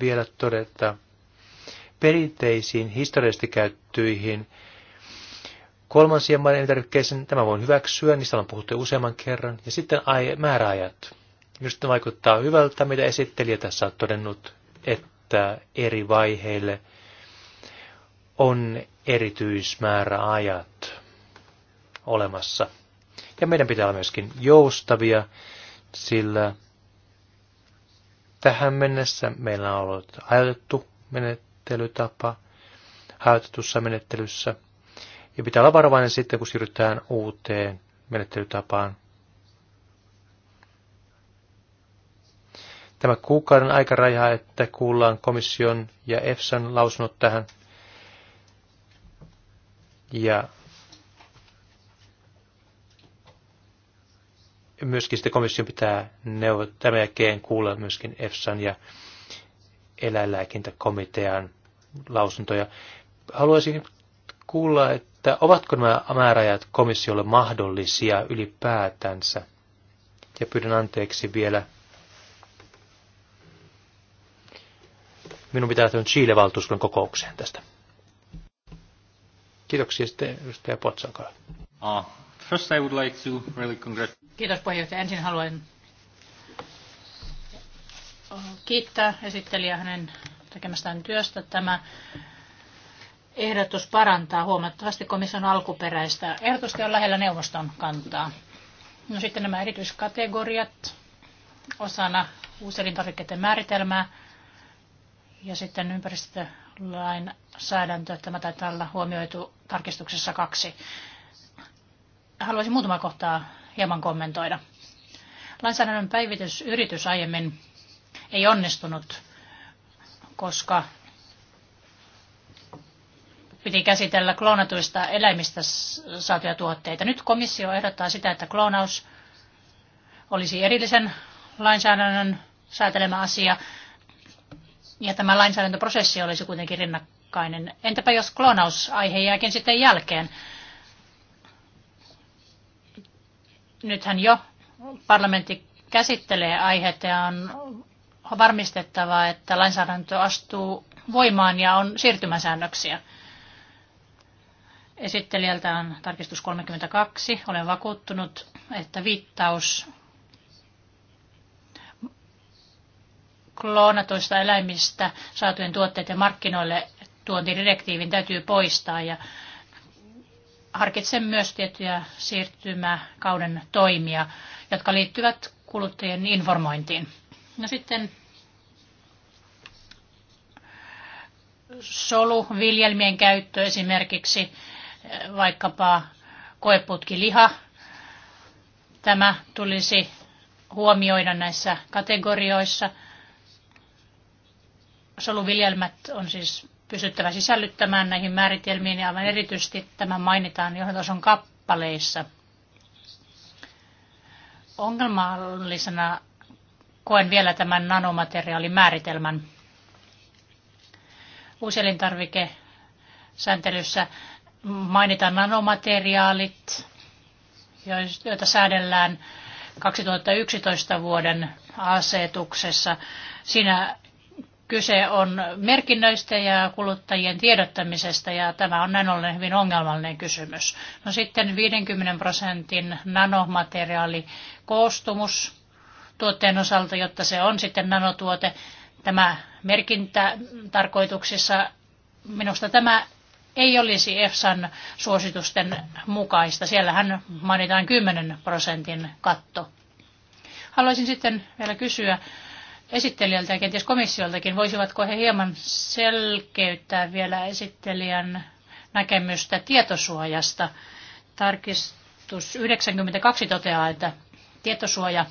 vielä todeta perinteisiin, historiallisesti käyttyihin kolmansien maiden elintarvikkeisiin. Tämä voi hyväksyä, niistä on puhuttu useamman kerran. Ja sitten ai- määräajat. Minusta vaikuttaa hyvältä, mitä esittelijä tässä on todennut, että eri vaiheille on erityismääräajat olemassa. Ja meidän pitää olla myöskin joustavia, sillä tähän mennessä meillä on ollut ajatettu menet menettelytapa hajautetussa menettelyssä. Ja pitää olla varovainen sitten, kun siirrytään uuteen menettelytapaan. Tämä kuukauden aikaraja, että kuullaan komission ja EFSAn lausunnot tähän. Ja myöskin sitten komission pitää neuvo, tämän jälkeen kuulla myöskin EFSAn ja eläinlääkintäkomitean lausuntoja. Haluaisin kuulla, että ovatko nämä määräajat komissiolle mahdollisia ylipäätänsä. Ja pyydän anteeksi vielä. Minun pitää lähteä Chile-valtuuskunnan kokoukseen tästä. Kiitoksia sitten edustaja Potsankaa. Ah, first I would like to really Kiitos puheenjohtaja. Ensin haluan kiittää esittelijää hänen tekemästään työstä. Tämä ehdotus parantaa huomattavasti komission alkuperäistä ehdotusta on lähellä neuvoston kantaa. No sitten nämä erityiskategoriat osana uuselintarvikkeiden määritelmää ja sitten ympäristölain säädäntö. Tämä taitaa olla huomioitu tarkistuksessa kaksi. Haluaisin muutama kohtaa hieman kommentoida. Lainsäädännön päivitys yritys aiemmin ei onnistunut, koska piti käsitellä kloonatuista eläimistä saatuja tuotteita. Nyt komissio ehdottaa sitä, että kloonaus olisi erillisen lainsäädännön säätelemä asia, ja tämä lainsäädäntöprosessi olisi kuitenkin rinnakkainen. Entäpä jos kloonausaihe jääkin sitten jälkeen? Nythän jo parlamentti käsittelee aihetta ja on varmistettava, että lainsäädäntö astuu voimaan ja on siirtymäsäännöksiä. Esittelijältä on tarkistus 32. Olen vakuuttunut, että viittaus kloonatuista eläimistä saatujen tuotteiden markkinoille tuontidirektiivin täytyy poistaa ja harkitsen myös tiettyjä siirtymäkauden toimia, jotka liittyvät kuluttajien informointiin. No sitten soluviljelmien käyttö esimerkiksi eh, vaikkapa koeputkiliha. Tämä tulisi huomioida näissä kategorioissa. Soluviljelmät on siis pysyttävä sisällyttämään näihin määritelmiin ja aivan erityisesti tämä mainitaan johdantason kappaleissa. Ongelmallisena koen vielä tämän nanomateriaalin määritelmän. Uuselintarvikesääntelyssä sääntelyssä mainitaan nanomateriaalit, joita säädellään 2011 vuoden asetuksessa. Siinä kyse on merkinnöistä ja kuluttajien tiedottamisesta ja tämä on näin ollen hyvin ongelmallinen kysymys. No sitten 50 prosentin nanomateriaali koostumus tuotteen osalta, jotta se on sitten nanotuote. Tämä merkintä tarkoituksissa, minusta tämä ei olisi EFSAn suositusten mukaista. Siellähän mainitaan 10 prosentin katto. Haluaisin sitten vielä kysyä esittelijältä ja kenties komissioltakin, voisivatko he hieman selkeyttää vielä esittelijän näkemystä tietosuojasta. Tarkistus 92 toteaa, että tietosuoja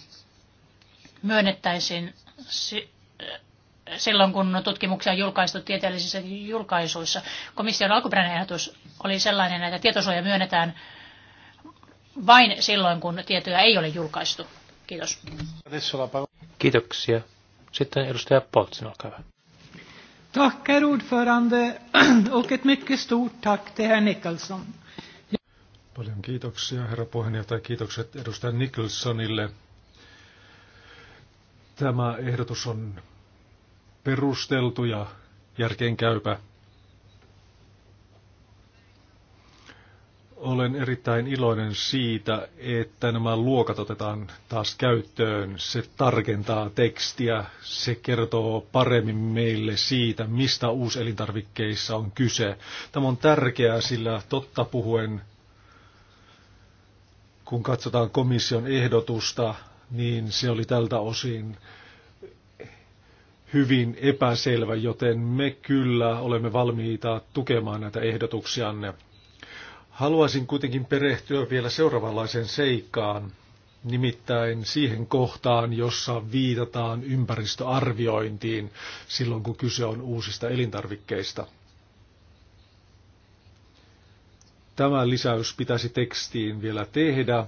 myönnettäisiin silloin, kun tutkimuksia on julkaistu tieteellisissä julkaisuissa. Komission alkuperäinen ehdotus oli sellainen, että tietosuoja myönnetään vain silloin, kun tietoja ei ole julkaistu. Kiitos. Kiitoksia. Sitten edustaja Poltsin, olkaa hyvä. Tack, herr ordförande, och ett mycket stort tack till herr Nicholson. Paljon kiitoksia, herra puheenjohtaja. Kiitokset edustaja Nicholsonille Tämä ehdotus on perusteltu ja järkeenkäypä. Olen erittäin iloinen siitä, että nämä luokat otetaan taas käyttöön. Se tarkentaa tekstiä, se kertoo paremmin meille siitä, mistä uuselintarvikkeissa on kyse. Tämä on tärkeää, sillä totta puhuen, kun katsotaan komission ehdotusta, niin se oli tältä osin hyvin epäselvä, joten me kyllä olemme valmiita tukemaan näitä ehdotuksianne. Haluaisin kuitenkin perehtyä vielä seuraavanlaiseen seikkaan, nimittäin siihen kohtaan, jossa viitataan ympäristöarviointiin silloin, kun kyse on uusista elintarvikkeista. Tämä lisäys pitäisi tekstiin vielä tehdä.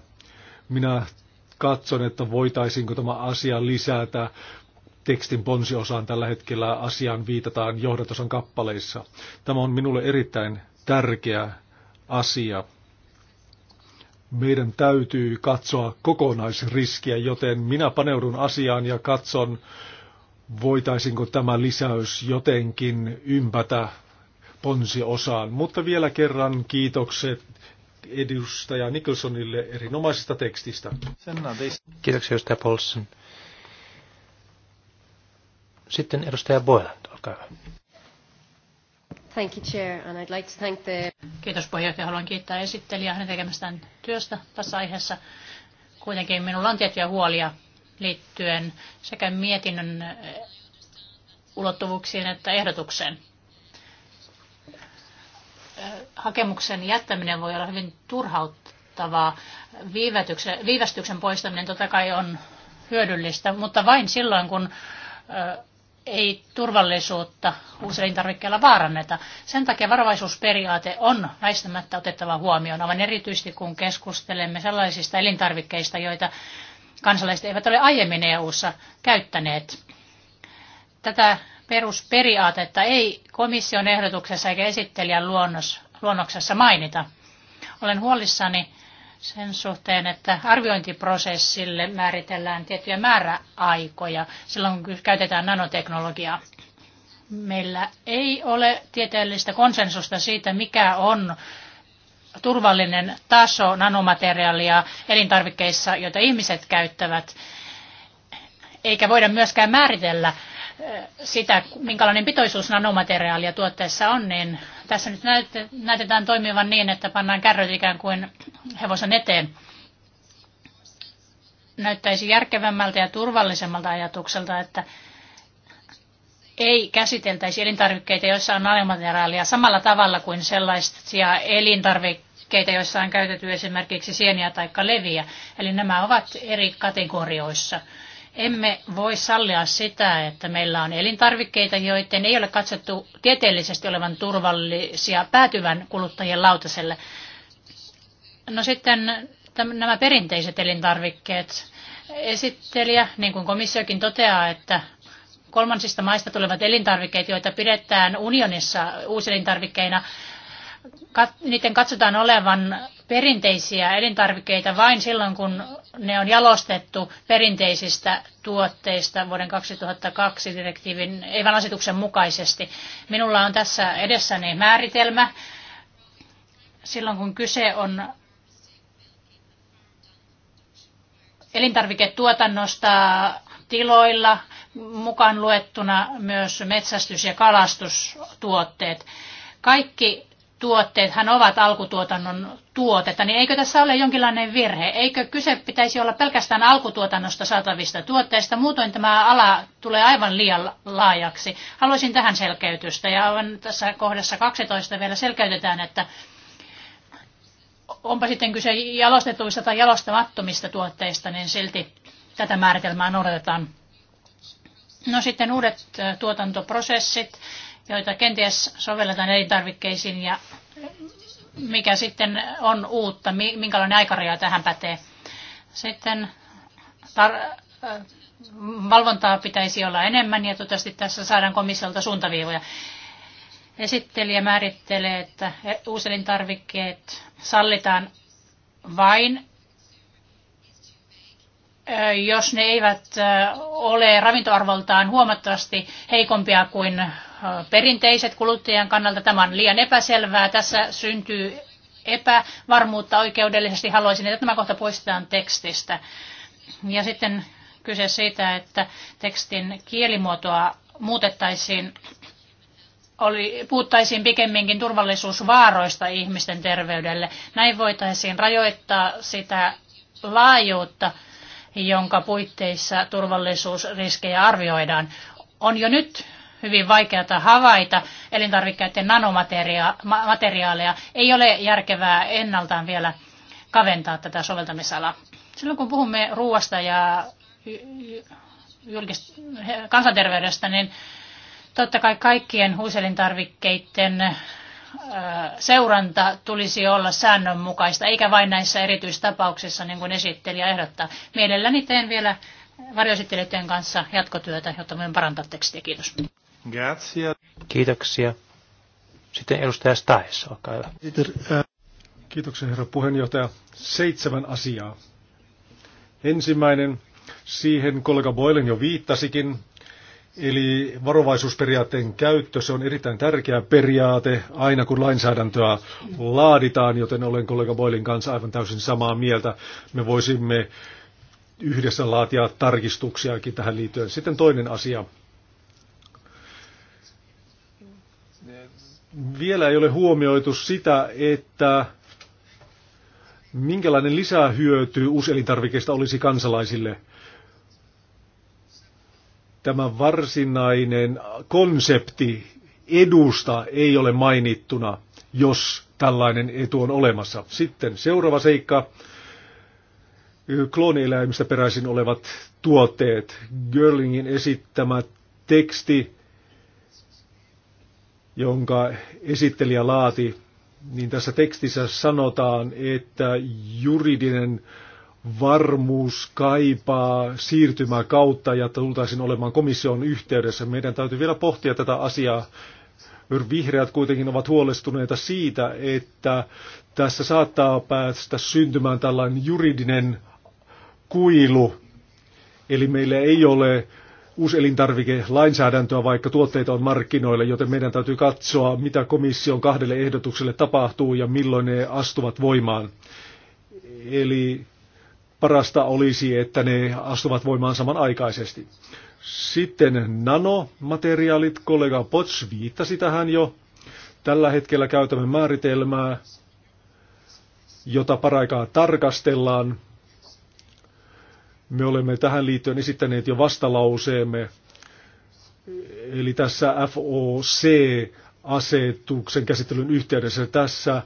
Minä katson, että voitaisiinko tämä asia lisätä tekstin ponsiosaan tällä hetkellä asiaan viitataan johdatosan kappaleissa. Tämä on minulle erittäin tärkeä asia. Meidän täytyy katsoa kokonaisriskiä, joten minä paneudun asiaan ja katson, voitaisinko tämä lisäys jotenkin ympätä ponsiosaan. Mutta vielä kerran kiitokset edustaja Nicholsonille erinomaisesta tekstistä. Kiitoksia edustaja Paulsen. Sitten edustaja Boyland, olkaa hyvä. Thank you, Chair, and I'd like to thank the... Kiitos puheenjohtaja. Haluan kiittää esittelijää hänen tekemästään työstä tässä aiheessa. Kuitenkin minulla on tiettyjä huolia liittyen sekä mietinnön eh, ulottuvuuksiin että ehdotukseen hakemuksen jättäminen voi olla hyvin turhauttavaa. Viivästyksen poistaminen totta kai on hyödyllistä, mutta vain silloin, kun ei turvallisuutta tarvikkeella vaaranneta. Sen takia varovaisuusperiaate on väistämättä otettava huomioon, aivan erityisesti kun keskustelemme sellaisista elintarvikkeista, joita kansalaiset eivät ole aiemmin EU-ssa käyttäneet. Tätä perusperiaatetta ei komission ehdotuksessa eikä esittelijän luonnos, luonnoksessa mainita. Olen huolissani sen suhteen, että arviointiprosessille määritellään tiettyjä määräaikoja silloin, kun käytetään nanoteknologiaa. Meillä ei ole tieteellistä konsensusta siitä, mikä on turvallinen taso nanomateriaalia elintarvikkeissa, joita ihmiset käyttävät, eikä voida myöskään määritellä sitä, minkälainen pitoisuus nanomateriaalia tuotteessa on, niin tässä nyt näytetään toimivan niin, että pannaan kärryt ikään kuin hevosen eteen. Näyttäisi järkevämmältä ja turvallisemmalta ajatukselta, että ei käsiteltäisi elintarvikkeita, joissa on nanomateriaalia samalla tavalla kuin sellaisia elintarvikkeita, joissa on käytetty esimerkiksi sieniä tai leviä. Eli nämä ovat eri kategorioissa. Emme voi sallia sitä, että meillä on elintarvikkeita, joiden ei ole katsottu tieteellisesti olevan turvallisia päätyvän kuluttajien lautaselle. No sitten nämä perinteiset elintarvikkeet. Esittelijä, niin kuin komissiokin toteaa, että kolmansista maista tulevat elintarvikkeet, joita pidetään unionissa uuselintarvikkeina, niiden katsotaan olevan perinteisiä elintarvikkeita vain silloin, kun ne on jalostettu perinteisistä tuotteista vuoden 2002 direktiivin, ei vaan asetuksen mukaisesti. Minulla on tässä edessäni määritelmä. Silloin kun kyse on elintarviketuotannosta tiloilla, mukaan luettuna myös metsästys- ja kalastustuotteet. Kaikki tuotteethan ovat alkutuotannon tuotetta, niin eikö tässä ole jonkinlainen virhe? Eikö kyse pitäisi olla pelkästään alkutuotannosta saatavista tuotteista? Muutoin tämä ala tulee aivan liian laajaksi. Haluaisin tähän selkeytystä ja on tässä kohdassa 12 vielä selkeytetään, että onpa sitten kyse jalostetuista tai jalostamattomista tuotteista, niin silti tätä määritelmää noudatetaan. No sitten uudet tuotantoprosessit, joita kenties sovelletaan elintarvikkeisiin ja mikä sitten on uutta, minkälainen aikaraja tähän pätee. Sitten tar- äh, valvontaa pitäisi olla enemmän ja toivottavasti tässä saadaan komissiolta suuntaviivoja. Esittelijä määrittelee, että e, uuselintarvikkeet sallitaan vain, jos ne eivät ole ravintoarvoltaan huomattavasti heikompia kuin perinteiset kuluttajan kannalta. Tämä on liian epäselvää. Tässä syntyy epävarmuutta oikeudellisesti. Haluaisin, että tämä kohta poistetaan tekstistä. Ja sitten kyse siitä, että tekstin kielimuotoa muutettaisiin, oli, puhuttaisiin pikemminkin turvallisuusvaaroista ihmisten terveydelle. Näin voitaisiin rajoittaa sitä laajuutta, jonka puitteissa turvallisuusriskejä arvioidaan. On jo nyt hyvin vaikeata havaita elintarvikkeiden nanomateriaaleja. Ei ole järkevää ennaltaan vielä kaventaa tätä soveltamisalaa. Silloin kun puhumme ruoasta ja julkist- kansanterveydestä, niin totta kai kaikkien huuselintarvikkeiden seuranta tulisi olla säännönmukaista, eikä vain näissä erityistapauksissa, niin kuin esittelijä ehdottaa. Mielelläni teen vielä varjoesittelijöiden kanssa jatkotyötä, jotta voin parantaa tekstiä. Kiitos. Grazie. Kiitoksia. Sitten edustaja Stais, olkaa hyvä. Äh, kiitoksia herra puheenjohtaja. Seitsemän asiaa. Ensimmäinen, siihen kollega Boylen jo viittasikin, eli varovaisuusperiaatteen käyttö, se on erittäin tärkeä periaate aina kun lainsäädäntöä laaditaan, joten olen kollega Boylen kanssa aivan täysin samaa mieltä. Me voisimme yhdessä laatia tarkistuksiakin tähän liittyen. Sitten toinen asia, vielä ei ole huomioitu sitä, että minkälainen lisähyöty uuselintarvikkeista olisi kansalaisille. Tämä varsinainen konsepti edusta ei ole mainittuna, jos tällainen etu on olemassa. Sitten seuraava seikka, kloonieläimistä peräisin olevat tuotteet. Görlingin esittämä teksti jonka esittelijä laati, niin tässä tekstissä sanotaan, että juridinen varmuus kaipaa siirtymää kautta ja tultaisiin olemaan komission yhteydessä. Meidän täytyy vielä pohtia tätä asiaa. Vihreät kuitenkin ovat huolestuneita siitä, että tässä saattaa päästä syntymään tällainen juridinen kuilu. Eli meillä ei ole uuselintarvikelainsäädäntöä, vaikka tuotteita on markkinoilla, joten meidän täytyy katsoa, mitä komission kahdelle ehdotukselle tapahtuu ja milloin ne astuvat voimaan. Eli parasta olisi, että ne astuvat voimaan samanaikaisesti. Sitten nanomateriaalit, kollega Potts viittasi tähän jo. Tällä hetkellä käytämme määritelmää, jota paraikaa tarkastellaan me olemme tähän liittyen esittäneet jo vastalauseemme, eli tässä FOC-asetuksen käsittelyn yhteydessä tässä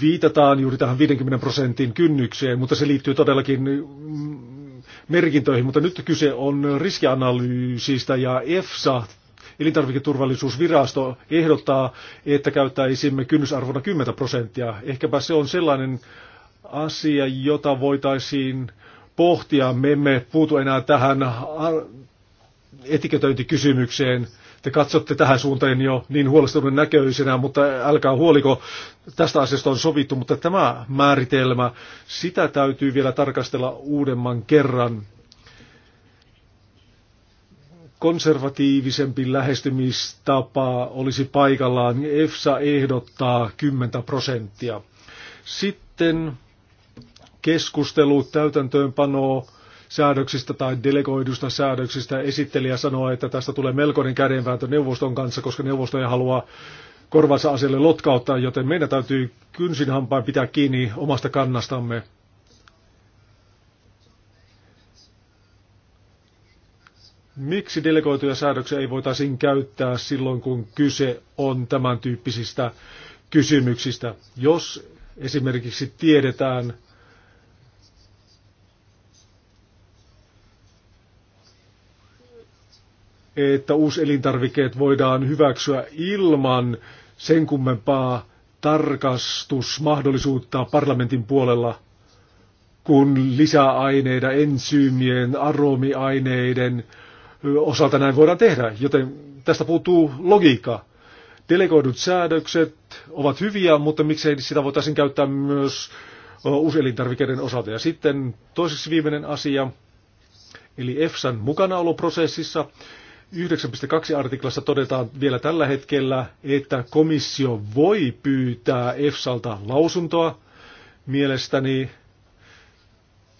viitataan juuri tähän 50 prosentin kynnykseen, mutta se liittyy todellakin mm, merkintöihin. Mutta nyt kyse on riskianalyysistä ja EFSA, elintarviketurvallisuusvirasto, ehdottaa, että käyttäisimme kynnysarvona 10 prosenttia. Ehkäpä se on sellainen asia, jota voitaisiin pohtia. Me emme puutu enää tähän etiketöintikysymykseen. Te katsotte tähän suuntaan jo niin huolestuneen näköisenä, mutta älkää huoliko, tästä asiasta on sovittu, mutta tämä määritelmä, sitä täytyy vielä tarkastella uudemman kerran konservatiivisempi lähestymistapa olisi paikallaan. Niin EFSA ehdottaa 10 prosenttia. Sitten keskustelu täytäntöönpanoa säädöksistä tai delegoidusta säädöksistä. Esittelijä sanoo, että tästä tulee melkoinen kädenvääntö neuvoston kanssa, koska neuvosto ei halua korvansa asialle lotkauttaa, joten meidän täytyy kynsinhampain pitää kiinni omasta kannastamme. Miksi delegoituja säädöksiä ei voitaisiin käyttää silloin, kun kyse on tämän tyyppisistä kysymyksistä? Jos esimerkiksi tiedetään, että uuselintarvikkeet voidaan hyväksyä ilman sen kummempaa tarkastusmahdollisuutta parlamentin puolella, kun lisäaineiden, ensyymien, aromiaineiden osalta näin voidaan tehdä, joten tästä puuttuu logiikka. Delegoidut säädökset ovat hyviä, mutta miksei sitä voitaisiin käyttää myös uuselintarvikkeiden osalta. Ja sitten toiseksi viimeinen asia, eli EFSAn mukanaoloprosessissa. prosessissa 9.2 artiklassa todetaan vielä tällä hetkellä, että komissio voi pyytää EFSAlta lausuntoa. Mielestäni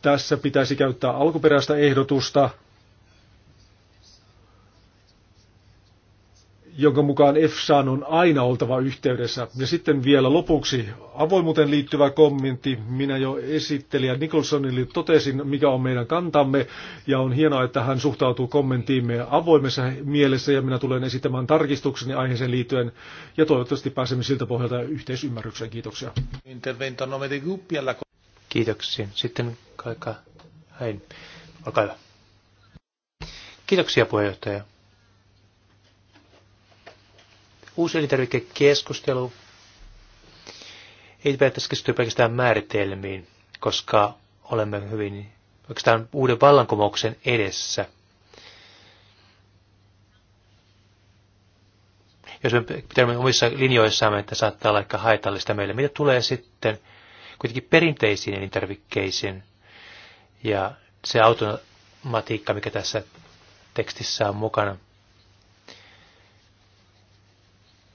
tässä pitäisi käyttää alkuperäistä ehdotusta jonka mukaan EFSAan on aina oltava yhteydessä. Ja sitten vielä lopuksi avoimuuteen liittyvä kommentti. Minä jo esittelijä Nicholsonille totesin, mikä on meidän kantamme, ja on hienoa, että hän suhtautuu kommenttiimme avoimessa mielessä, ja minä tulen esittämään tarkistukseni aiheeseen liittyen, ja toivottavasti pääsemme siltä pohjalta yhteisymmärrykseen. Kiitoksia. Kiitoksia. Sitten kaikkaa. Hei. Olkaa hyvä. Kiitoksia puheenjohtaja uusi elintarvikekeskustelu ei päättäisi keskittyä pelkästään määritelmiin, koska olemme hyvin oikeastaan uuden vallankumouksen edessä. Jos me pitämme omissa linjoissamme, että saattaa olla aika haitallista meille. Mitä tulee sitten kuitenkin perinteisiin elintarvikkeisiin ja se automatiikka, mikä tässä tekstissä on mukana –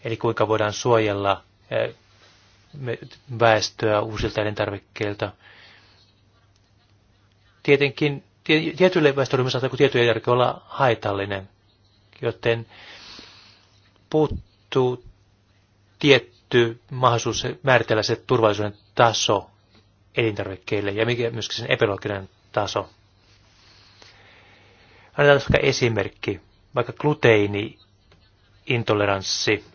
eli kuinka voidaan suojella eh, väestöä uusilta elintarvikkeilta. Tietenkin tietylle väestöryhmälle saattaa tietyn järkeä olla haitallinen, joten puuttuu tietty mahdollisuus määritellä se turvallisuuden taso elintarvikkeille ja mikä myöskin sen epilogian taso. Annetaan vaikka esimerkki, vaikka gluteini intoleranssi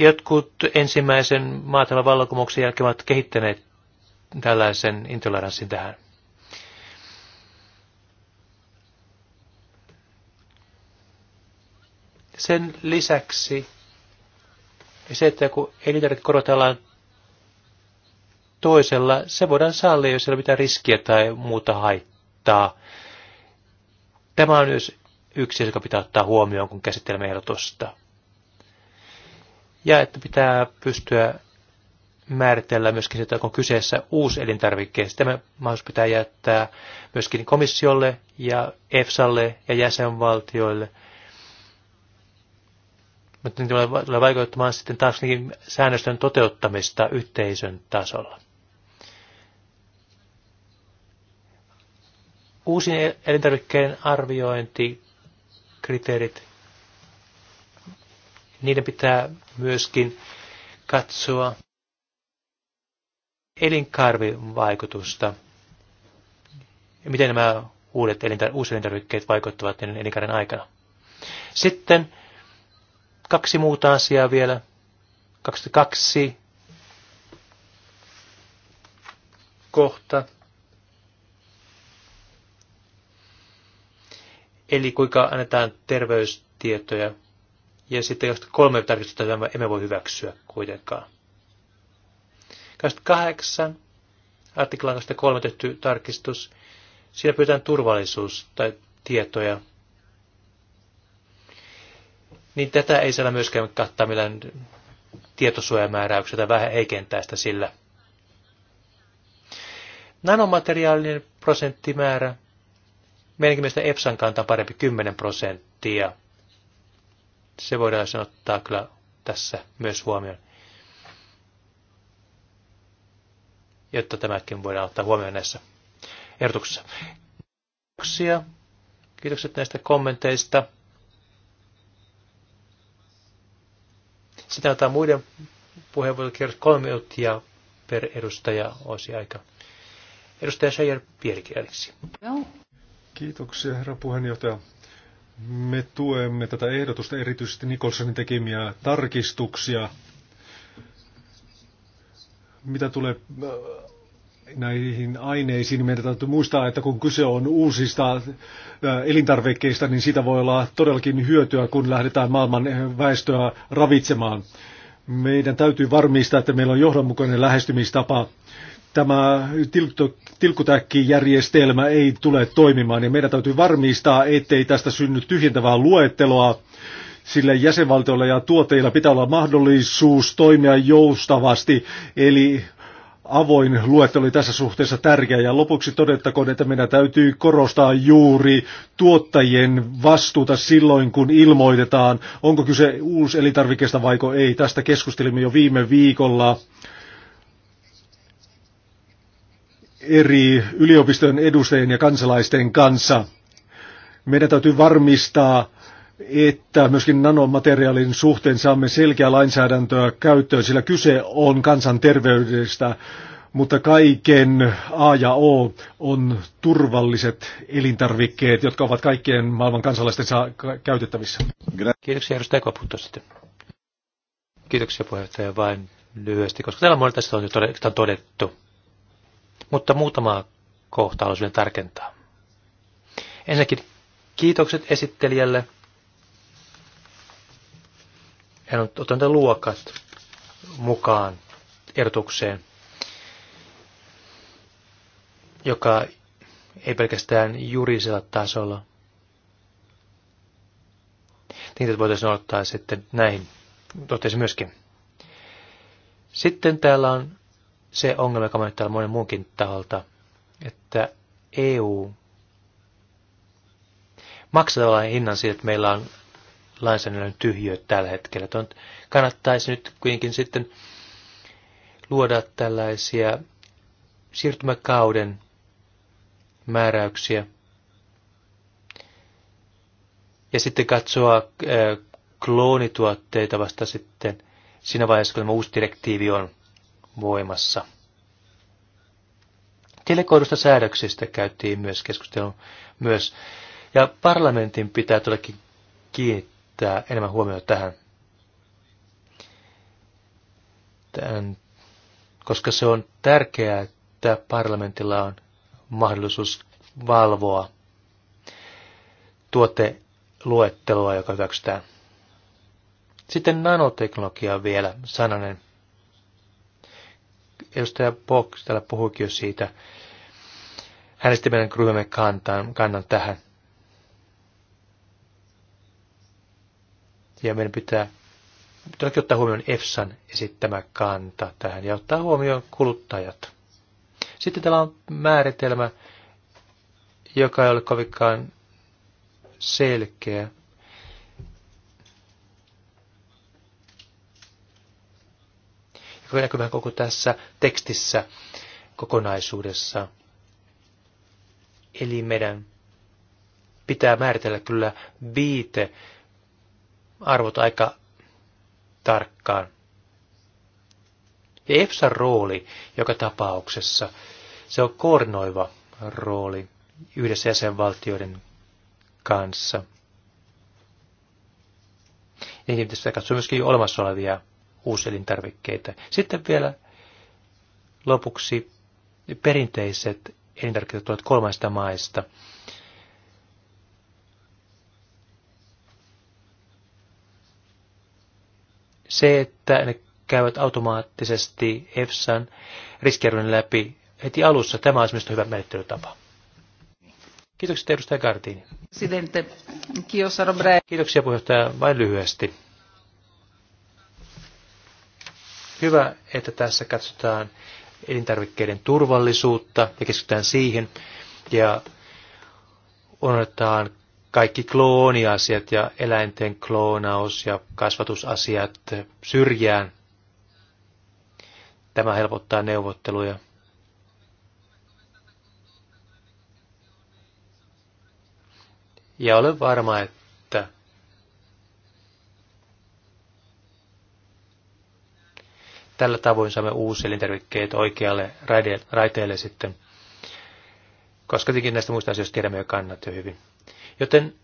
Jotkut ensimmäisen maatalan vallankumouksen jälkeen ovat kehittäneet tällaisen intoleranssin tähän. Sen lisäksi se, että kun elintarvikkeet korotellaan toisella, se voidaan sallia, jos ei ole mitään riskiä tai muuta haittaa. Tämä on myös yksi, joka pitää ottaa huomioon, kun käsittelemme ehdotusta ja että pitää pystyä määritellä myöskin sitä, onko kyseessä uusi elintarvike. Tämä mahdollisuus pitää jättää myöskin komissiolle ja EFSAlle ja jäsenvaltioille. Mutta niitä tulee vaikuttamaan sitten taas säännösten toteuttamista yhteisön tasolla. Uusien elintarvikkeiden arviointikriteerit niiden pitää myöskin katsoa elinkaarivaikutusta, miten nämä uudet elintar- uusi elintarvikkeet vaikuttavat niiden elinkaaren aikana. Sitten kaksi muuta asiaa vielä. 22 kohta. Eli kuinka annetaan terveystietoja ja sitten kolme tarkistusta emme voi hyväksyä kuitenkaan. 28, artiklan 23 tehty tarkistus, siinä pyytään turvallisuus tai tietoja. Niin tätä ei siellä myöskään kattaa millään tietosuojamääräyksiä tai vähän heikentää sitä sillä. Nanomateriaalinen prosenttimäärä, meidänkin mielestä EPSAn kanta on parempi 10 prosenttia se voidaan sen ottaa kyllä tässä myös huomioon. Jotta tämäkin voidaan ottaa huomioon näissä ehdotuksissa. Kiitoksia. Kiitokset näistä kommenteista. Sitten otetaan muiden puheenvuorokierros kolme minuuttia per edustaja olisi aika. Edustaja Seijer Pielikieliksi. Kiitoksia herra puheenjohtaja. Me tuemme tätä ehdotusta erityisesti Nikolsonin tekemiä tarkistuksia. Mitä tulee äh, näihin aineisiin, niin meidän täytyy muistaa, että kun kyse on uusista äh, elintarvikkeista, niin siitä voi olla todellakin hyötyä, kun lähdetään maailman äh, väestöä ravitsemaan. Meidän täytyy varmistaa, että meillä on johdonmukainen lähestymistapa tämä tilkkutäkkijärjestelmä ei tule toimimaan, niin meidän täytyy varmistaa, ettei tästä synny tyhjentävää luetteloa, sillä jäsenvaltioilla ja tuotteilla pitää olla mahdollisuus toimia joustavasti, eli avoin luettelo oli tässä suhteessa tärkeä. Ja lopuksi todettakoon, että meidän täytyy korostaa juuri tuottajien vastuuta silloin, kun ilmoitetaan, onko kyse uusi elintarvikkeesta vaiko ei. Tästä keskustelimme jo viime viikolla eri yliopistojen edustajien ja kansalaisten kanssa. Meidän täytyy varmistaa, että myöskin nanomateriaalin suhteen saamme selkeää lainsäädäntöä käyttöön, sillä kyse on kansanterveydestä, mutta kaiken A ja O on turvalliset elintarvikkeet, jotka ovat kaikkien maailman kansalaisten saa käytettävissä. Kiitoksia edustaja Koputto sitten. Kiitoksia puheenjohtaja vain lyhyesti, koska täällä monella tästä on jo todettu. Mutta muutama kohta haluaisin tarkentaa. Ensinnäkin kiitokset esittelijälle. Hän on ottanut luokat mukaan erotukseen, joka ei pelkästään juridisella tasolla. Niitä voitaisiin ottaa sitten näihin totesi myöskin. Sitten täällä on se ongelma, joka on täällä monen muunkin taholta, että EU maksaa tavallaan hinnan siitä, että meillä on lainsäädännön tyhjiö tällä hetkellä. Tuon kannattaisi nyt kuitenkin sitten luoda tällaisia siirtymäkauden määräyksiä ja sitten katsoa äh, kloonituotteita vasta sitten siinä vaiheessa, kun tämä uusi direktiivi on voimassa. Telekoidusta säädöksistä käytiin myös keskustelun myös. Ja parlamentin pitää todellakin kiinnittää enemmän huomiota tähän. Tän, koska se on tärkeää, että parlamentilla on mahdollisuus valvoa tuoteluetteloa, joka hyväksytään. Sitten nanoteknologia vielä sananen edustaja Box täällä puhuikin jo siitä. Hänestä meidän kruvemme kantan, kannan tähän. Ja meidän pitää toki ottaa huomioon EFSAn esittämä kanta tähän ja ottaa huomioon kuluttajat. Sitten täällä on määritelmä, joka ei ole kovinkaan selkeä. näkymään koko tässä tekstissä kokonaisuudessa. Eli meidän pitää määritellä kyllä viite arvot aika tarkkaan. Ja EFSAn rooli joka tapauksessa, se on koordinoiva rooli yhdessä jäsenvaltioiden kanssa. Ja pitäisi katsoa myöskin olemassa olevia uuselintarvikkeita. Sitten vielä lopuksi perinteiset elintarvikkeet tulevat kolmaista maista. Se, että ne käyvät automaattisesti EFSAn riskiarvon läpi heti alussa, tämä on esimerkiksi hyvä menettelytapa. Kiitoksia edustaja Gardini. Kiitoksia puheenjohtaja. Vain lyhyesti. hyvä, että tässä katsotaan elintarvikkeiden turvallisuutta ja keskitytään siihen. Ja unohdetaan kaikki klooniasiat ja eläinten kloonaus ja kasvatusasiat syrjään. Tämä helpottaa neuvotteluja. Ja olen varma, että tällä tavoin saamme uusia elintarvikkeet oikealle raiteelle sitten, koska tietenkin näistä muista asioista tiedämme jo kannat jo hyvin. Joten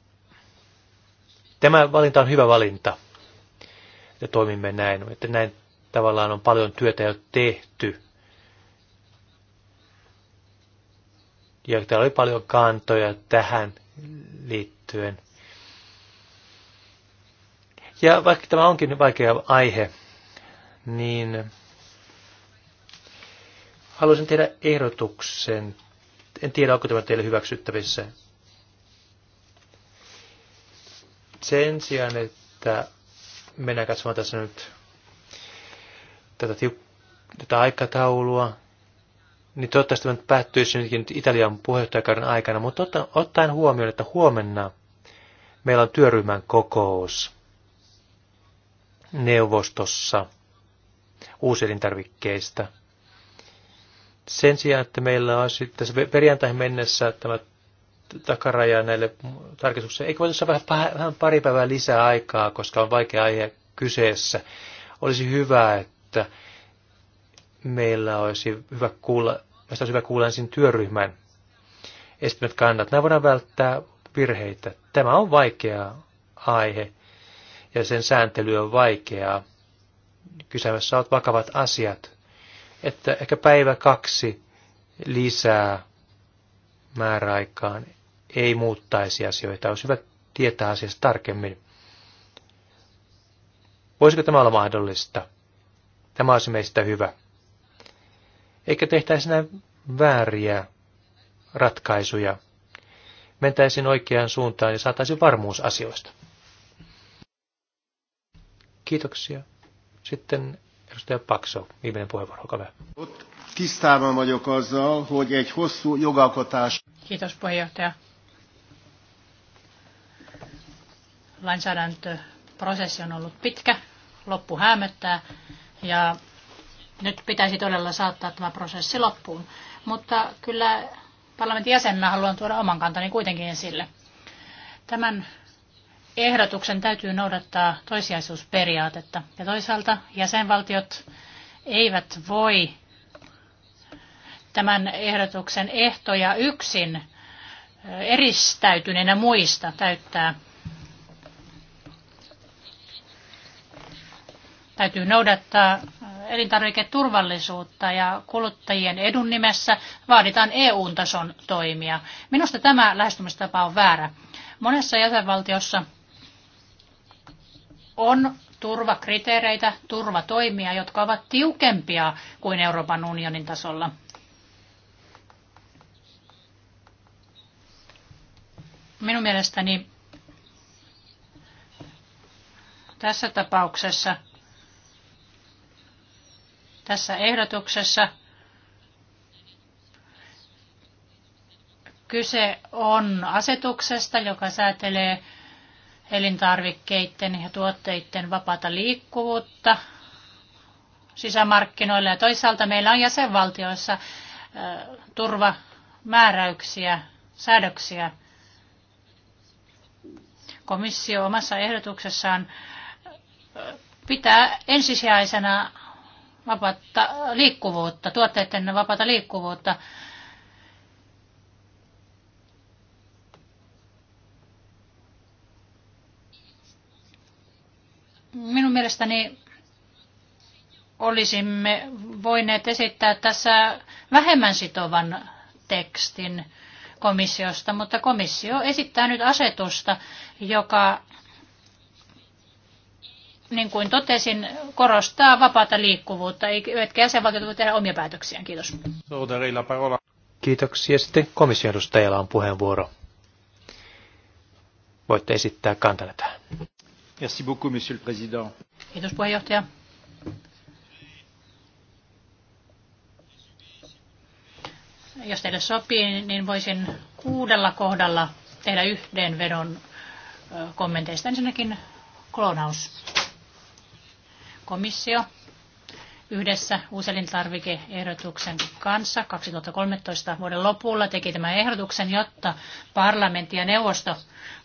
tämä valinta on hyvä valinta, että toimimme näin, että näin tavallaan on paljon työtä jo tehty. Ja täällä oli paljon kantoja tähän liittyen. Ja vaikka tämä onkin vaikea aihe, niin haluaisin tehdä ehdotuksen. En tiedä, onko tämä teille hyväksyttävissä. Sen sijaan, että mennään katsomaan tässä nyt tätä, tätä aikataulua, niin toivottavasti tämä päättyisi nytkin nyt Italian puheenjohtajakauden aikana, mutta otta, ottaen huomioon, että huomenna meillä on työryhmän kokous neuvostossa – uuselintarvikkeista. Sen sijaan, että meillä on sitten perjantaihin mennessä tämä takaraja näille tarkistuksille, eikö voisi vähän, vähän pari päivää lisää aikaa, koska on vaikea aihe kyseessä. Olisi hyvä, että meillä olisi hyvä kuulla, meistä olisi hyvä kuulla ensin työryhmän esittämät kannat. Nämä voidaan välttää virheitä. Tämä on vaikea aihe ja sen sääntely on vaikeaa kysymässä ovat vakavat asiat, että ehkä päivä kaksi lisää määräaikaan ei muuttaisi asioita. Olisi hyvä tietää asiasta tarkemmin. Voisiko tämä olla mahdollista? Tämä olisi meistä hyvä. Eikä tehtäisi näin vääriä ratkaisuja. Mentäisiin oikeaan suuntaan ja saataisiin varmuus asioista. Kiitoksia. Sitten edustaja Pakso, viimeinen puheenvuoro, olkaa hyvä. Tisztában vagyok azzal, hogy egy hosszú jogalkotás... Kiitos puheenjohtaja. Lainsäädäntöprosessi on ollut pitkä, loppu hämöttää ja nyt pitäisi todella saattaa tämä prosessi loppuun. Mutta kyllä parlamentin jäsenenä haluan tuoda oman kantani kuitenkin esille. Tämän ehdotuksen täytyy noudattaa toisiaisuusperiaatetta. Ja toisaalta jäsenvaltiot eivät voi tämän ehdotuksen ehtoja yksin eristäytyneenä muista täyttää. Täytyy noudattaa elintarviketurvallisuutta ja kuluttajien edun nimessä vaaditaan EU-tason toimia. Minusta tämä lähestymistapa on väärä. Monessa jäsenvaltiossa on turvakriteereitä, turvatoimia, jotka ovat tiukempia kuin Euroopan unionin tasolla. Minun mielestäni tässä tapauksessa, tässä ehdotuksessa kyse on asetuksesta, joka säätelee elintarvikkeiden ja tuotteiden vapaata liikkuvuutta sisämarkkinoilla ja toisaalta meillä on jäsenvaltioissa turvamääräyksiä, säädöksiä. Komissio omassa ehdotuksessaan pitää ensisijaisena vapaata liikkuvuutta, tuotteiden vapaata liikkuvuutta. Minun mielestäni olisimme voineet esittää tässä vähemmän sitovan tekstin komissiosta, mutta komissio esittää nyt asetusta, joka, niin kuin totesin, korostaa vapaata liikkuvuutta, eivätkä jäsenvaltiot voi tehdä omia päätöksiään. Kiitos. Kiitoksia. Sitten komission edustajalla on puheenvuoro. Voitte esittää kantanne tähän monsieur le président. Jos teille sopii, niin voisin kuudella kohdalla tehdä yhden vedon kommenteista. Ensinnäkin kloonaus. Komissio yhdessä uuselintarvikeehdotuksen kanssa 2013 vuoden lopulla teki tämän ehdotuksen, jotta parlamentti ja neuvosto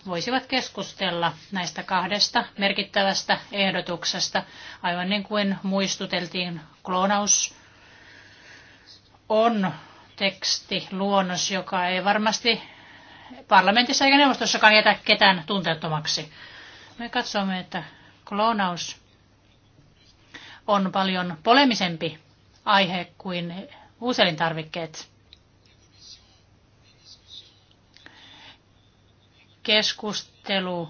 voisivat keskustella näistä kahdesta merkittävästä ehdotuksesta, aivan niin kuin muistuteltiin kloonaus on teksti, luonnos, joka ei varmasti parlamentissa eikä neuvostossakaan jätä ketään tunteettomaksi. Me katsomme, että kloonaus on paljon polemisempi aihe kuin uuselintarvikkeet. Keskustelu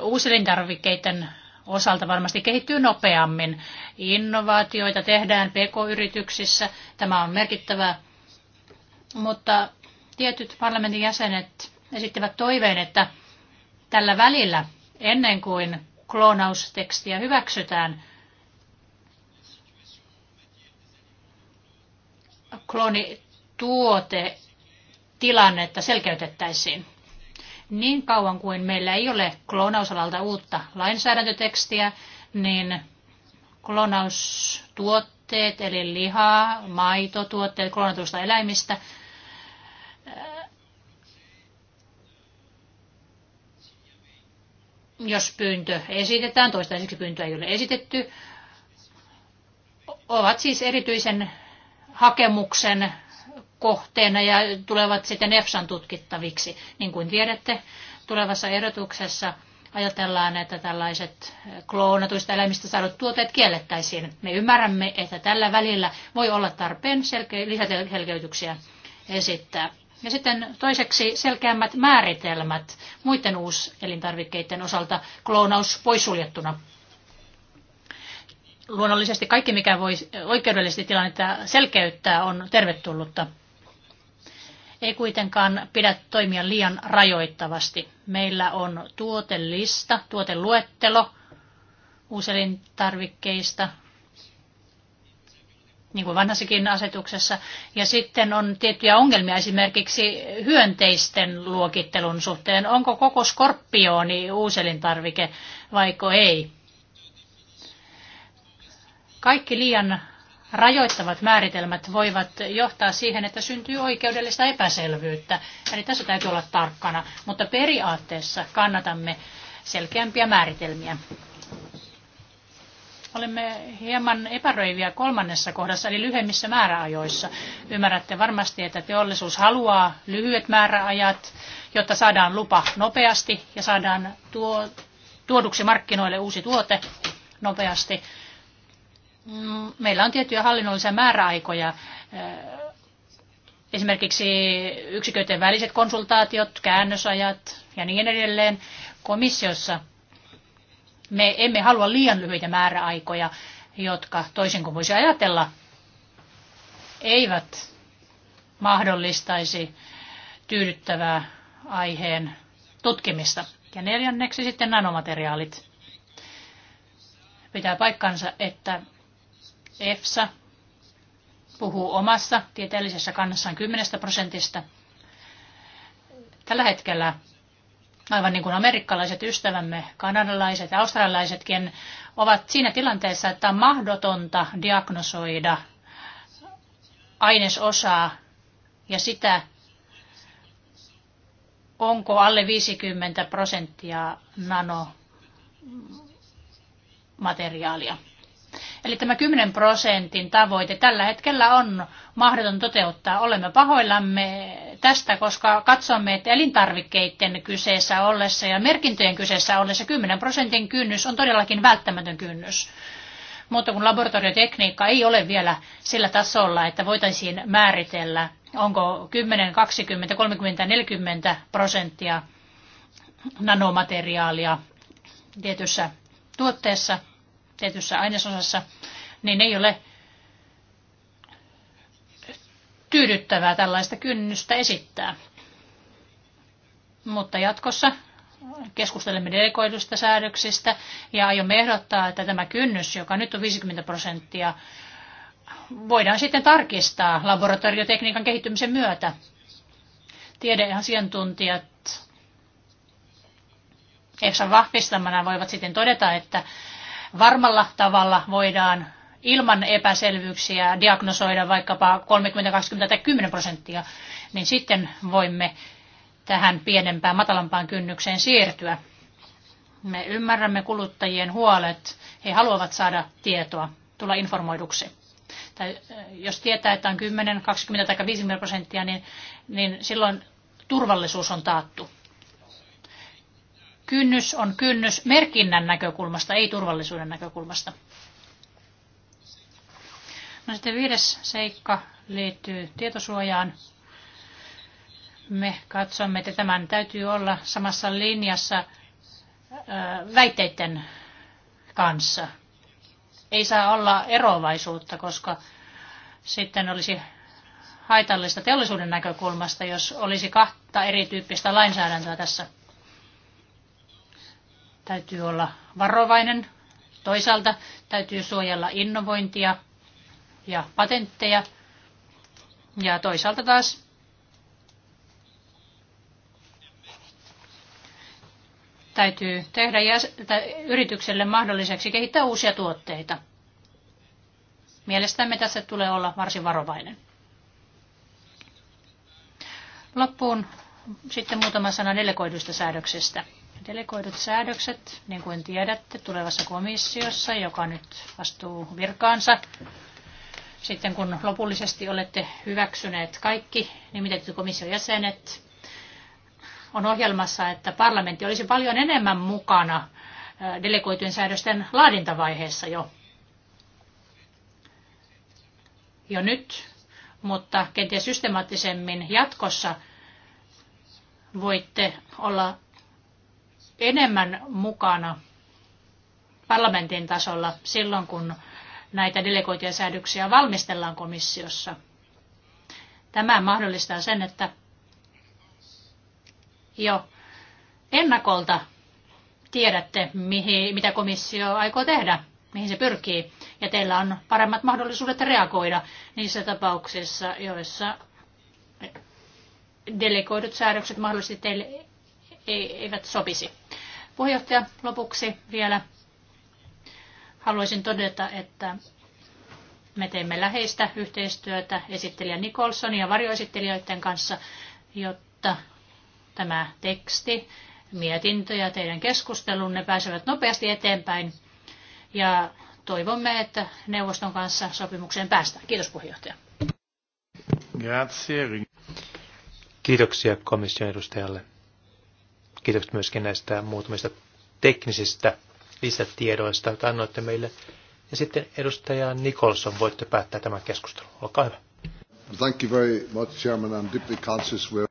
uuselintarvikkeiden osalta varmasti kehittyy nopeammin. Innovaatioita tehdään pk-yrityksissä, tämä on merkittävää, mutta tietyt parlamentin jäsenet esittivät toiveen, että tällä välillä ennen kuin kloonaustekstiä hyväksytään, kloonituote tilannetta selkeytettäisiin. Niin kauan kuin meillä ei ole kloonausalalta uutta lainsäädäntötekstiä, niin kloonaustuotteet, eli lihaa, maitotuotteet, tuotteet kloonatuista eläimistä, jos pyyntö esitetään, toistaiseksi pyyntö ei ole esitetty, ovat siis erityisen hakemuksen kohteena ja tulevat sitten EFSAn tutkittaviksi. Niin kuin tiedätte, tulevassa ehdotuksessa ajatellaan, että tällaiset kloonatuista eläimistä saadut tuotteet kiellettäisiin. Me ymmärrämme, että tällä välillä voi olla tarpeen selke- lisäselkeytyksiä esittää. Ja sitten toiseksi selkeämmät määritelmät muiden uuselintarvikkeiden osalta kloonaus poissuljettuna Luonnollisesti kaikki, mikä voi oikeudellisesti tilannetta selkeyttää, on tervetullutta. Ei kuitenkaan pidä toimia liian rajoittavasti. Meillä on tuotelista, tuoteluettelo uuselintarvikkeista, niin kuin vanhassakin asetuksessa. Ja sitten on tiettyjä ongelmia esimerkiksi hyönteisten luokittelun suhteen. Onko koko skorpioni uuselintarvike vaiko ei? Kaikki liian rajoittavat määritelmät voivat johtaa siihen, että syntyy oikeudellista epäselvyyttä. Eli tässä täytyy olla tarkkana, mutta periaatteessa kannatamme selkeämpiä määritelmiä. Olemme hieman epäröiviä kolmannessa kohdassa, eli lyhyemmissä määräajoissa. Ymmärrätte varmasti, että teollisuus haluaa lyhyet määräajat, jotta saadaan lupa nopeasti ja saadaan tuo, tuoduksi markkinoille uusi tuote nopeasti Mm, meillä on tiettyjä hallinnollisia määräaikoja. Äh, esimerkiksi yksiköiden väliset konsultaatiot, käännösajat ja niin edelleen komissiossa. Me emme halua liian lyhyitä määräaikoja, jotka toisin kuin voisi ajatella, eivät mahdollistaisi tyydyttävää aiheen tutkimista. Ja neljänneksi sitten nanomateriaalit. Pitää paikkansa, että EFSA puhuu omassa tieteellisessä kannassaan 10 prosentista. Tällä hetkellä, aivan niin kuin amerikkalaiset ystävämme, kanadalaiset ja australialaisetkin, ovat siinä tilanteessa, että on mahdotonta diagnosoida ainesosaa ja sitä, onko alle 50 prosenttia nanomateriaalia. Eli tämä 10 prosentin tavoite tällä hetkellä on mahdoton toteuttaa. Olemme pahoillamme tästä, koska katsomme, että elintarvikkeiden kyseessä ollessa ja merkintöjen kyseessä ollessa 10 prosentin kynnys on todellakin välttämätön kynnys. Mutta kun laboratoriotekniikka ei ole vielä sillä tasolla, että voitaisiin määritellä, onko 10, 20, 30, 40 prosenttia nanomateriaalia tietyssä tuotteessa, tietyssä ainesosassa, niin ei ole tyydyttävää tällaista kynnystä esittää. Mutta jatkossa keskustelemme delegoidusta säädöksistä ja aiomme ehdottaa, että tämä kynnys, joka nyt on 50 prosenttia, voidaan sitten tarkistaa laboratoriotekniikan kehittymisen myötä. Tiedeasiantuntijat EFSAn vahvistamana voivat sitten todeta, että varmalla tavalla voidaan ilman epäselvyyksiä diagnosoida vaikkapa 30, 20 tai 10 prosenttia, niin sitten voimme tähän pienempään, matalampaan kynnykseen siirtyä. Me ymmärrämme kuluttajien huolet. He haluavat saada tietoa, tulla informoiduksi. Tai eh, jos tietää, että on 10, 20 tai 50 prosenttia, niin, niin silloin turvallisuus on taattu kynnys on kynnys merkinnän näkökulmasta, ei turvallisuuden näkökulmasta. No sitten viides seikka liittyy tietosuojaan. Me katsomme, että tämän täytyy olla samassa linjassa väitteiden kanssa. Ei saa olla eroavaisuutta, koska sitten olisi haitallista teollisuuden näkökulmasta, jos olisi kahta erityyppistä lainsäädäntöä tässä. Täytyy olla varovainen. Toisaalta täytyy suojella innovointia ja patentteja. Ja toisaalta taas täytyy tehdä yritykselle mahdolliseksi kehittää uusia tuotteita. Mielestämme tässä tulee olla varsin varovainen. Loppuun sitten muutama sana delegoidusta säädöksestä. Delegoidut säädökset, niin kuin tiedätte, tulevassa komissiossa, joka nyt astuu virkaansa. Sitten kun lopullisesti olette hyväksyneet kaikki nimitetyt komission jäsenet, on ohjelmassa, että parlamentti olisi paljon enemmän mukana äh, delegoitujen säädösten laadintavaiheessa jo. Jo nyt, mutta kenties systemaattisemmin jatkossa voitte olla enemmän mukana parlamentin tasolla silloin, kun näitä delegoituja säädöksiä valmistellaan komissiossa. Tämä mahdollistaa sen, että jo ennakolta tiedätte, mihin, mitä komissio aikoo tehdä, mihin se pyrkii, ja teillä on paremmat mahdollisuudet reagoida niissä tapauksissa, joissa delegoidut säädökset mahdollisesti teille eivät sopisi. Puheenjohtaja, lopuksi vielä haluaisin todeta, että me teemme läheistä yhteistyötä esittelijä Nikolsonin ja varjoesittelijöiden kanssa, jotta tämä teksti, mietintö ja teidän keskustelunne pääsevät nopeasti eteenpäin. Ja toivomme, että neuvoston kanssa sopimukseen päästään. Kiitos puheenjohtaja. Grazie. Kiitoksia komission edustajalle. Kiitokset myöskin näistä muutamista teknisistä lisätiedoista, joita annoitte meille. Ja sitten edustaja Nicholson, voitte päättää tämän keskustelun. Olkaa hyvä. Thank you very much, Chairman. I'm deeply conscious where...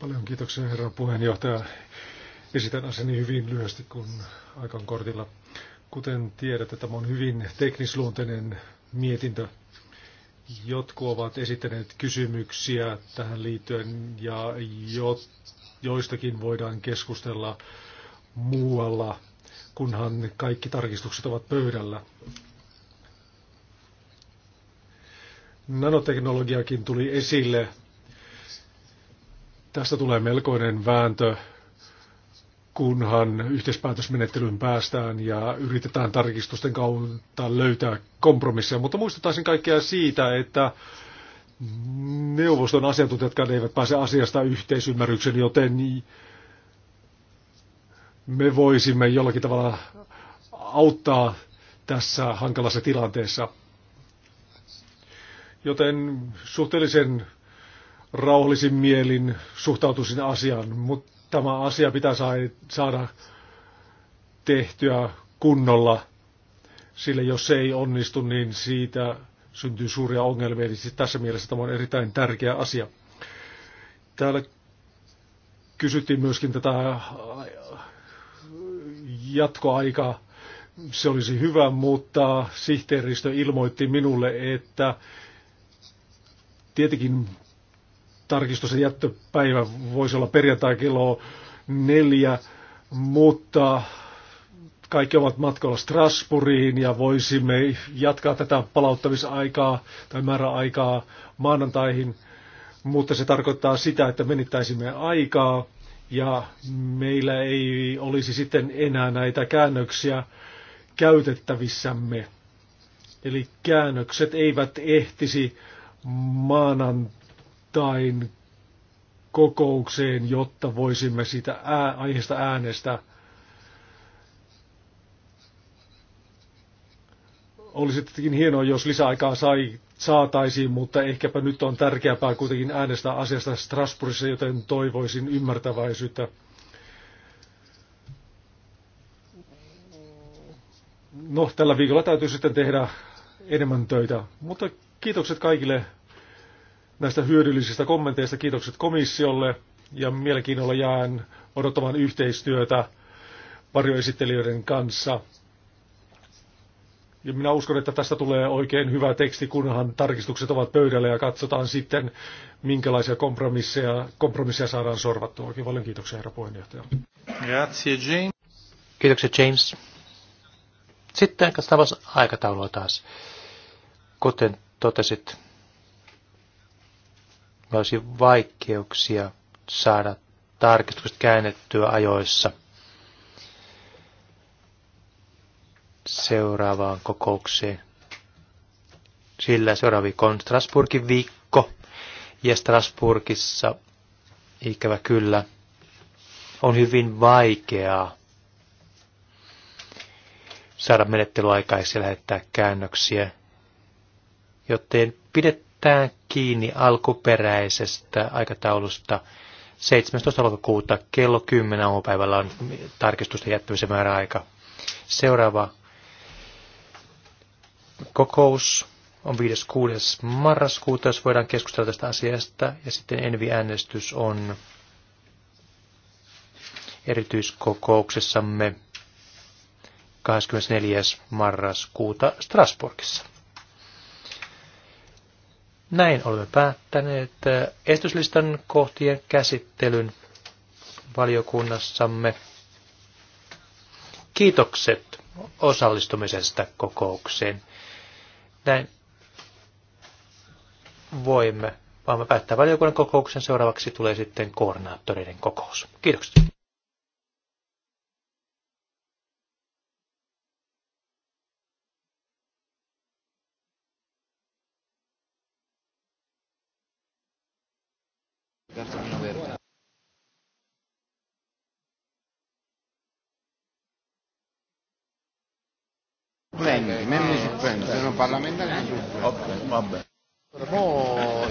Paljon kiitoksia, herra puheenjohtaja. Esitän asiani hyvin lyhyesti, kun aikan kortilla. Kuten tiedät, tämä on hyvin teknisluonteinen mietintö. Jotkut ovat esittäneet kysymyksiä tähän liittyen ja jotkut joistakin voidaan keskustella muualla, kunhan kaikki tarkistukset ovat pöydällä. Nanoteknologiakin tuli esille. Tästä tulee melkoinen vääntö, kunhan yhteispäätösmenettelyyn päästään ja yritetään tarkistusten kautta löytää kompromissia. Mutta muistuttaisin kaikkea siitä, että neuvoston asiantuntijatkaan eivät pääse asiasta yhteisymmärryksen, joten me voisimme jollakin tavalla auttaa tässä hankalassa tilanteessa. Joten suhteellisen rauhallisin mielin suhtautuisin asiaan, mutta tämä asia pitää saada tehtyä kunnolla, sillä jos se ei onnistu, niin siitä syntyy suuria ongelmia, eli siis tässä mielessä tämä on erittäin tärkeä asia. Täällä kysyttiin myöskin tätä jatkoaikaa. Se olisi hyvä, mutta sihteeristö ilmoitti minulle, että tietenkin tarkistus ja jättöpäivä voisi olla perjantai kello neljä, mutta kaikki ovat matkalla Strasburiin ja voisimme jatkaa tätä palauttamisaikaa tai määräaikaa maanantaihin, mutta se tarkoittaa sitä, että menittäisimme aikaa ja meillä ei olisi sitten enää näitä käännöksiä käytettävissämme. Eli käännökset eivät ehtisi maanantain kokoukseen, jotta voisimme sitä aiheesta äänestää. Olisi tietenkin hienoa, jos lisäaikaa sai, saataisiin, mutta ehkäpä nyt on tärkeämpää kuitenkin äänestää asiasta Strasbourgissa, joten toivoisin ymmärtäväisyyttä. No, tällä viikolla täytyy sitten tehdä enemmän töitä, mutta kiitokset kaikille näistä hyödyllisistä kommenteista, kiitokset komissiolle ja mielenkiinnolla jään odottamaan yhteistyötä varjoesittelijöiden kanssa ja minä uskon, että tästä tulee oikein hyvä teksti, kunhan tarkistukset ovat pöydällä ja katsotaan sitten, minkälaisia kompromisseja, kompromisseja saadaan sorvattua. Oikein paljon kiitoksia, herra puheenjohtaja. Grazie, James. Kiitoksia, James. Sitten katsotaan aikataulua taas. Kuten totesit, olisi vaikeuksia saada tarkistukset käännettyä ajoissa – seuraavaan kokoukseen. Sillä seuraavi on Strasburgin viikko. Ja Strasburgissa, ikävä kyllä, on hyvin vaikeaa saada ja lähettää käännöksiä, joten pidetään kiinni alkuperäisestä aikataulusta 17. lokakuuta kello 10 aamupäivällä on tarkistusten jättämisen määräaika. Seuraava kokous on 5.6. marraskuuta, jos voidaan keskustella tästä asiasta. Ja sitten Envi-äänestys on erityiskokouksessamme 24. marraskuuta Strasbourgissa. Näin olemme päättäneet estyslistan kohtien käsittelyn valiokunnassamme. Kiitokset osallistumisesta kokoukseen. Näin voimme, voimme päättää valiokunnan kokouksen. Seuraavaksi tulee sitten koordinaattoreiden kokous. Kiitoksia. supplendi, nemmeno supplendi, sono parlamentari di supplendi. Vabbè.